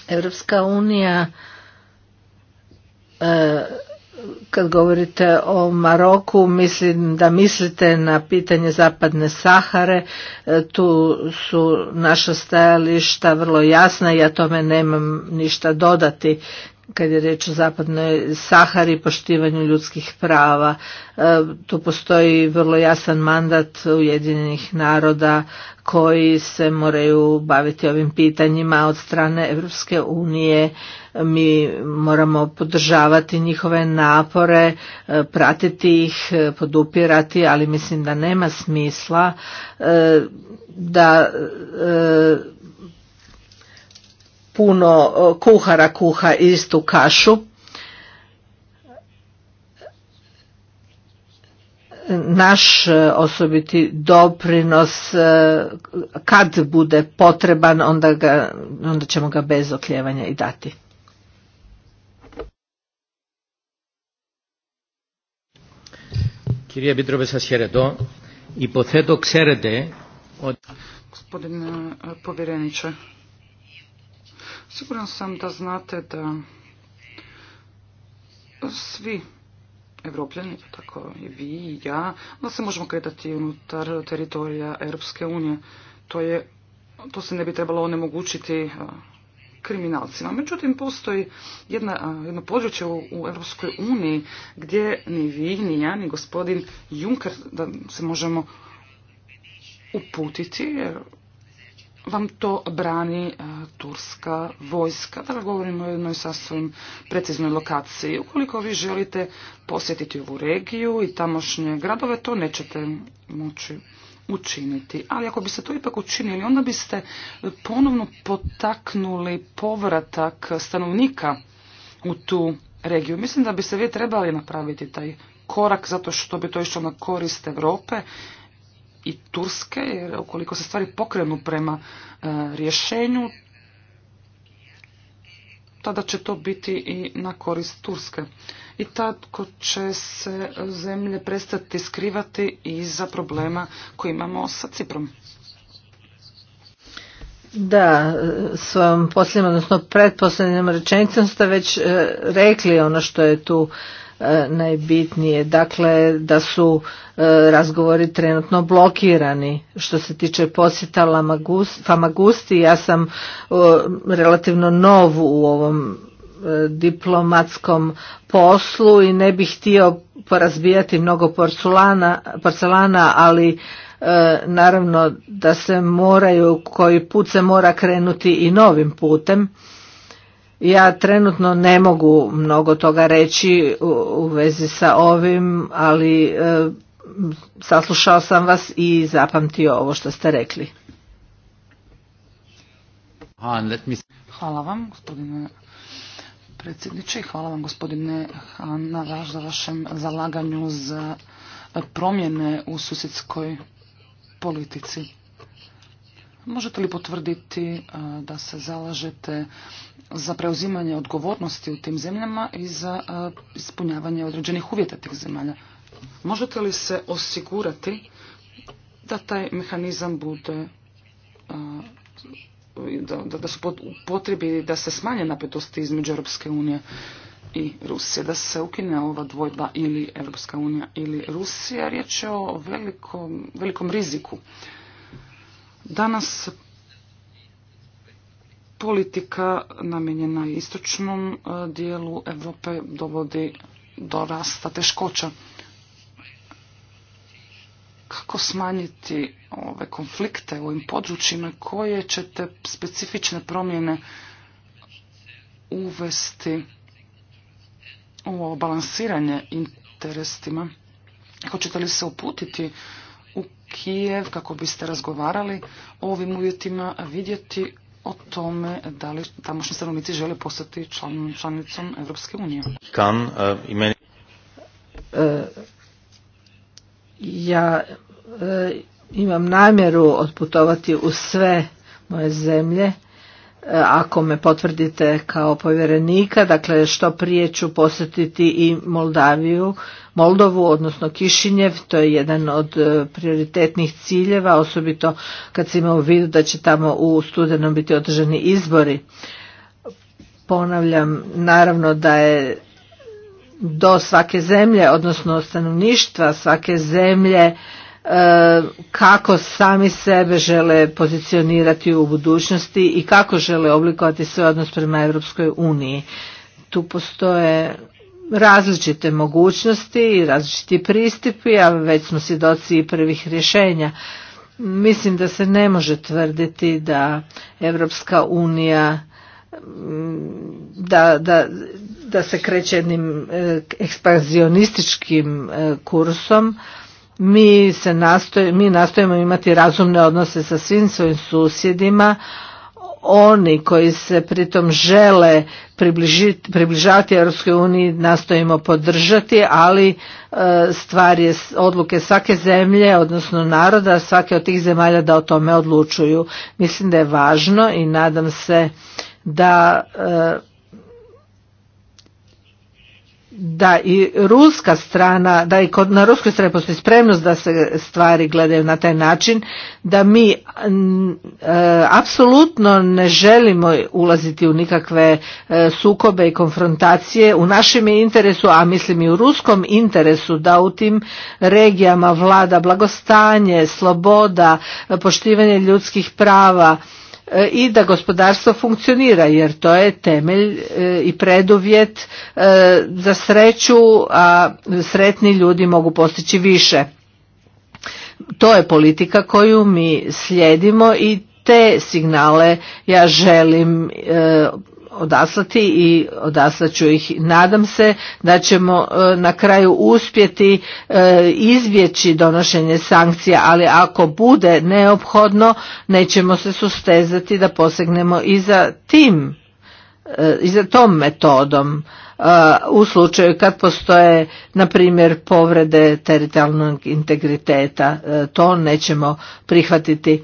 Europska unija e, kad govorite o Maroku, mislim da mislite na pitanje zapadne Sahare, e, tu su naša stajališta vrlo jasna i ja tome nemam ništa dodati kad je reč o zapadnoj Sahari poštivanju ljudskih prava. E, tu postoji vrlo jasan mandat Ujedinjenih naroda koji se moraju baviti ovim pitanjima od strane Europske unije. Mi moramo podržavati njihove napore, e, pratiti ih, e, podupirati, ali mislim da nema smisla da puno kuhara kuha istu kašu. Naš e, osobiti doprinos e, kad bude potreban onda, ga, onda ćemo ga bez okljevanja i dati. Kirija Bitrove, σας i Υποθέτω ξέρετε Od... Gospodine e, povjereniče, Siguran sam da znate da svi Evropljani, tako i vi i ja, da se možemo kretati unutar teritorija Europske unije. To, se ne bi trebalo onemogućiti kriminalcima. Međutim, postoji jedna, jedno područje u, Europskoj uniji gdje ni vi, ni ja, ni gospodin Juncker, da se možemo uputiti, jer vam to brani e, turska vojska. da govorimo o jednoj sasvim preciznoj lokaciji. Ukoliko vi želite posjetiti ovu regiju i tamošnje gradove, to nećete moći učiniti. Ali ako biste to ipak učinili, onda biste ponovno potaknuli povratak stanovnika u tu regiju. Mislim da bi se vi trebali napraviti taj korak zato što bi to išlo na korist Europe i Turske, jer ukoliko se stvari pokrenu prema e, rješenju, tada će to biti i na korist Turske. I tako će se zemlje prestati skrivati iza problema koji imamo sa Ciprom. Da, s vam posljednjom, odnosno pretposljednjom rečenicom ste već e, rekli ono što je tu E, najbitnije. Dakle, da su e, razgovori trenutno blokirani. Što se tiče posjeta Famagusti, ja sam relativno nov u ovom e, diplomatskom poslu i ne bih htio porazbijati mnogo porcelana, porcelana ali naravno da se moraju, koji put se mora krenuti i novim putem. Ja trenutno ne mogu mnogo toga reći u, vezi sa ovim, ali e, saslušao sam vas i zapamtio ovo što ste rekli. Hvala vam, gospodine predsjedniče, i hvala vam, gospodine za vašem zalaganju za promjene u susjedskoj politici. Možete li potvrditi e, da se zalažete za preuzimanje odgovornosti u tim zemljama i za e, ispunjavanje određenih uvjeta tih zemalja? Možete li se osigurati da taj mehanizam bude e, da, su potrebi da se smanje napetosti između Europske unije i Rusije, da se ukine ova dvojba ili Europska unija ili Rusija, riječ je o velikom riziku Danas politika namijenjena istočnom e, dijelu Europe dovodi do rasta teškoća. Kako smanjiti ove konflikte u ovim područjima koje ćete specifične promjene uvesti u ovo balansiranje interesima? Hoćete li se uputiti u Kijev kako biste razgovarali o ovim uvjetima vidjeti o tome da li tamošnji stanovnici žele postati član, članicom Europske unije. Kan, e, imeni... E, ja e, imam namjeru odputovati u sve moje zemlje E, ako me potvrdite kao povjerenika, dakle što prije ću posjetiti i Moldaviju, Moldovu, odnosno Kišinjev, to je jedan od e, prioritetnih ciljeva, osobito kad se ima u vidu da će tamo u studenom biti održani izbori. Ponavljam, naravno da je do svake zemlje, odnosno stanovništva svake zemlje, E, kako sami sebe žele pozicionirati u budućnosti i kako žele oblikovati svoj odnos prema Europskoj uniji. Tu postoje različite mogućnosti i različiti pristupi, a već smo svjedoci i prvih rješenja. Mislim da se ne može tvrditi da Europska unija da, da, da se kreće jednim e, ekspanzionističkim e, kursom, mi, se nastoj, mi nastojimo imati razumne odnose sa svim svojim susjedima, oni koji se pritom žele približiti, približavati Europskoj uniji nastojimo podržati, ali e, stvar je odluke svake zemlje, odnosno naroda, svake od tih zemalja da o tome odlučuju. Mislim da je važno i nadam se da e, da i ruska strana, da i kod, na ruskoj strani postoji spremnost da se stvari gledaju na taj način, da mi e, apsolutno ne želimo ulaziti u nikakve e, sukobe i konfrontacije. U našem interesu, a mislim i u ruskom interesu, da u tim regijama vlada blagostanje, sloboda, poštivanje ljudskih prava, E, i da gospodarstvo funkcionira jer to je temelj e, i preduvjet e, za sreću, a sretni ljudi mogu postići više. To je politika koju mi slijedimo i te signale ja želim odaslati i ću ih. Nadam se da ćemo e, na kraju uspjeti e, izbjeći donošenje sankcija, ali ako bude neophodno nećemo se sustezati da posegnemo i za tim, e, i za tom metodom u slučaju kad postoje na primjer povrede teritorijalnog integriteta to nećemo prihvatiti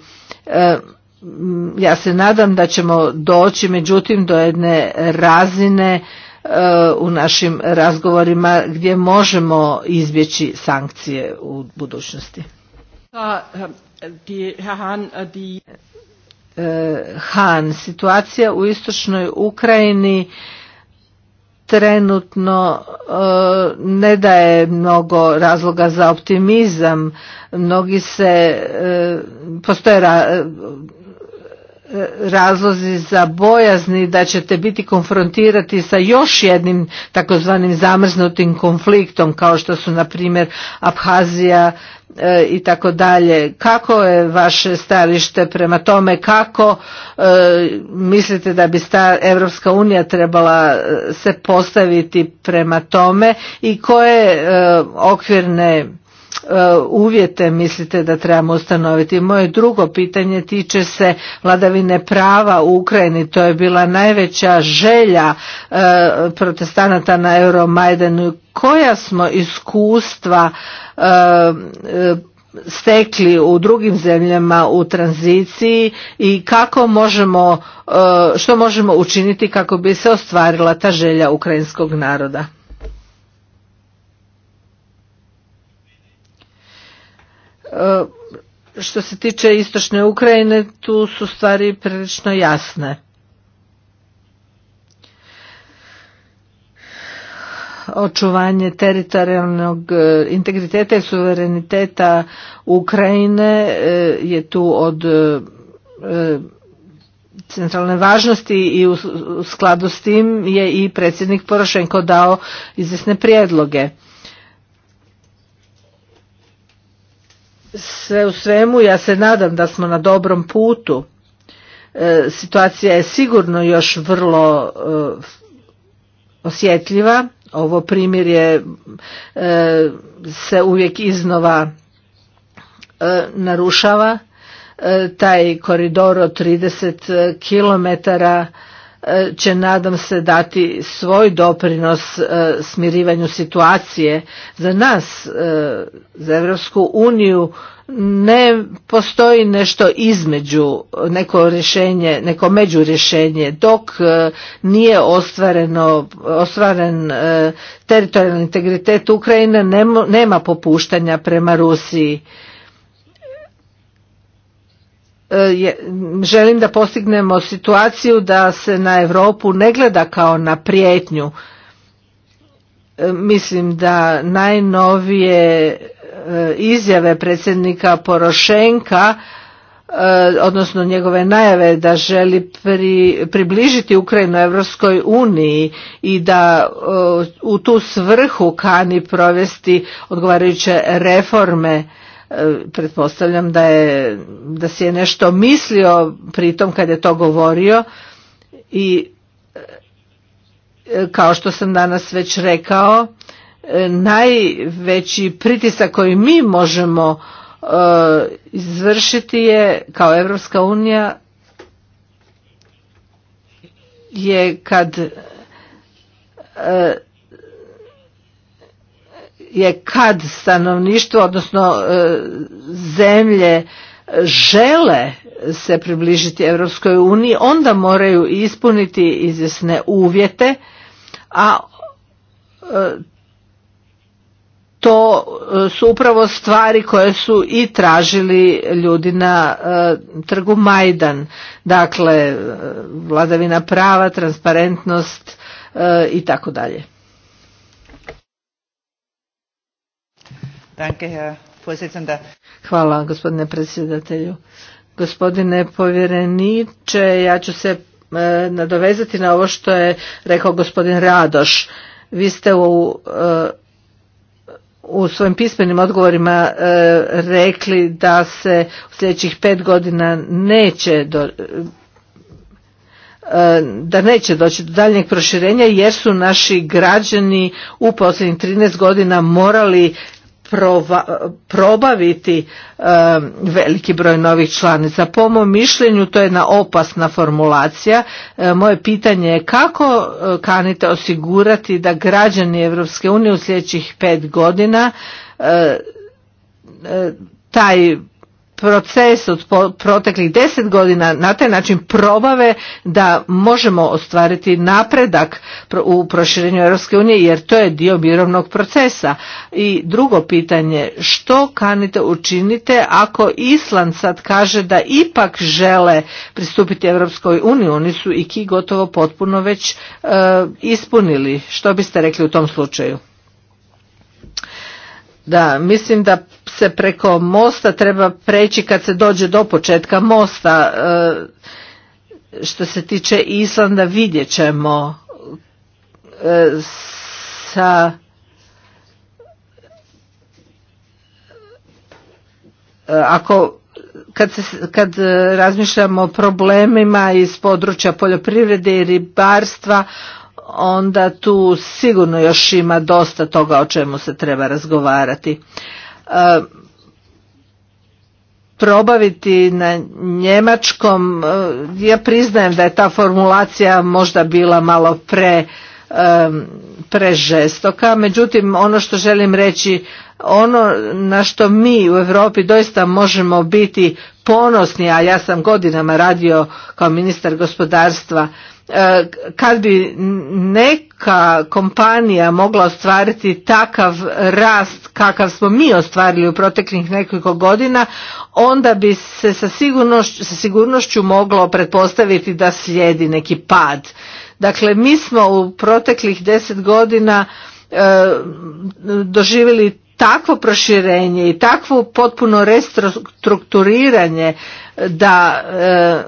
Mm, ja se nadam da ćemo doći međutim do jedne razine e, u našim razgovorima gdje možemo izbjeći sankcije u budućnosti. E, Han, e, situacija u istočnoj Ukrajini trenutno ne daje mnogo razloga za optimizam. Mnogi se, postoje razlozi za bojazni da ćete biti konfrontirati sa još jednim takozvanim zamrznutim konfliktom kao što su na primjer Abhazija e, i tako dalje. Kako je vaše stajalište prema tome kako e, mislite da bi sta Europska unija trebala e, se postaviti prema tome i koje okvirne E, uvjete mislite da trebamo ustanoviti. Moje drugo pitanje tiče se vladavine prava u Ukrajini. To je bila najveća želja e, protestanata na Euromajdanu. Koja smo iskustva e, stekli u drugim zemljama u tranziciji i kako možemo, što možemo učiniti kako bi se ostvarila ta želja ukrajinskog naroda? E, što se tiče istočne Ukrajine, tu su stvari prilično jasne. očuvanje teritorijalnog e, integriteta i suvereniteta Ukrajine e, je tu od centralne važnosti i u skladu s tim je i predsjednik Porošenko dao izvjesne prijedloge. Sve u svemu ja se nadam da smo na dobrom putu. E, situacija je sigurno još vrlo e, osjetljiva. Ovo primjer je e, se uvijek iznova narušava. Taj koridor od 30 kilometara E, će nadam se dati svoj doprinos e, smirivanju situacije za nas e, za Europsku uniju ne postoji nešto između neko rješenje neko među rješenje dok nije ostvareno ostvaren teritorijalni integritet Ukrajine nema popuštanja prema Rusiji E, želim da postignemo situaciju da se na Europu ne gleda kao na prijetnju. E, mislim da najnovije e, izjave predsjednika Porošenka odnosno njegove najave da želi približiti Ukrajinu Europskoj uniji i da u tu svrhu kani provesti odgovarajuće reforme E, pretpostavljam da je da si je nešto mislio pritom kad je to govorio i e, kao što sam danas već rekao e, najveći pritisak koji mi možemo izvršiti je kao Europska unija je kad je kad stanovništvo, odnosno e, zemlje žele se približiti Europskoj uniji, onda moraju ispuniti izvjesne uvjete, a e, to su upravo stvari koje su i tražili ljudi na e, trgu Majdan. Dakle, vladavina prava, transparentnost i tako dalje. Hvala gospodine predsjedatelju. Gospodine povjereniče, ja ću se e, nadovezati na ovo što je rekao gospodin Radoš. Vi ste u e, svojim pismenim odgovorima e, rekli da se u sljedećih pet godina neće da neće doći do daljnjeg proširenja jer su naši građani u posljednjih 13 godina morali probaviti e, veliki broj novih članica. Po mom mišljenju to je jedna opasna formulacija. E, moje pitanje je kako e, kanite osigurati da građani Europske unije u sljedećih pet godina taj proces od proteklih deset godina na taj način probave da možemo ostvariti napredak u proširenju Europske unije jer to je dio mirovnog procesa. I drugo pitanje, što kanite učinite ako Island sad kaže da ipak žele pristupiti Europskoj uniji, oni su i ki gotovo potpuno već e, ispunili. Što biste rekli u tom slučaju? Da, mislim da se preko mosta treba preći kad se dođe do početka mosta. E, što se tiče Islanda vidjet ćemo e, sa e, ako kad, se, kad razmišljamo o problemima iz područja poljoprivrede i ribarstva onda tu sigurno još ima dosta toga o čemu se treba razgovarati. E, probaviti na njemačkom, e, ja priznajem da je ta formulacija možda bila malo pre e, prežestoka, međutim ono što želim reći, ono na što mi u Europi doista možemo biti ponosni, a ja sam godinama radio kao ministar gospodarstva, e, kad bi neka kompanija mogla ostvariti takav rast kakav smo mi ostvarili u proteklih nekoliko godina, onda bi se sa sigurnošću, sigurnošću moglo pretpostaviti da slijedi neki pad. Dakle, mi smo u proteklih deset godina e, doživjeli takvo proširenje i takvo potpuno restrukturiranje da e,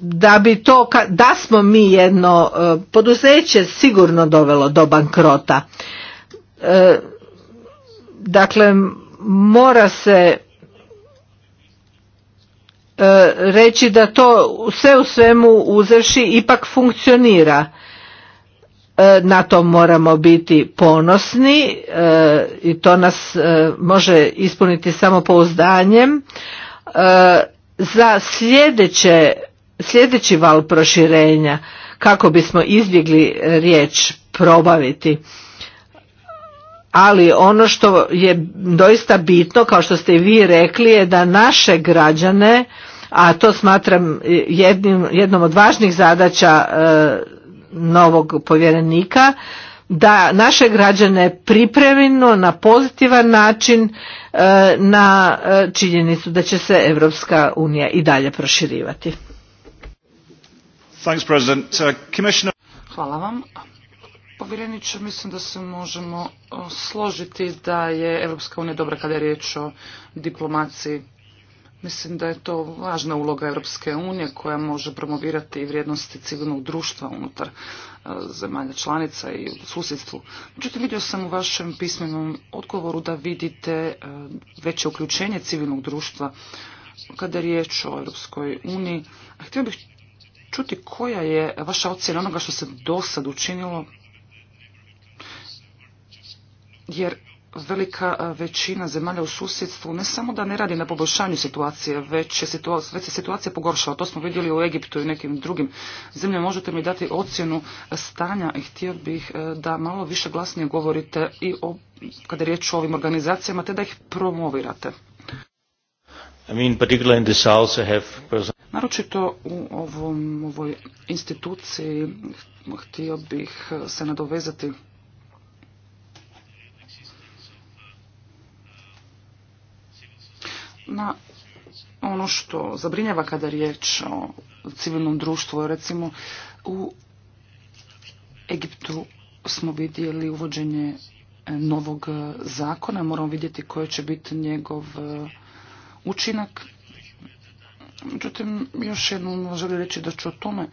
da bi to da smo mi jedno e, poduzeće sigurno dovelo do bankrota e, dakle mora se reći da to sve u svemu uzevši ipak funkcionira E, na to moramo biti ponosni e, i to nas e, može ispuniti samo pouzdanjem. Za sljedeće, sljedeći val proširenja kako bismo izbjegli riječ probaviti. Ali ono što je doista bitno, kao što ste i vi rekli, je da naše građane, a to smatram jednim, jednom od važnih zadaća novog povjerenika da naše građane pripremimo na pozitivan način e, na e, činjenicu da će se Europska unija i dalje proširivati. Uh, Hvala vam. Povjereniče, mislim da se možemo složiti da je Europska unija dobra kada je riječ o diplomaciji Mislim da je to važna uloga Europske unije koja može promovirati i vrijednosti civilnog društva unutar e, zemalja članica i u susjedstvu. Međutim, vidio sam u vašem pismenom odgovoru da vidite e, veće uključenje civilnog društva kada je riječ o Europskoj uniji. A htio bih čuti koja je vaša ocjena onoga što se do sad učinilo, jer velika e, većina zemalja u susjedstvu ne samo da ne radi na poboljšanju situacije, već, se situacija pogoršala. To smo vidjeli u Egiptu i nekim drugim zemljama. Možete mi dati ocjenu stanja i htio bih e, da malo više glasnije govorite i o, kada je riječ o ovim organizacijama, te da ih promovirate. I mean, in have... Naročito u ovom, ovoj instituciji htio bih e, se nadovezati na ono što zabrinjava kada je riječ o civilnom društvu. Recimo u Egiptu smo vidjeli uvođenje e, novog e, zakona, moramo vidjeti koji će biti njegov e, učinak. Međutim, još jednom želim reći da ću o tome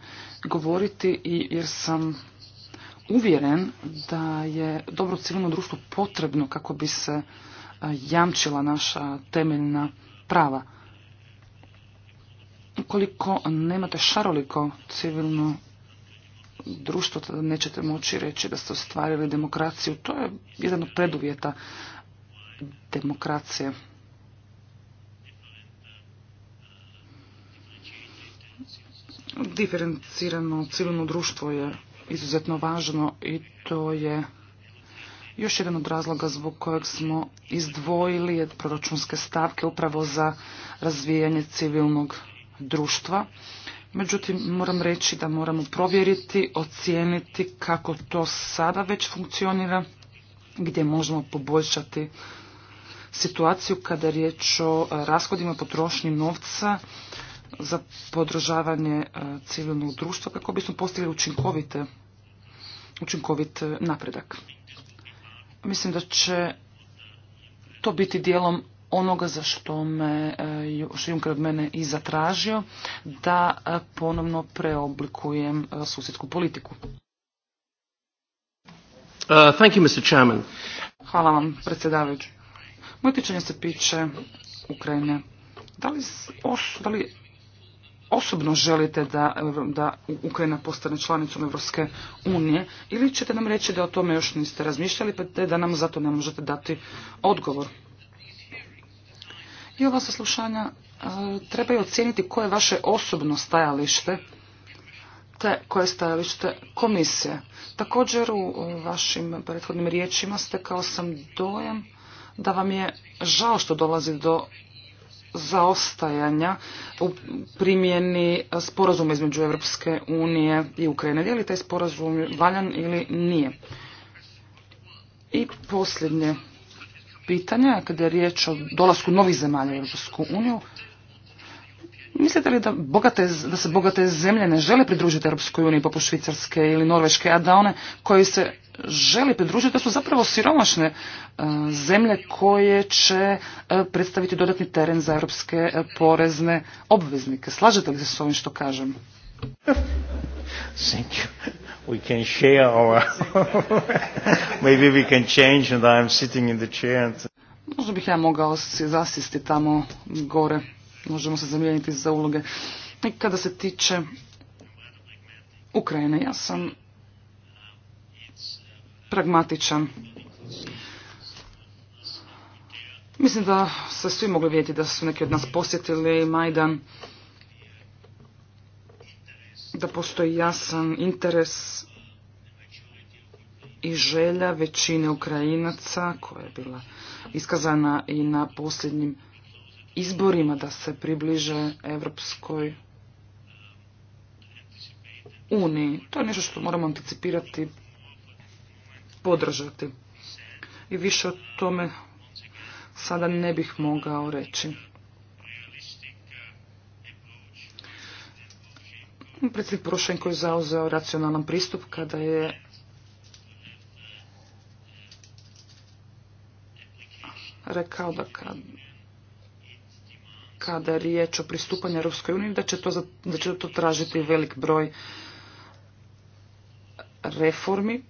govoriti i jer sam uvjeren da je dobro civilno društvo potrebno kako bi se jamčila naša temeljna prava. Ukoliko nemate šaroliko civilno društvo, tada nećete moći reći da ste ostvarili demokraciju. To je jedan od preduvjeta demokracije. Diferencirano civilno društvo je izuzetno važno i to je još jedan od razloga zbog kojeg smo izdvojili je proračunske stavke upravo za razvijanje civilnog društva. Međutim, moram reći da moramo provjeriti, ocijeniti kako to sada već funkcionira, gdje možemo poboljšati situaciju kada je riječ o rashodima potrošnji novca za podržavanje e, civilnog društva kako bismo postigli učinkovite, učinkovit e, napredak. Mislim da će to biti dijelom onoga za što me e, Juncker od mene i zatražio, da e, ponovno preoblikujem e, susjedsku politiku. Uh, thank you, Hvala vam, predsjedavajući. Moje tičanje se piče Ukrajine. da li osobno želite da, da Ukrajina postane članicom Evropske unije ili ćete nam reći da o tome još niste razmišljali pa te da nam zato ne možete dati odgovor. I ova saslušanja e, trebaju ocijeniti koje je vaše osobno stajalište te koje stajalište komisije. Također u vašim prethodnim riječima kao sam dojam da vam je žao što dolazi do zaostajanja u primjeni sporazuma između Europske unije i Ukrajine. Je li taj sporazum valjan ili nije? I posljednje pitanje, kada je riječ o dolasku novih zemalja u Europsku uniju, mislite li da, bogate, da se bogate zemlje ne žele pridružiti Europskoj uniji poput Švicarske ili Norveške, a da one koje se želi pridružiti, da su zapravo siromašne e, zemlje koje će e, predstaviti dodatni teren za europske e, porezne obveznike. Slažete li se s ovim što kažem? Thank We can share Maybe we can change and I'm sitting in the chair. And... Možda bih ja mogao zasisti tamo gore. Možemo se zamijeniti za uloge. I kada se tiče Ukrajine, ja sam pragmatičan. Mislim da se svi mogli vidjeti da su neki od nas posjetili Majdan, da postoji jasan interes i želja većine Ukrajinaca koja je bila iskazana i na posljednjim izborima da se približe Evropskoj uniji. To je nešto što moramo anticipirati podržati. I više o tome sada ne bih mogao reći. Predsjednik Porošenko je zauzeo racionalan pristup kada je rekao da kada je riječ o pristupanju Europskoj uniji, da da će to tražiti velik broj reformi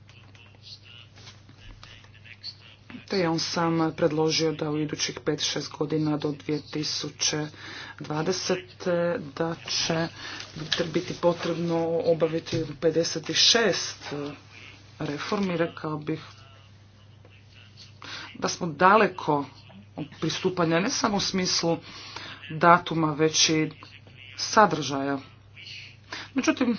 te on sam predložio da u idućih 5-6 godina do 2020 e, da će biti potrebno obaviti 56 e, reformi, rekao bih da smo daleko od pristupanja ne samo u smislu datuma, već i sadržaja. Međutim,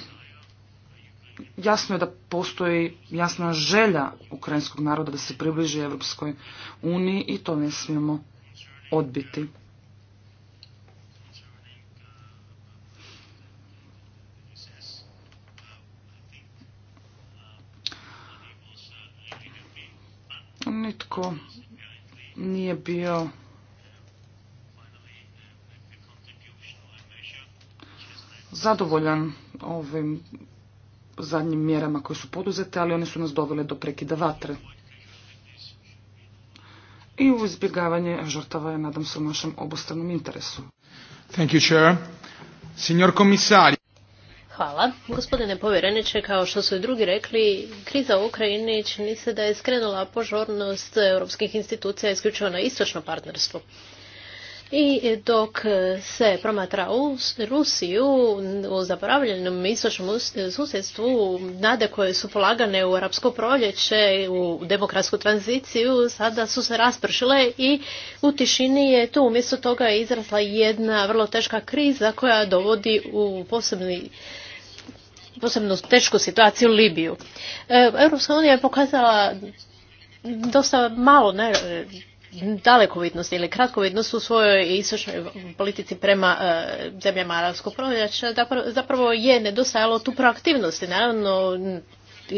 jasno je da postoji jasna želja ukrajinskog naroda da se približi Europskoj uniji i to ne smijemo odbiti. Nitko nije bio zadovoljan ovim zadnjim mjerama koje su poduzete, ali one su nas dovele do prekida vatre. I u izbjegavanje žrtava je, nadam se, u našem obostranom interesu. Thank you, Chair. Signor Hvala. Gospodine povjereniče, kao što su i drugi rekli, kriza u Ukrajini čini se da je skrenula požornost europskih institucija isključivo na istočno partnerstvo. I dok se promatra Rusiju u zaboravljenom istočnom susjedstvu nade koje su polagane u arapsko proljeće, u demokratsku tranziciju, sada su se raspršile i u tišini je tu umjesto toga izrasla jedna vrlo teška kriza koja dovodi u posebni posebno tešku situaciju u Libiju. E, Europska unija je pokazala dosta malo ne, dalekovitnost ili kratkovitnost u svojoj istočnoj politici prema e, zemljama arabskog proljeća zapravo je nedostajalo tu proaktivnosti. Naravno,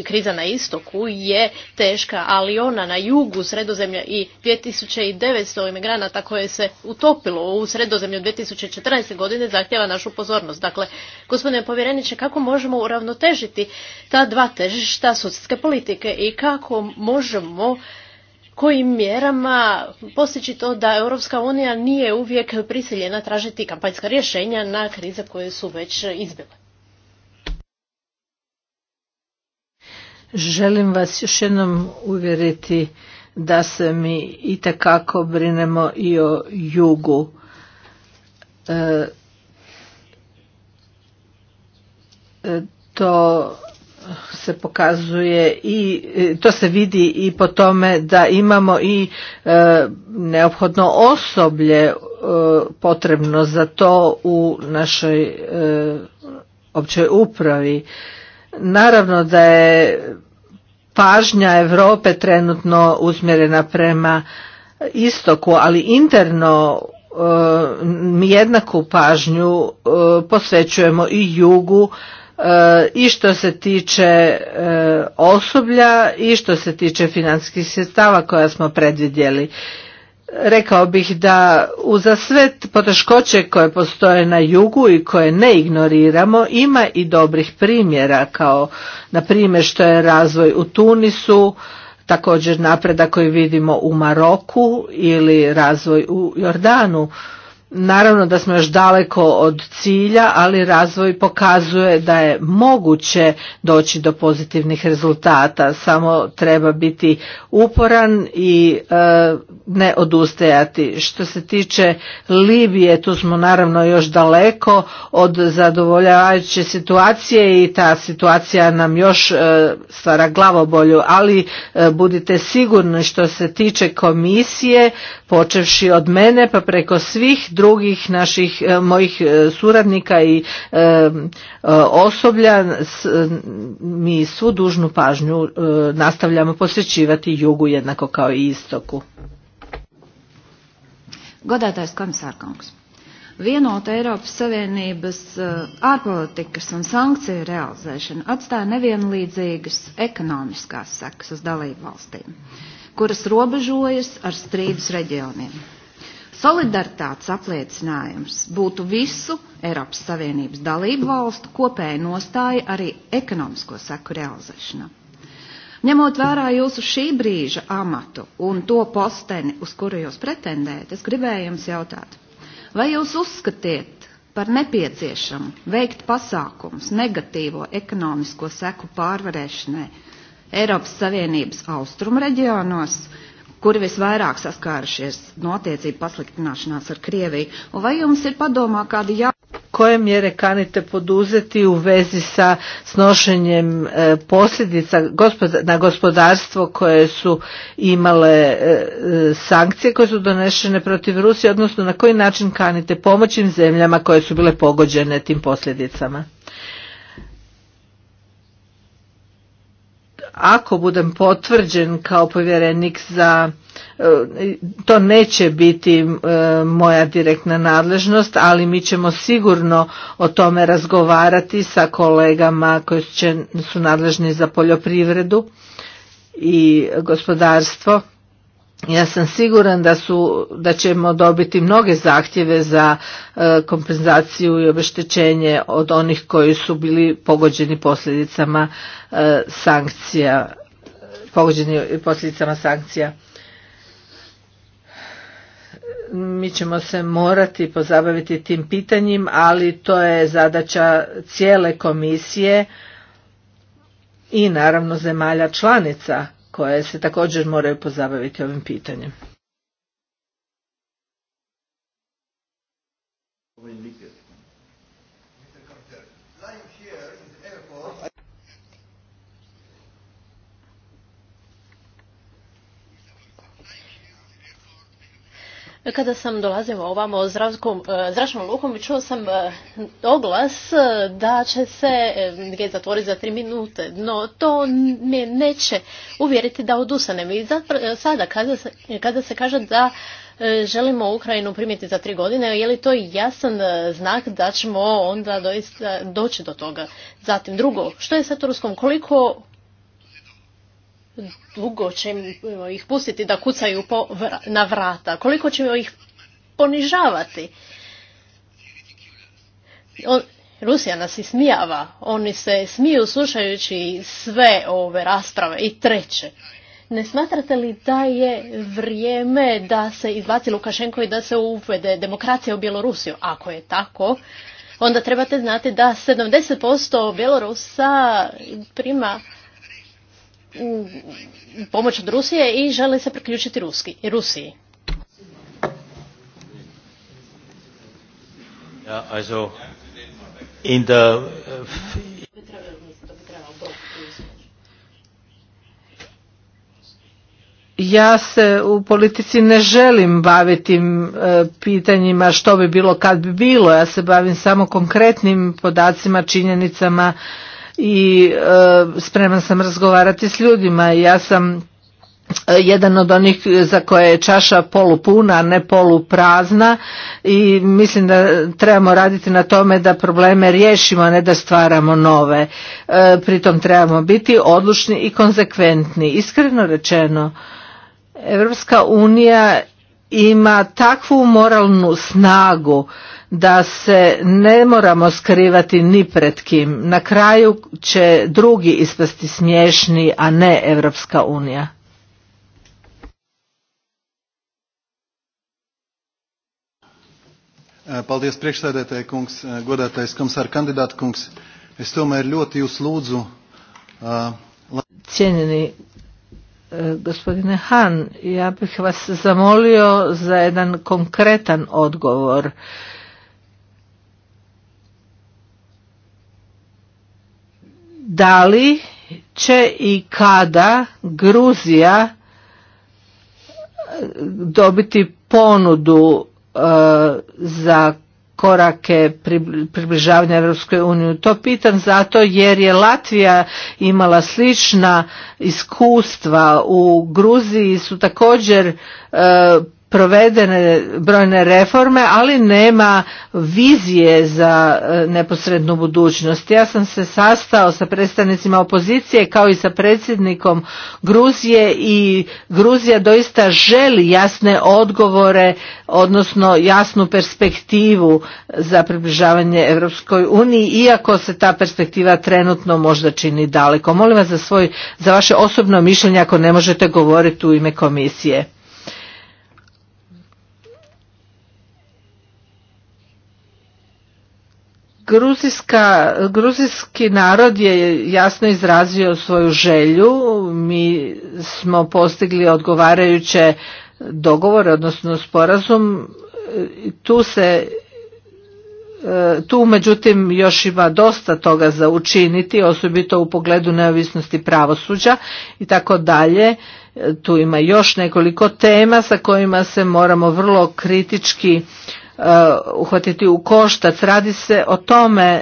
kriza na istoku je teška, ali ona na jugu sredozemlja i 2900 imigranata koje se utopilo u sredozemlju 2014. godine zahtjeva našu pozornost. Dakle, gospodine povjereniče, kako možemo uravnotežiti ta dva težišta sudske politike i kako možemo kojim mjerama postići to da Europska unija nije uvijek prisiljena tražiti kampanjska rješenja na krize koje su već izbile. Želim vas još jednom uvjeriti da se mi itekako brinemo i o jugu. E, e to se pokazuje i e, to se vidi i po tome da imamo i e, neophodno osoblje e, potrebno za to u našoj općoj upravi. Naravno da je pažnja Europe trenutno usmjerena prema istoku, ali interno mi jednaku pažnju posvećujemo i jugu i što se tiče e, osoblja i što se tiče financijskih sredstava koja smo predvidjeli. Rekao bih da uza sve poteškoće koje postoje na jugu i koje ne ignoriramo ima i dobrih primjera kao na primjer što je razvoj u Tunisu, također napredak koji vidimo u Maroku ili razvoj u Jordanu. Naravno da smo još daleko od cilja, ali razvoj pokazuje da je moguće doći do pozitivnih rezultata, samo treba biti uporan i e, ne odustajati. Što se tiče Libije, tu smo naravno još daleko od zadovoljavajuće situacije i ta situacija nam još e, stvara glavobolju, ali e, budite sigurni što se tiče komisije, počevši od mene pa preko svih drugih naših e, mojih e, suradnika i e, osoblja mi svu dužnu pažnju nastavljamo posvećivati jugu jednako kao i istoku. Godātais komisārkungs, vienota Eiropas Savienības ārpolitikas un sankciju realizēšana atstāja nevienlīdzīgas ekonomiskās sekas uz dalību valstīm, kuras robežojas ar strīdus reģioniem. Solidaritātes apliecinājums būtu visu Eiropas Savienības dalību valstu kopēja nostāja arī ekonomisko seku realizēšanā. Ņemot vērā jūsu šī brīža amatu un to posteni, uz kuru jūs pretendējat, es gribēju jums jautāt, vai jūs uzskatiet par nepieciešamu veikt pasākums negatīvo ekonomisko seku pārvarēšanai Eiropas Savienības austrumu reģionos – kuri visvairāk saskārušies no attiecību pasliktināšanās ar Krieviju? vai jums ir padomā kādi jā... Koje mjere kanite poduzeti u vezi sa snošenjem e, posljedica na gospodarstvo koje su imale e, e, sankcije koje su donešene protiv Rusije, odnosno na koji način kanite pomoći zemljama koje su bile pogođene tim posljedicama? ako budem potvrđen kao povjerenik za e, to neće biti e, moja direktna nadležnost, ali mi ćemo sigurno o tome razgovarati sa kolegama koji su nadležni za poljoprivredu i gospodarstvo ja sam siguran da, su, da ćemo dobiti mnoge zahtjeve za e, kompenzaciju i obeštećenje od onih koji su bili pogođeni posljedicama e, sankcija pogođeni posljedicama sankcija mi ćemo se morati pozabaviti tim pitanjem ali to je zadaća cijele komisije i naravno zemalja članica koje se također moraju pozabaviti ovim pitanjem. Kada sam dolazila ovamo e, zračnom lukom i čuo sam e, oglas e, da će se gdje zatvoriti za tri minute, no to me neće uvjeriti da odusanem. I sada kada se, kaže da želimo Ukrajinu primiti za tri godine, je li to jasan znak da ćemo onda doista doći do toga? Zatim drugo, što je sa Turskom? Koliko dugo ćemo ih pustiti da kucaju po na vrata, koliko ćemo ih ponižavati. On, Rusija nas smijava. oni se smiju slušajući sve ove rasprave i treće. Ne smatrate li da je vrijeme da se izbaci Lukašenko i da se uvede demokracija u Bjelorusiju? Ako je tako, onda trebate znati da 70% Bjelorusa prima u pomoć od Rusije i žele se priključiti Ruski, Rusiji. Ja, also in the, ja se u politici ne želim baviti e, pitanjima što bi bilo kad bi bilo ja se bavim samo konkretnim podacima činjenicama i e, spreman sam razgovarati s ljudima. Ja sam e, jedan od onih za koje je čaša polupuna, a ne poluprazna i mislim da trebamo raditi na tome da probleme riješimo, a ne da stvaramo nove. E, pritom trebamo biti odlučni i konzekventni. Iskreno rečeno, Evropska unija ima takvu moralnu snagu da se ne moramo skrivati ni pred kim. Na kraju će drugi ispasti smiješni, a ne Evropska unija. Eh, paldies priekšsēdētāji kungs, eh, godātais komisāra kandidāta kungs. Es tomēr ļoti jūs lūdzu. Uh, eh, Cijenjeni gospodine Han, ja bih vas zamolio za jedan konkretan odgovor da li će i kada Gruzija e, dobiti ponudu e, za korake približavanja Europskoj uniji. To pitam zato jer je Latvija imala slična iskustva. U Gruziji su također e, provedene brojne reforme, ali nema vizije za e, neposrednu budućnost. Ja sam se sastao sa predstavnicima opozicije kao i sa predsjednikom Gruzije i Gruzija doista želi jasne odgovore, odnosno jasnu perspektivu za približavanje Europskoj uniji, iako se ta perspektiva trenutno možda čini daleko. Molim vas za, svoj, za vaše osobno mišljenje ako ne možete govoriti u ime komisije. Gruzijska, gruzijski narod je jasno izrazio svoju želju, mi smo postigli odgovarajuće dogovore, odnosno sporazum, tu se e, tu međutim još ima dosta toga za učiniti, osobito u pogledu neovisnosti pravosuđa i tako dalje. E, tu ima još nekoliko tema sa kojima se moramo vrlo kritički Uh, uhvatiti u koštac. Radi se o tome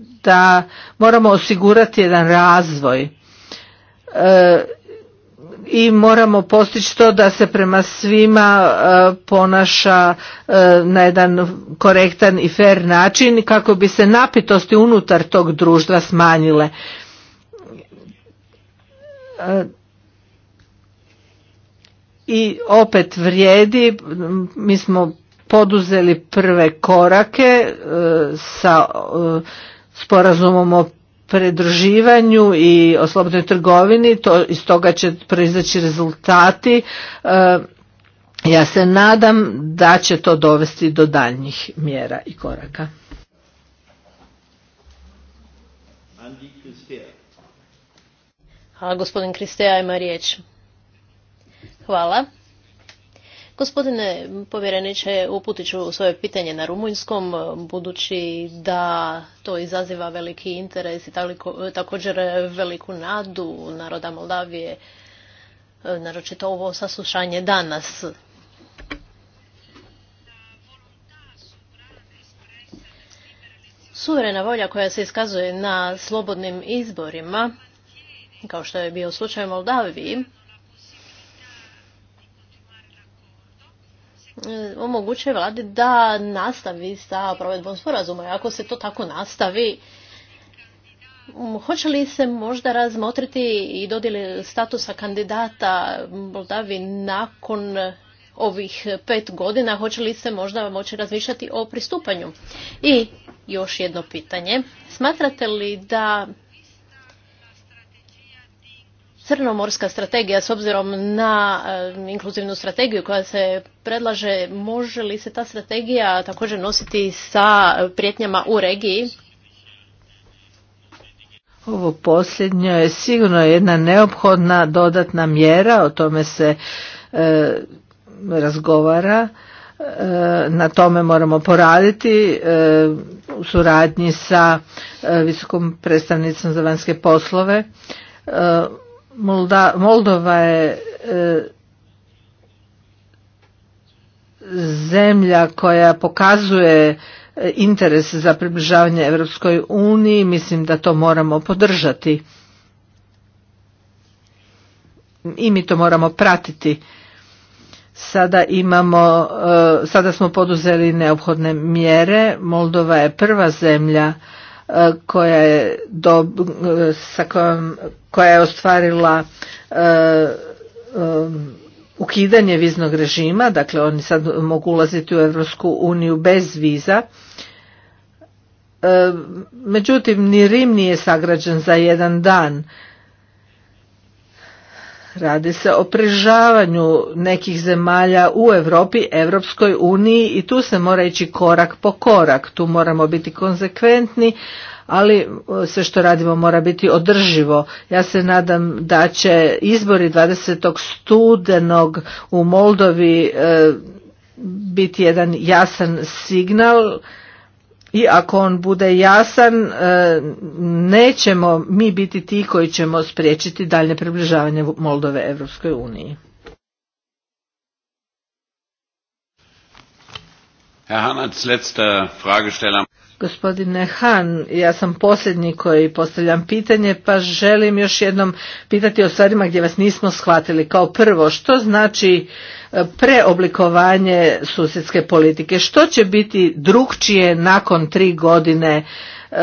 da moramo osigurati jedan razvoj uh, i moramo postići to da se prema svima uh, ponaša na jedan korektan i fer način kako bi se napitosti unutar tog društva smanjile i opet vrijedi, mi smo poduzeli prve korake e, sa e, sporazumom o predruživanju i o slobodnoj trgovini, to, iz toga će proizaći rezultati. E, ja se nadam da će to dovesti do daljnjih mjera i koraka. Hvala gospodin Kristeja, ima riječ. Hvala. Gospodine povjereniče, uputit ću svoje pitanje na rumunjskom, budući da to izaziva veliki interes i također veliku nadu naroda Moldavije, naročito ovo saslušanje danas. Suverena volja koja se iskazuje na slobodnim izborima, kao što je bio slučaj u Moldaviji, E, omogućuje vladi da nastavi sa provedbom sporazuma. Ako se to tako nastavi, hoće li se možda razmotriti i dodjeli statusa kandidata Moldavi nakon ovih pet godina, hoće li se možda moći razmišljati o pristupanju? I još jedno pitanje. Smatrate li da crnomorska strategija s obzirom na e, inkluzivnu strategiju koja se predlaže, može li se ta strategija također nositi sa prijetnjama u regiji? Ovo posljednje je sigurno jedna neophodna dodatna mjera, o tome se e, razgovara, e, na tome moramo poraditi u suradnji sa visokom predstavnicom za vanjske poslove. Moldova je e, zemlja koja pokazuje e, interes za približavanje Europskoj uniji, mislim da to moramo podržati. I mi to moramo pratiti. Sada imamo, e, sada smo poduzeli neophodne mjere. Moldova je prva zemlja koja je, do, sa kojom, koja je ostvarila e, um, ukidanje viznog režima, dakle oni sad mogu ulaziti u Europsku uniju bez viza. E, međutim, ni Rim nije sagrađen za jedan dan. Radi se o prižavanju nekih zemalja u Europi, Europskoj uniji i tu se mora ići korak po korak. Tu moramo biti konsekventni, ali e, sve što radimo mora biti održivo. Ja se nadam da će izbori 20. studenog u Moldovi e, biti jedan jasan signal i ako on bude jasan e, nećemo mi biti ti koji ćemo spriječiti daljnje približavanje Moldove Europskoj uniji. Herr letzter Fragesteller. Gospodine Han, ja sam posljednji koji postavljam pitanje, pa želim još jednom pitati o stvarima gdje vas nismo shvatili. Kao prvo, što znači e, preoblikovanje susjedske politike? Što će biti drukčije nakon tri godine e,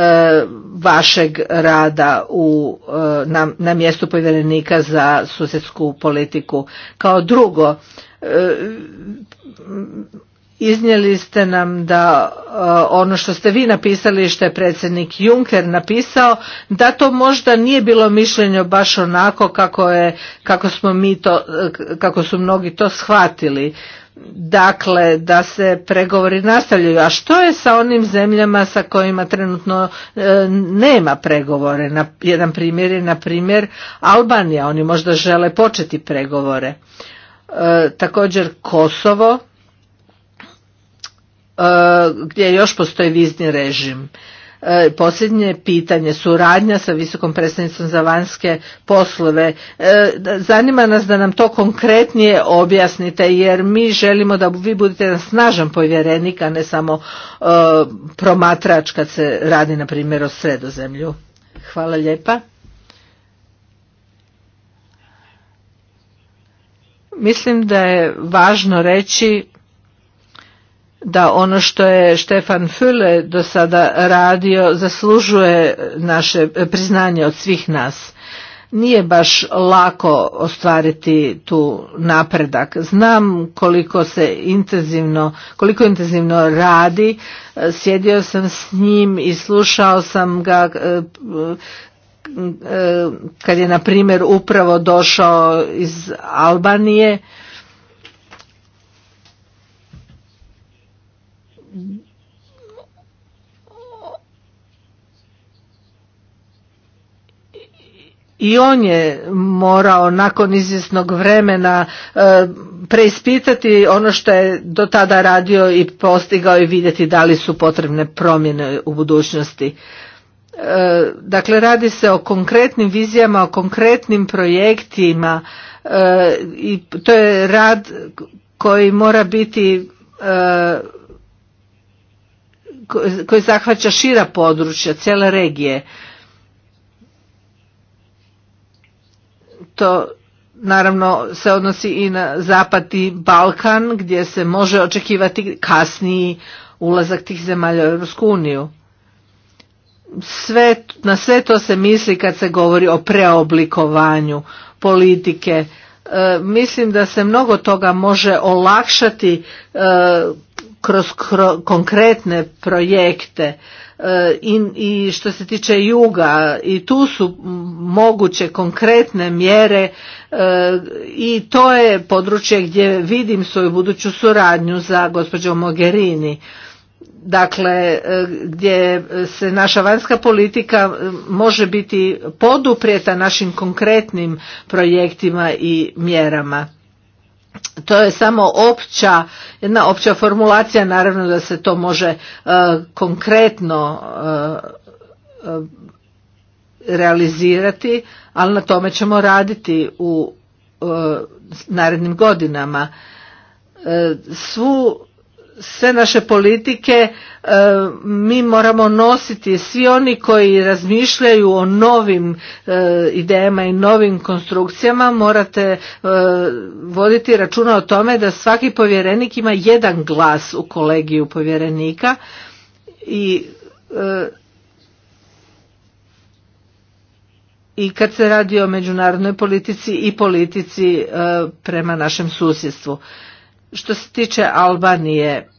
vašeg rada u, e, na, mjestu povjerenika za susjedsku politiku? Kao drugo, iznijeli ste nam da e, ono što ste vi napisali što je predsjednik Juncker napisao da to možda nije bilo mišljenje baš onako kako je kako smo mi to e, kako su mnogi to shvatili dakle da se pregovori nastavljaju a što je sa onim zemljama sa kojima trenutno e, nema pregovore na, jedan primjer je na primjer Albanija oni možda žele početi pregovore također Kosovo E, gdje još postoji vizni režim. E, posljednje pitanje, suradnja sa visokom predstavnicom za vanjske poslove. E, zanima nas da nam to konkretnije objasnite jer mi želimo da vi budete jedan snažan povjerenik, a ne samo promatrač kad se radi na primjer o sredozemlju. Hvala lijepa. Mislim da je važno reći da ono što je Štefan Füle do sada radio zaslužuje naše priznanje od svih nas. Nije baš lako ostvariti tu napredak. Znam koliko se intenzivno, koliko intenzivno radi. Sjedio sam s njim i slušao sam ga e, e, kad je na primjer upravo došao iz Albanije i on je morao nakon izvjesnog vremena e, preispitati ono što je do tada radio i postigao i vidjeti da li su potrebne promjene u budućnosti. E, dakle, radi se o konkretnim vizijama, o konkretnim projektima e, i to je rad koji mora biti koji zahvaća šira područja, cijele regije. To naravno se odnosi i na Zapadni Balkan gdje se može očekivati kasniji ulazak tih zemalja u Europsku uniju. Sve, na sve to se misli kad se govori o preoblikovanju politike. E, mislim da se mnogo toga može olakšati e, kroz konkretne projekte e, i što se tiče juga i tu su moguće konkretne mjere e, i to je područje gdje vidim svoju buduću suradnju za gospođo Mogherini dakle e, gdje se naša vanjska politika može biti poduprijeta našim konkretnim projektima i mjerama to je samo opća, jedna opća formulacija, naravno da se to može e, konkretno e, e, realizirati, ali na tome ćemo raditi u narednim godinama. Svu sve naše politike e, mi moramo nositi svi oni koji razmišljaju o novim e, idejama i novim konstrukcijama morate e, voditi računa o tome da svaki povjerenik ima jedan glas u kolegiju povjerenika i i kad se radi o međunarodnoj politici i politici prema našem susjedstvu što se tiče Albanije,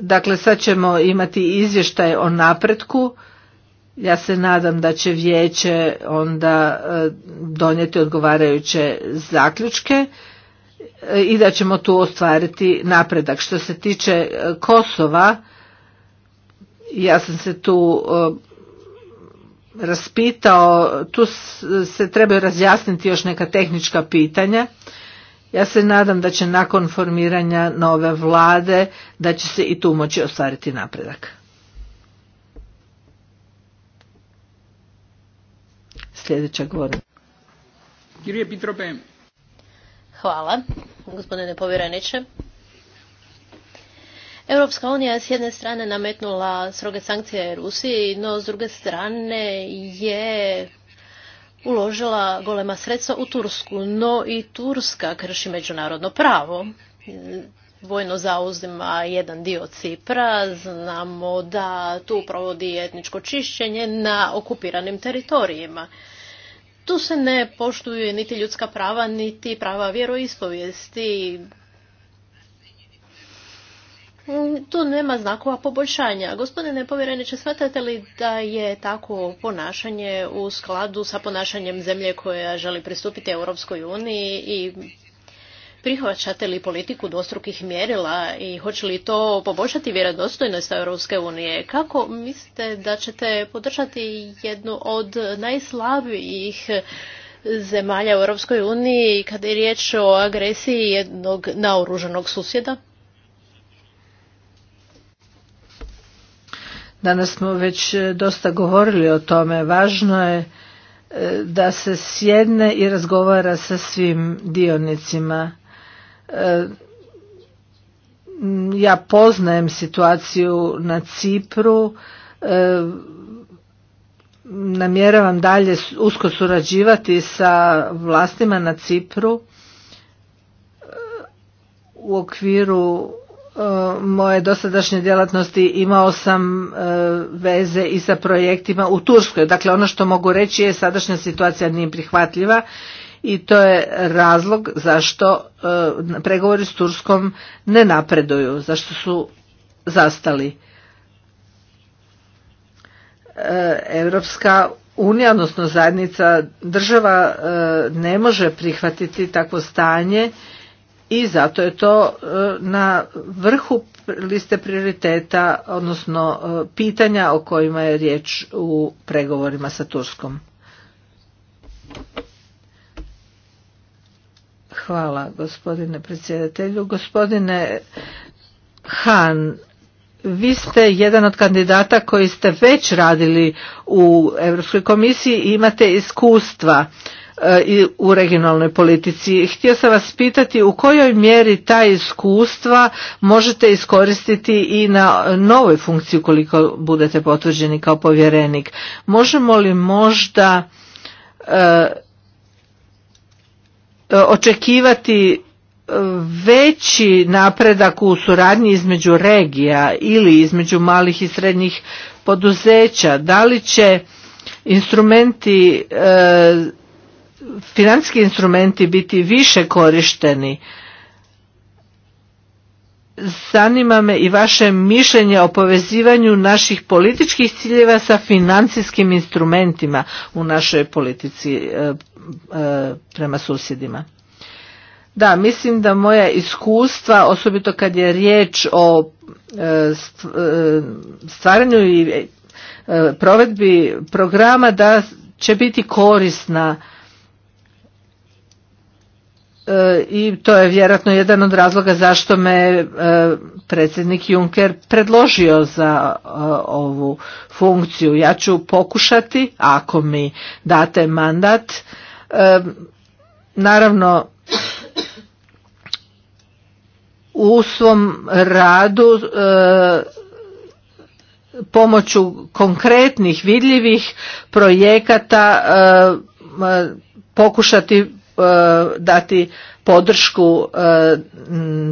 dakle sad ćemo imati izvještaj o napretku. Ja se nadam da će vijeće onda e, donijeti odgovarajuće zaključke e, i da ćemo tu ostvariti napredak. Što se tiče e, Kosova, ja sam se tu raspitao, tu se trebaju razjasniti još neka tehnička pitanja. Ja se nadam da će nakon formiranja nove vlade da će se i tu moći ostvariti napredak. Sljedeća govorna. Hvala, gospodine povjereniče. Europska unija je s jedne strane nametnula stroge sankcije Rusiji, no s druge strane je uložila golema sredstva u Tursku, no i Turska krši međunarodno pravo. Vojno zauzima jedan dio Cipra, znamo da tu provodi etničko čišćenje na okupiranim teritorijima. Tu se ne poštuju niti ljudska prava, niti prava vjeroispovijesti. Mm, tu nema znakova poboljšanja. Gospodine povjereniče, shvatate li da je tako ponašanje u skladu sa ponašanjem zemlje koja želi pristupiti Europskoj uniji i prihvaćate li politiku dvostrukih mjerila i hoće li to poboljšati vjerodostojnost Europske unije? Kako mislite da ćete podržati jednu od najslabijih zemalja u Europskoj uniji kada je riječ o agresiji jednog naoružanog susjeda? Danas smo već e, dosta govorili o tome. Važno je e, da se sjedne i razgovara sa svim dionicima. E, ja poznajem situaciju na Cipru, namjeravam dalje usko surađivati sa vlastima na Cipru u okviru moje dosadašnje djelatnosti imao sam e, veze i sa projektima u Turskoj. Dakle, ono što mogu reći je sadašnja situacija nije prihvatljiva i to je razlog zašto e, pregovori s Turskom ne napreduju, zašto su zastali. Europska unija, odnosno zajednica država e, ne može prihvatiti takvo stanje i zato je to e, na vrhu liste prioriteta, odnosno e, pitanja o kojima je riječ u pregovorima sa Turskom. Hvala gospodine predsjedatelju. Gospodine Han, vi ste jedan od kandidata koji ste već radili u Europskoj komisiji i imate iskustva E, i u regionalnoj politici. Htio sam vas pitati u kojoj mjeri ta iskustva možete iskoristiti i na novoj funkciji koliko budete potvrđeni kao povjerenik. Možemo li možda e, e, očekivati veći napredak u suradnji između regija ili između malih i srednjih poduzeća? Da li će instrumenti financijski instrumenti biti više korišteni. Zanima me i vaše mišljenje o povezivanju naših političkih ciljeva sa financijskim instrumentima u našoj politici e, e, prema susjedima. Da, mislim da moja iskustva, osobito kad je riječ o e, stvaranju i provedbi programa, da će biti korisna E, i to je vjerojatno jedan od razloga zašto me e, predsjednik Juncker predložio za e, ovu funkciju. Ja ću pokušati, ako mi date mandat, naravno u svom radu pomoću konkretnih vidljivih projekata pokušati E, dati podršku e,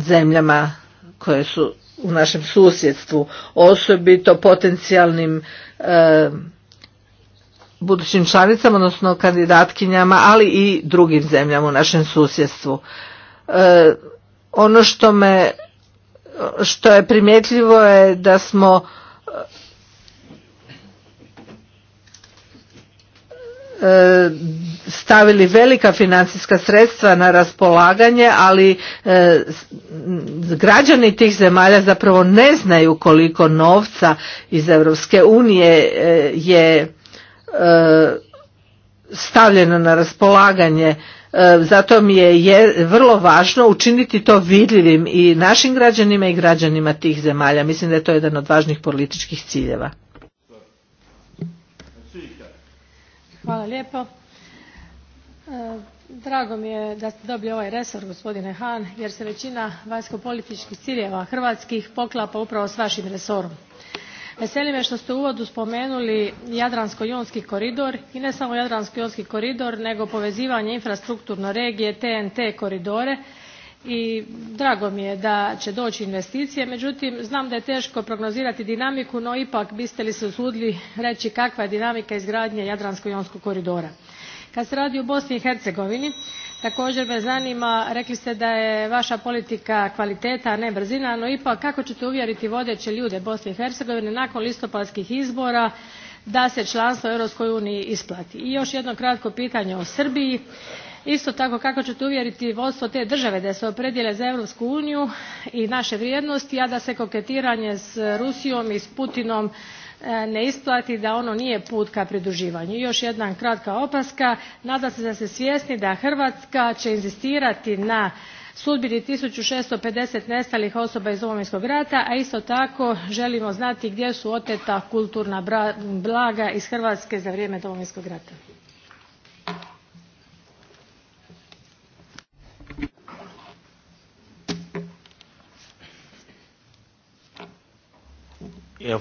zemljama koje su u našem susjedstvu, osobito potencijalnim e, budućim članicama, odnosno kandidatkinjama, ali i drugim zemljama u našem susjedstvu. Ono što me što je primjetljivo je da smo E, stavili velika financijska sredstva na raspolaganje, ali e, građani tih zemalja zapravo ne znaju koliko novca iz Europske unije e, je stavljeno na raspolaganje zato mi je, je vrlo važno učiniti to vidljivim i našim građanima i građanima tih zemalja. Mislim da je to jedan od važnih političkih ciljeva. E, drago mi je da ste dobili ovaj resor gospodine Han, jer se većina vanjskopolitičkih ciljeva hrvatskih poklapa upravo s vašim resorom. veseli me što ste u uvodu spomenuli jadransko jonski koridor i ne samo jadransko jonski koridor nego povezivanje infrastrukturno regije tnt koridore i drago mi je da će doći investicije međutim znam da je teško prognozirati dinamiku no ipak biste li se usudili reći kakva je dinamika izgradnje jadransko jonskog koridora? kad se radi o bosni i hercegovini također me zanima rekli ste da je vaša politika kvaliteta a ne brzina no ipak kako ćete uvjeriti vodeće ljude bosne i hercegovine nakon listopadskih izbora da se članstvo u europskoj uniji isplati? i još jedno kratko pitanje o srbiji isto tako kako ćete uvjeriti vodstvo te države da se opredijele za europsku uniju i naše vrijednosti a da se koketiranje s rusijom i s putinom e, ne isplati da ono nije put ka pridruživanju. i još jedna kratka opaska nadam se da ste svjesni da će hrvatska inzistirati na sudbini one thousand nestalih osoba iz domovinskog rata a isto tako želimo znati gdje su oteta kulturna blaga iz hrvatske za vrijeme domovinskog rata. Ja,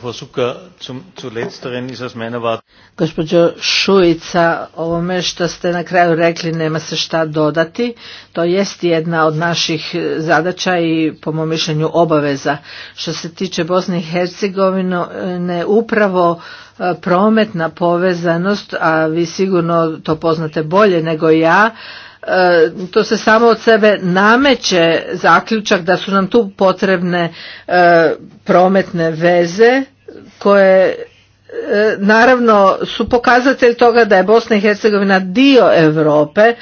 Gospođo Šujica, ovome što ste na kraju rekli nema se šta dodati. To jest jedna od naših e, zadaća i po mom mišljenju obaveza. Što se tiče Bosne i Hercegovine, upravo e, prometna povezanost, a vi sigurno to poznate bolje nego ja, E, to se samo od sebe nameće zaključak da su nam tu potrebne e, prometne veze koje e, naravno su pokazatelj toga da je Bosna i Hercegovina dio Europe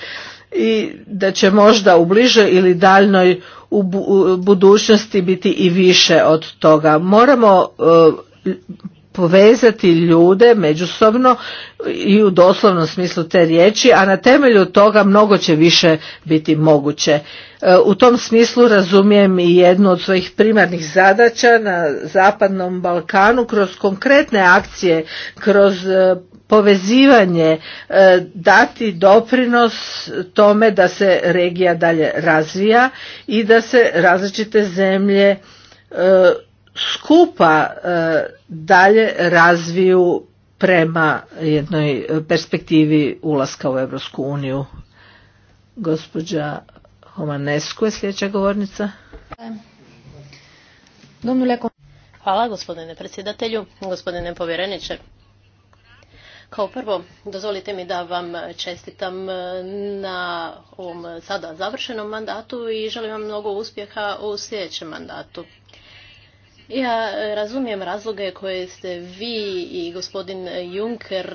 i da će možda u bližoj ili daljnoj u budućnosti biti i više od toga. Moramo povezati ljude međusobno i u doslovnom smislu te riječi, a na temelju toga mnogo će više biti moguće. E, u tom smislu razumijem i jednu od svojih primarnih zadaća na Zapadnom Balkanu kroz konkretne akcije, kroz e, povezivanje e, dati doprinos tome da se regija dalje razvija i da se različite zemlje skupa e, dalje razviju prema jednoj perspektivi ulaska u Europsku uniju. Gospođa Homanesku je sljedeća govornica. Hvala gospodine predsjedatelju, gospodine povjereniče. Kao prvo, dozvolite mi da vam čestitam na ovom sada završenom mandatu i želim vam mnogo uspjeha u sljedećem mandatu. Ja e, razumijem razloge koje ste vi i gospodin Juncker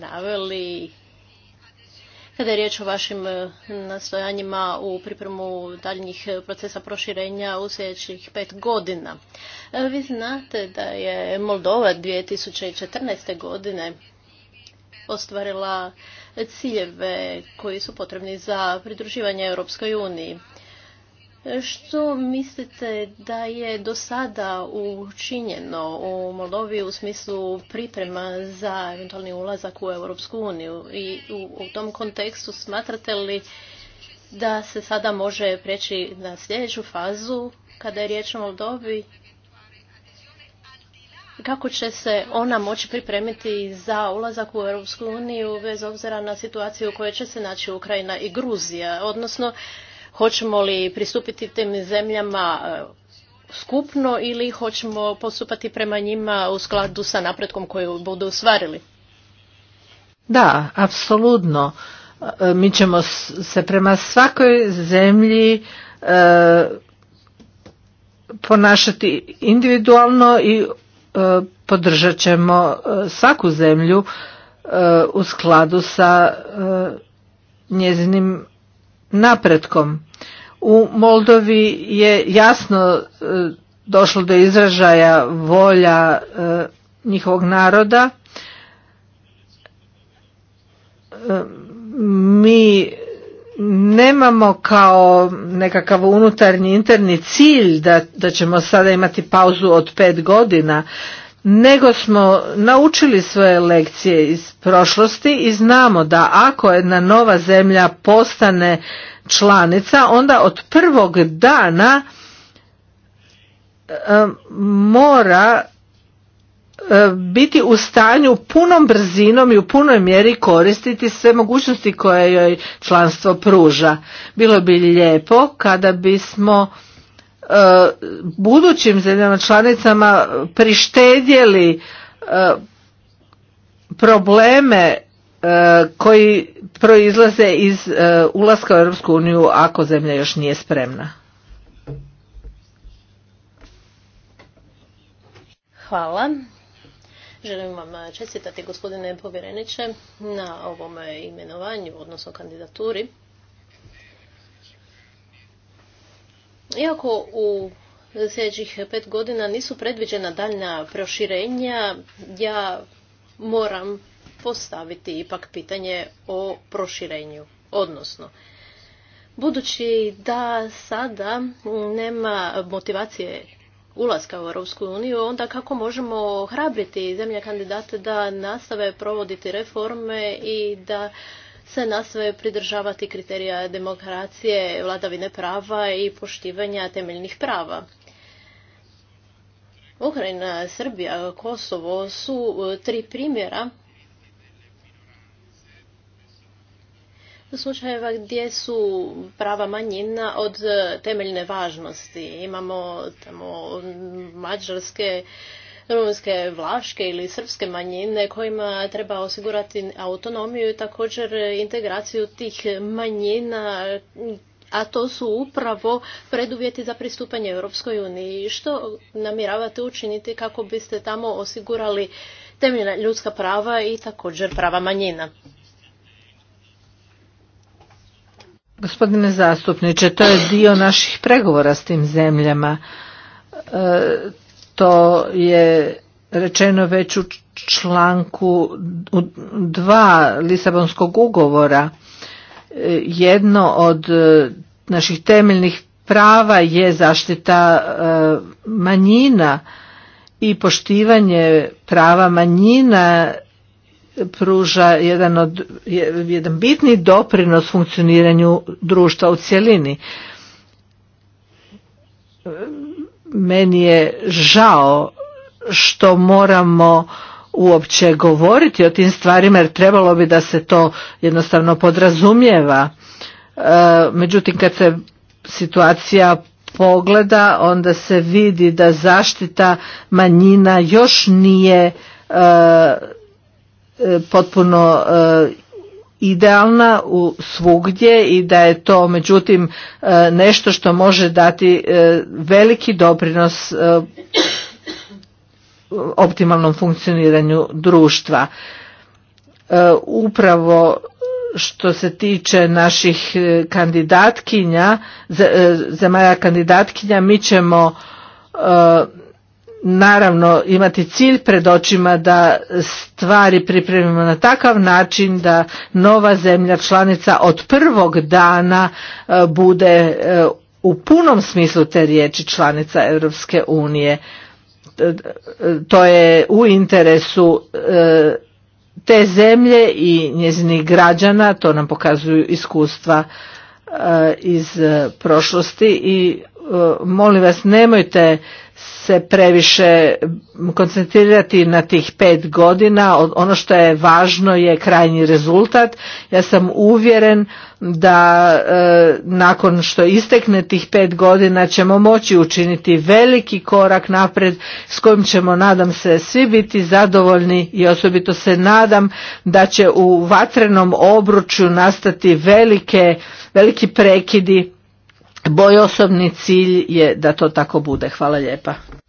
naveli kada je riječ o vašim e, nastojanjima u pripremu daljnjih procesa proširenja u sljedećih pet godina. E, vi znate da je Moldova 2014. godine ostvarila ciljeve koji su potrebni za pridruživanje Europskoj uniji. Što mislite da je do sada učinjeno u Moldovi u smislu priprema za eventualni ulazak u Europsku uniju i u, tom kontekstu smatrate li da se sada može preći na sljedeću fazu kada je riječ o Moldovi kako će se ona moći pripremiti za ulazak u Europsku uniju bez obzira na situaciju u kojoj će se naći Ukrajina i Gruzija, odnosno Hoćemo li pristupiti tim zemljama e, skupno ili hoćemo postupati prema njima u skladu sa napretkom koju budu ostvarili? Da, apsolutno. E, mi ćemo se prema svakoj zemlji e, ponašati individualno i e, podržat ćemo svaku zemlju u skladu sa njezinim napretkom. U Moldovi je jasno e, došlo do izražaja volja e, njihovog naroda. E, mi nemamo kao nekakav unutarnji interni cilj da, da ćemo sada imati pauzu od pet godina nego smo naučili svoje lekcije iz prošlosti i znamo da ako jedna nova zemlja postane članica onda od prvog dana e, mora e, biti u stanju punom brzinom i u punoj mjeri koristiti sve mogućnosti koje joj članstvo pruža bilo bi lijepo kada bismo budućim zemljama članicama prištedjeli e, probleme e, koji proizlaze iz e, ulaska u Europsku uniju ako zemlja još nije spremna. Hvala. Želim vam čestitati gospodine povjereniče na ovom imenovanju, odnosno kandidaturi. Iako u sljedećih pet godina nisu predviđena daljna proširenja, ja moram postaviti ipak pitanje o proširenju. Odnosno, budući da sada nema motivacije ulaska u Europsku uniju, onda kako možemo hrabriti zemlje kandidate da nastave provoditi reforme i da se nastoje pridržavati kriterija demokracije, vladavine prava i poštivanja temeljnih prava. Ukrajina, Srbija, Kosovo su e, tri primjera slučajeva gdje su prava manjina od e, temeljne važnosti. Imamo tamo mađarske rumunjske vlaške ili srpske manjine kojima treba osigurati autonomiju i također integraciju tih manjina a to su upravo preduvjeti za pristupanje Europskoj uniji. Što namiravate učiniti kako biste tamo osigurali temeljna ljudska prava i također prava manjina? Gospodine zastupniče, to je dio naših pregovora s tim zemljama. E, to je rečeno već u članku dva Lisabonskog ugovora. E, jedno od e, naših temeljnih prava je zaštita e, manjina i poštivanje prava manjina pruža jedan, od, jedan bitni doprinos funkcioniranju društva u cjelini meni je žao što moramo uopće govoriti o tim stvarima jer trebalo bi da se to jednostavno podrazumijeva. E, međutim, kad se situacija pogleda, onda se vidi da zaštita manjina još nije e, e, potpuno idealna u svugdje i da je to međutim e, nešto što može dati e, veliki doprinos e, optimalnom funkcioniranju društva. Upravo što se tiče naših kandidatkinja, zemalja kandidatkinja, mi ćemo naravno imati cilj pred očima da stvari pripremimo na takav način da nova zemlja članica od prvog dana e, bude e, u punom smislu te riječi članica Europske unije. E, to je u interesu te zemlje i njezinih građana, to nam pokazuju iskustva iz prošlosti i molim vas nemojte se previše koncentrirati na tih pet godina. Ono što je važno je krajnji rezultat. Ja sam uvjeren da e, nakon što istekne tih pet godina ćemo moći učiniti veliki korak napred s kojim ćemo nadam se svi biti zadovoljni i osobito se nadam da će u vatrenom obruču nastati velike, veliki prekidi moj osobni cilj je da to tako bude. Hvala lijepa.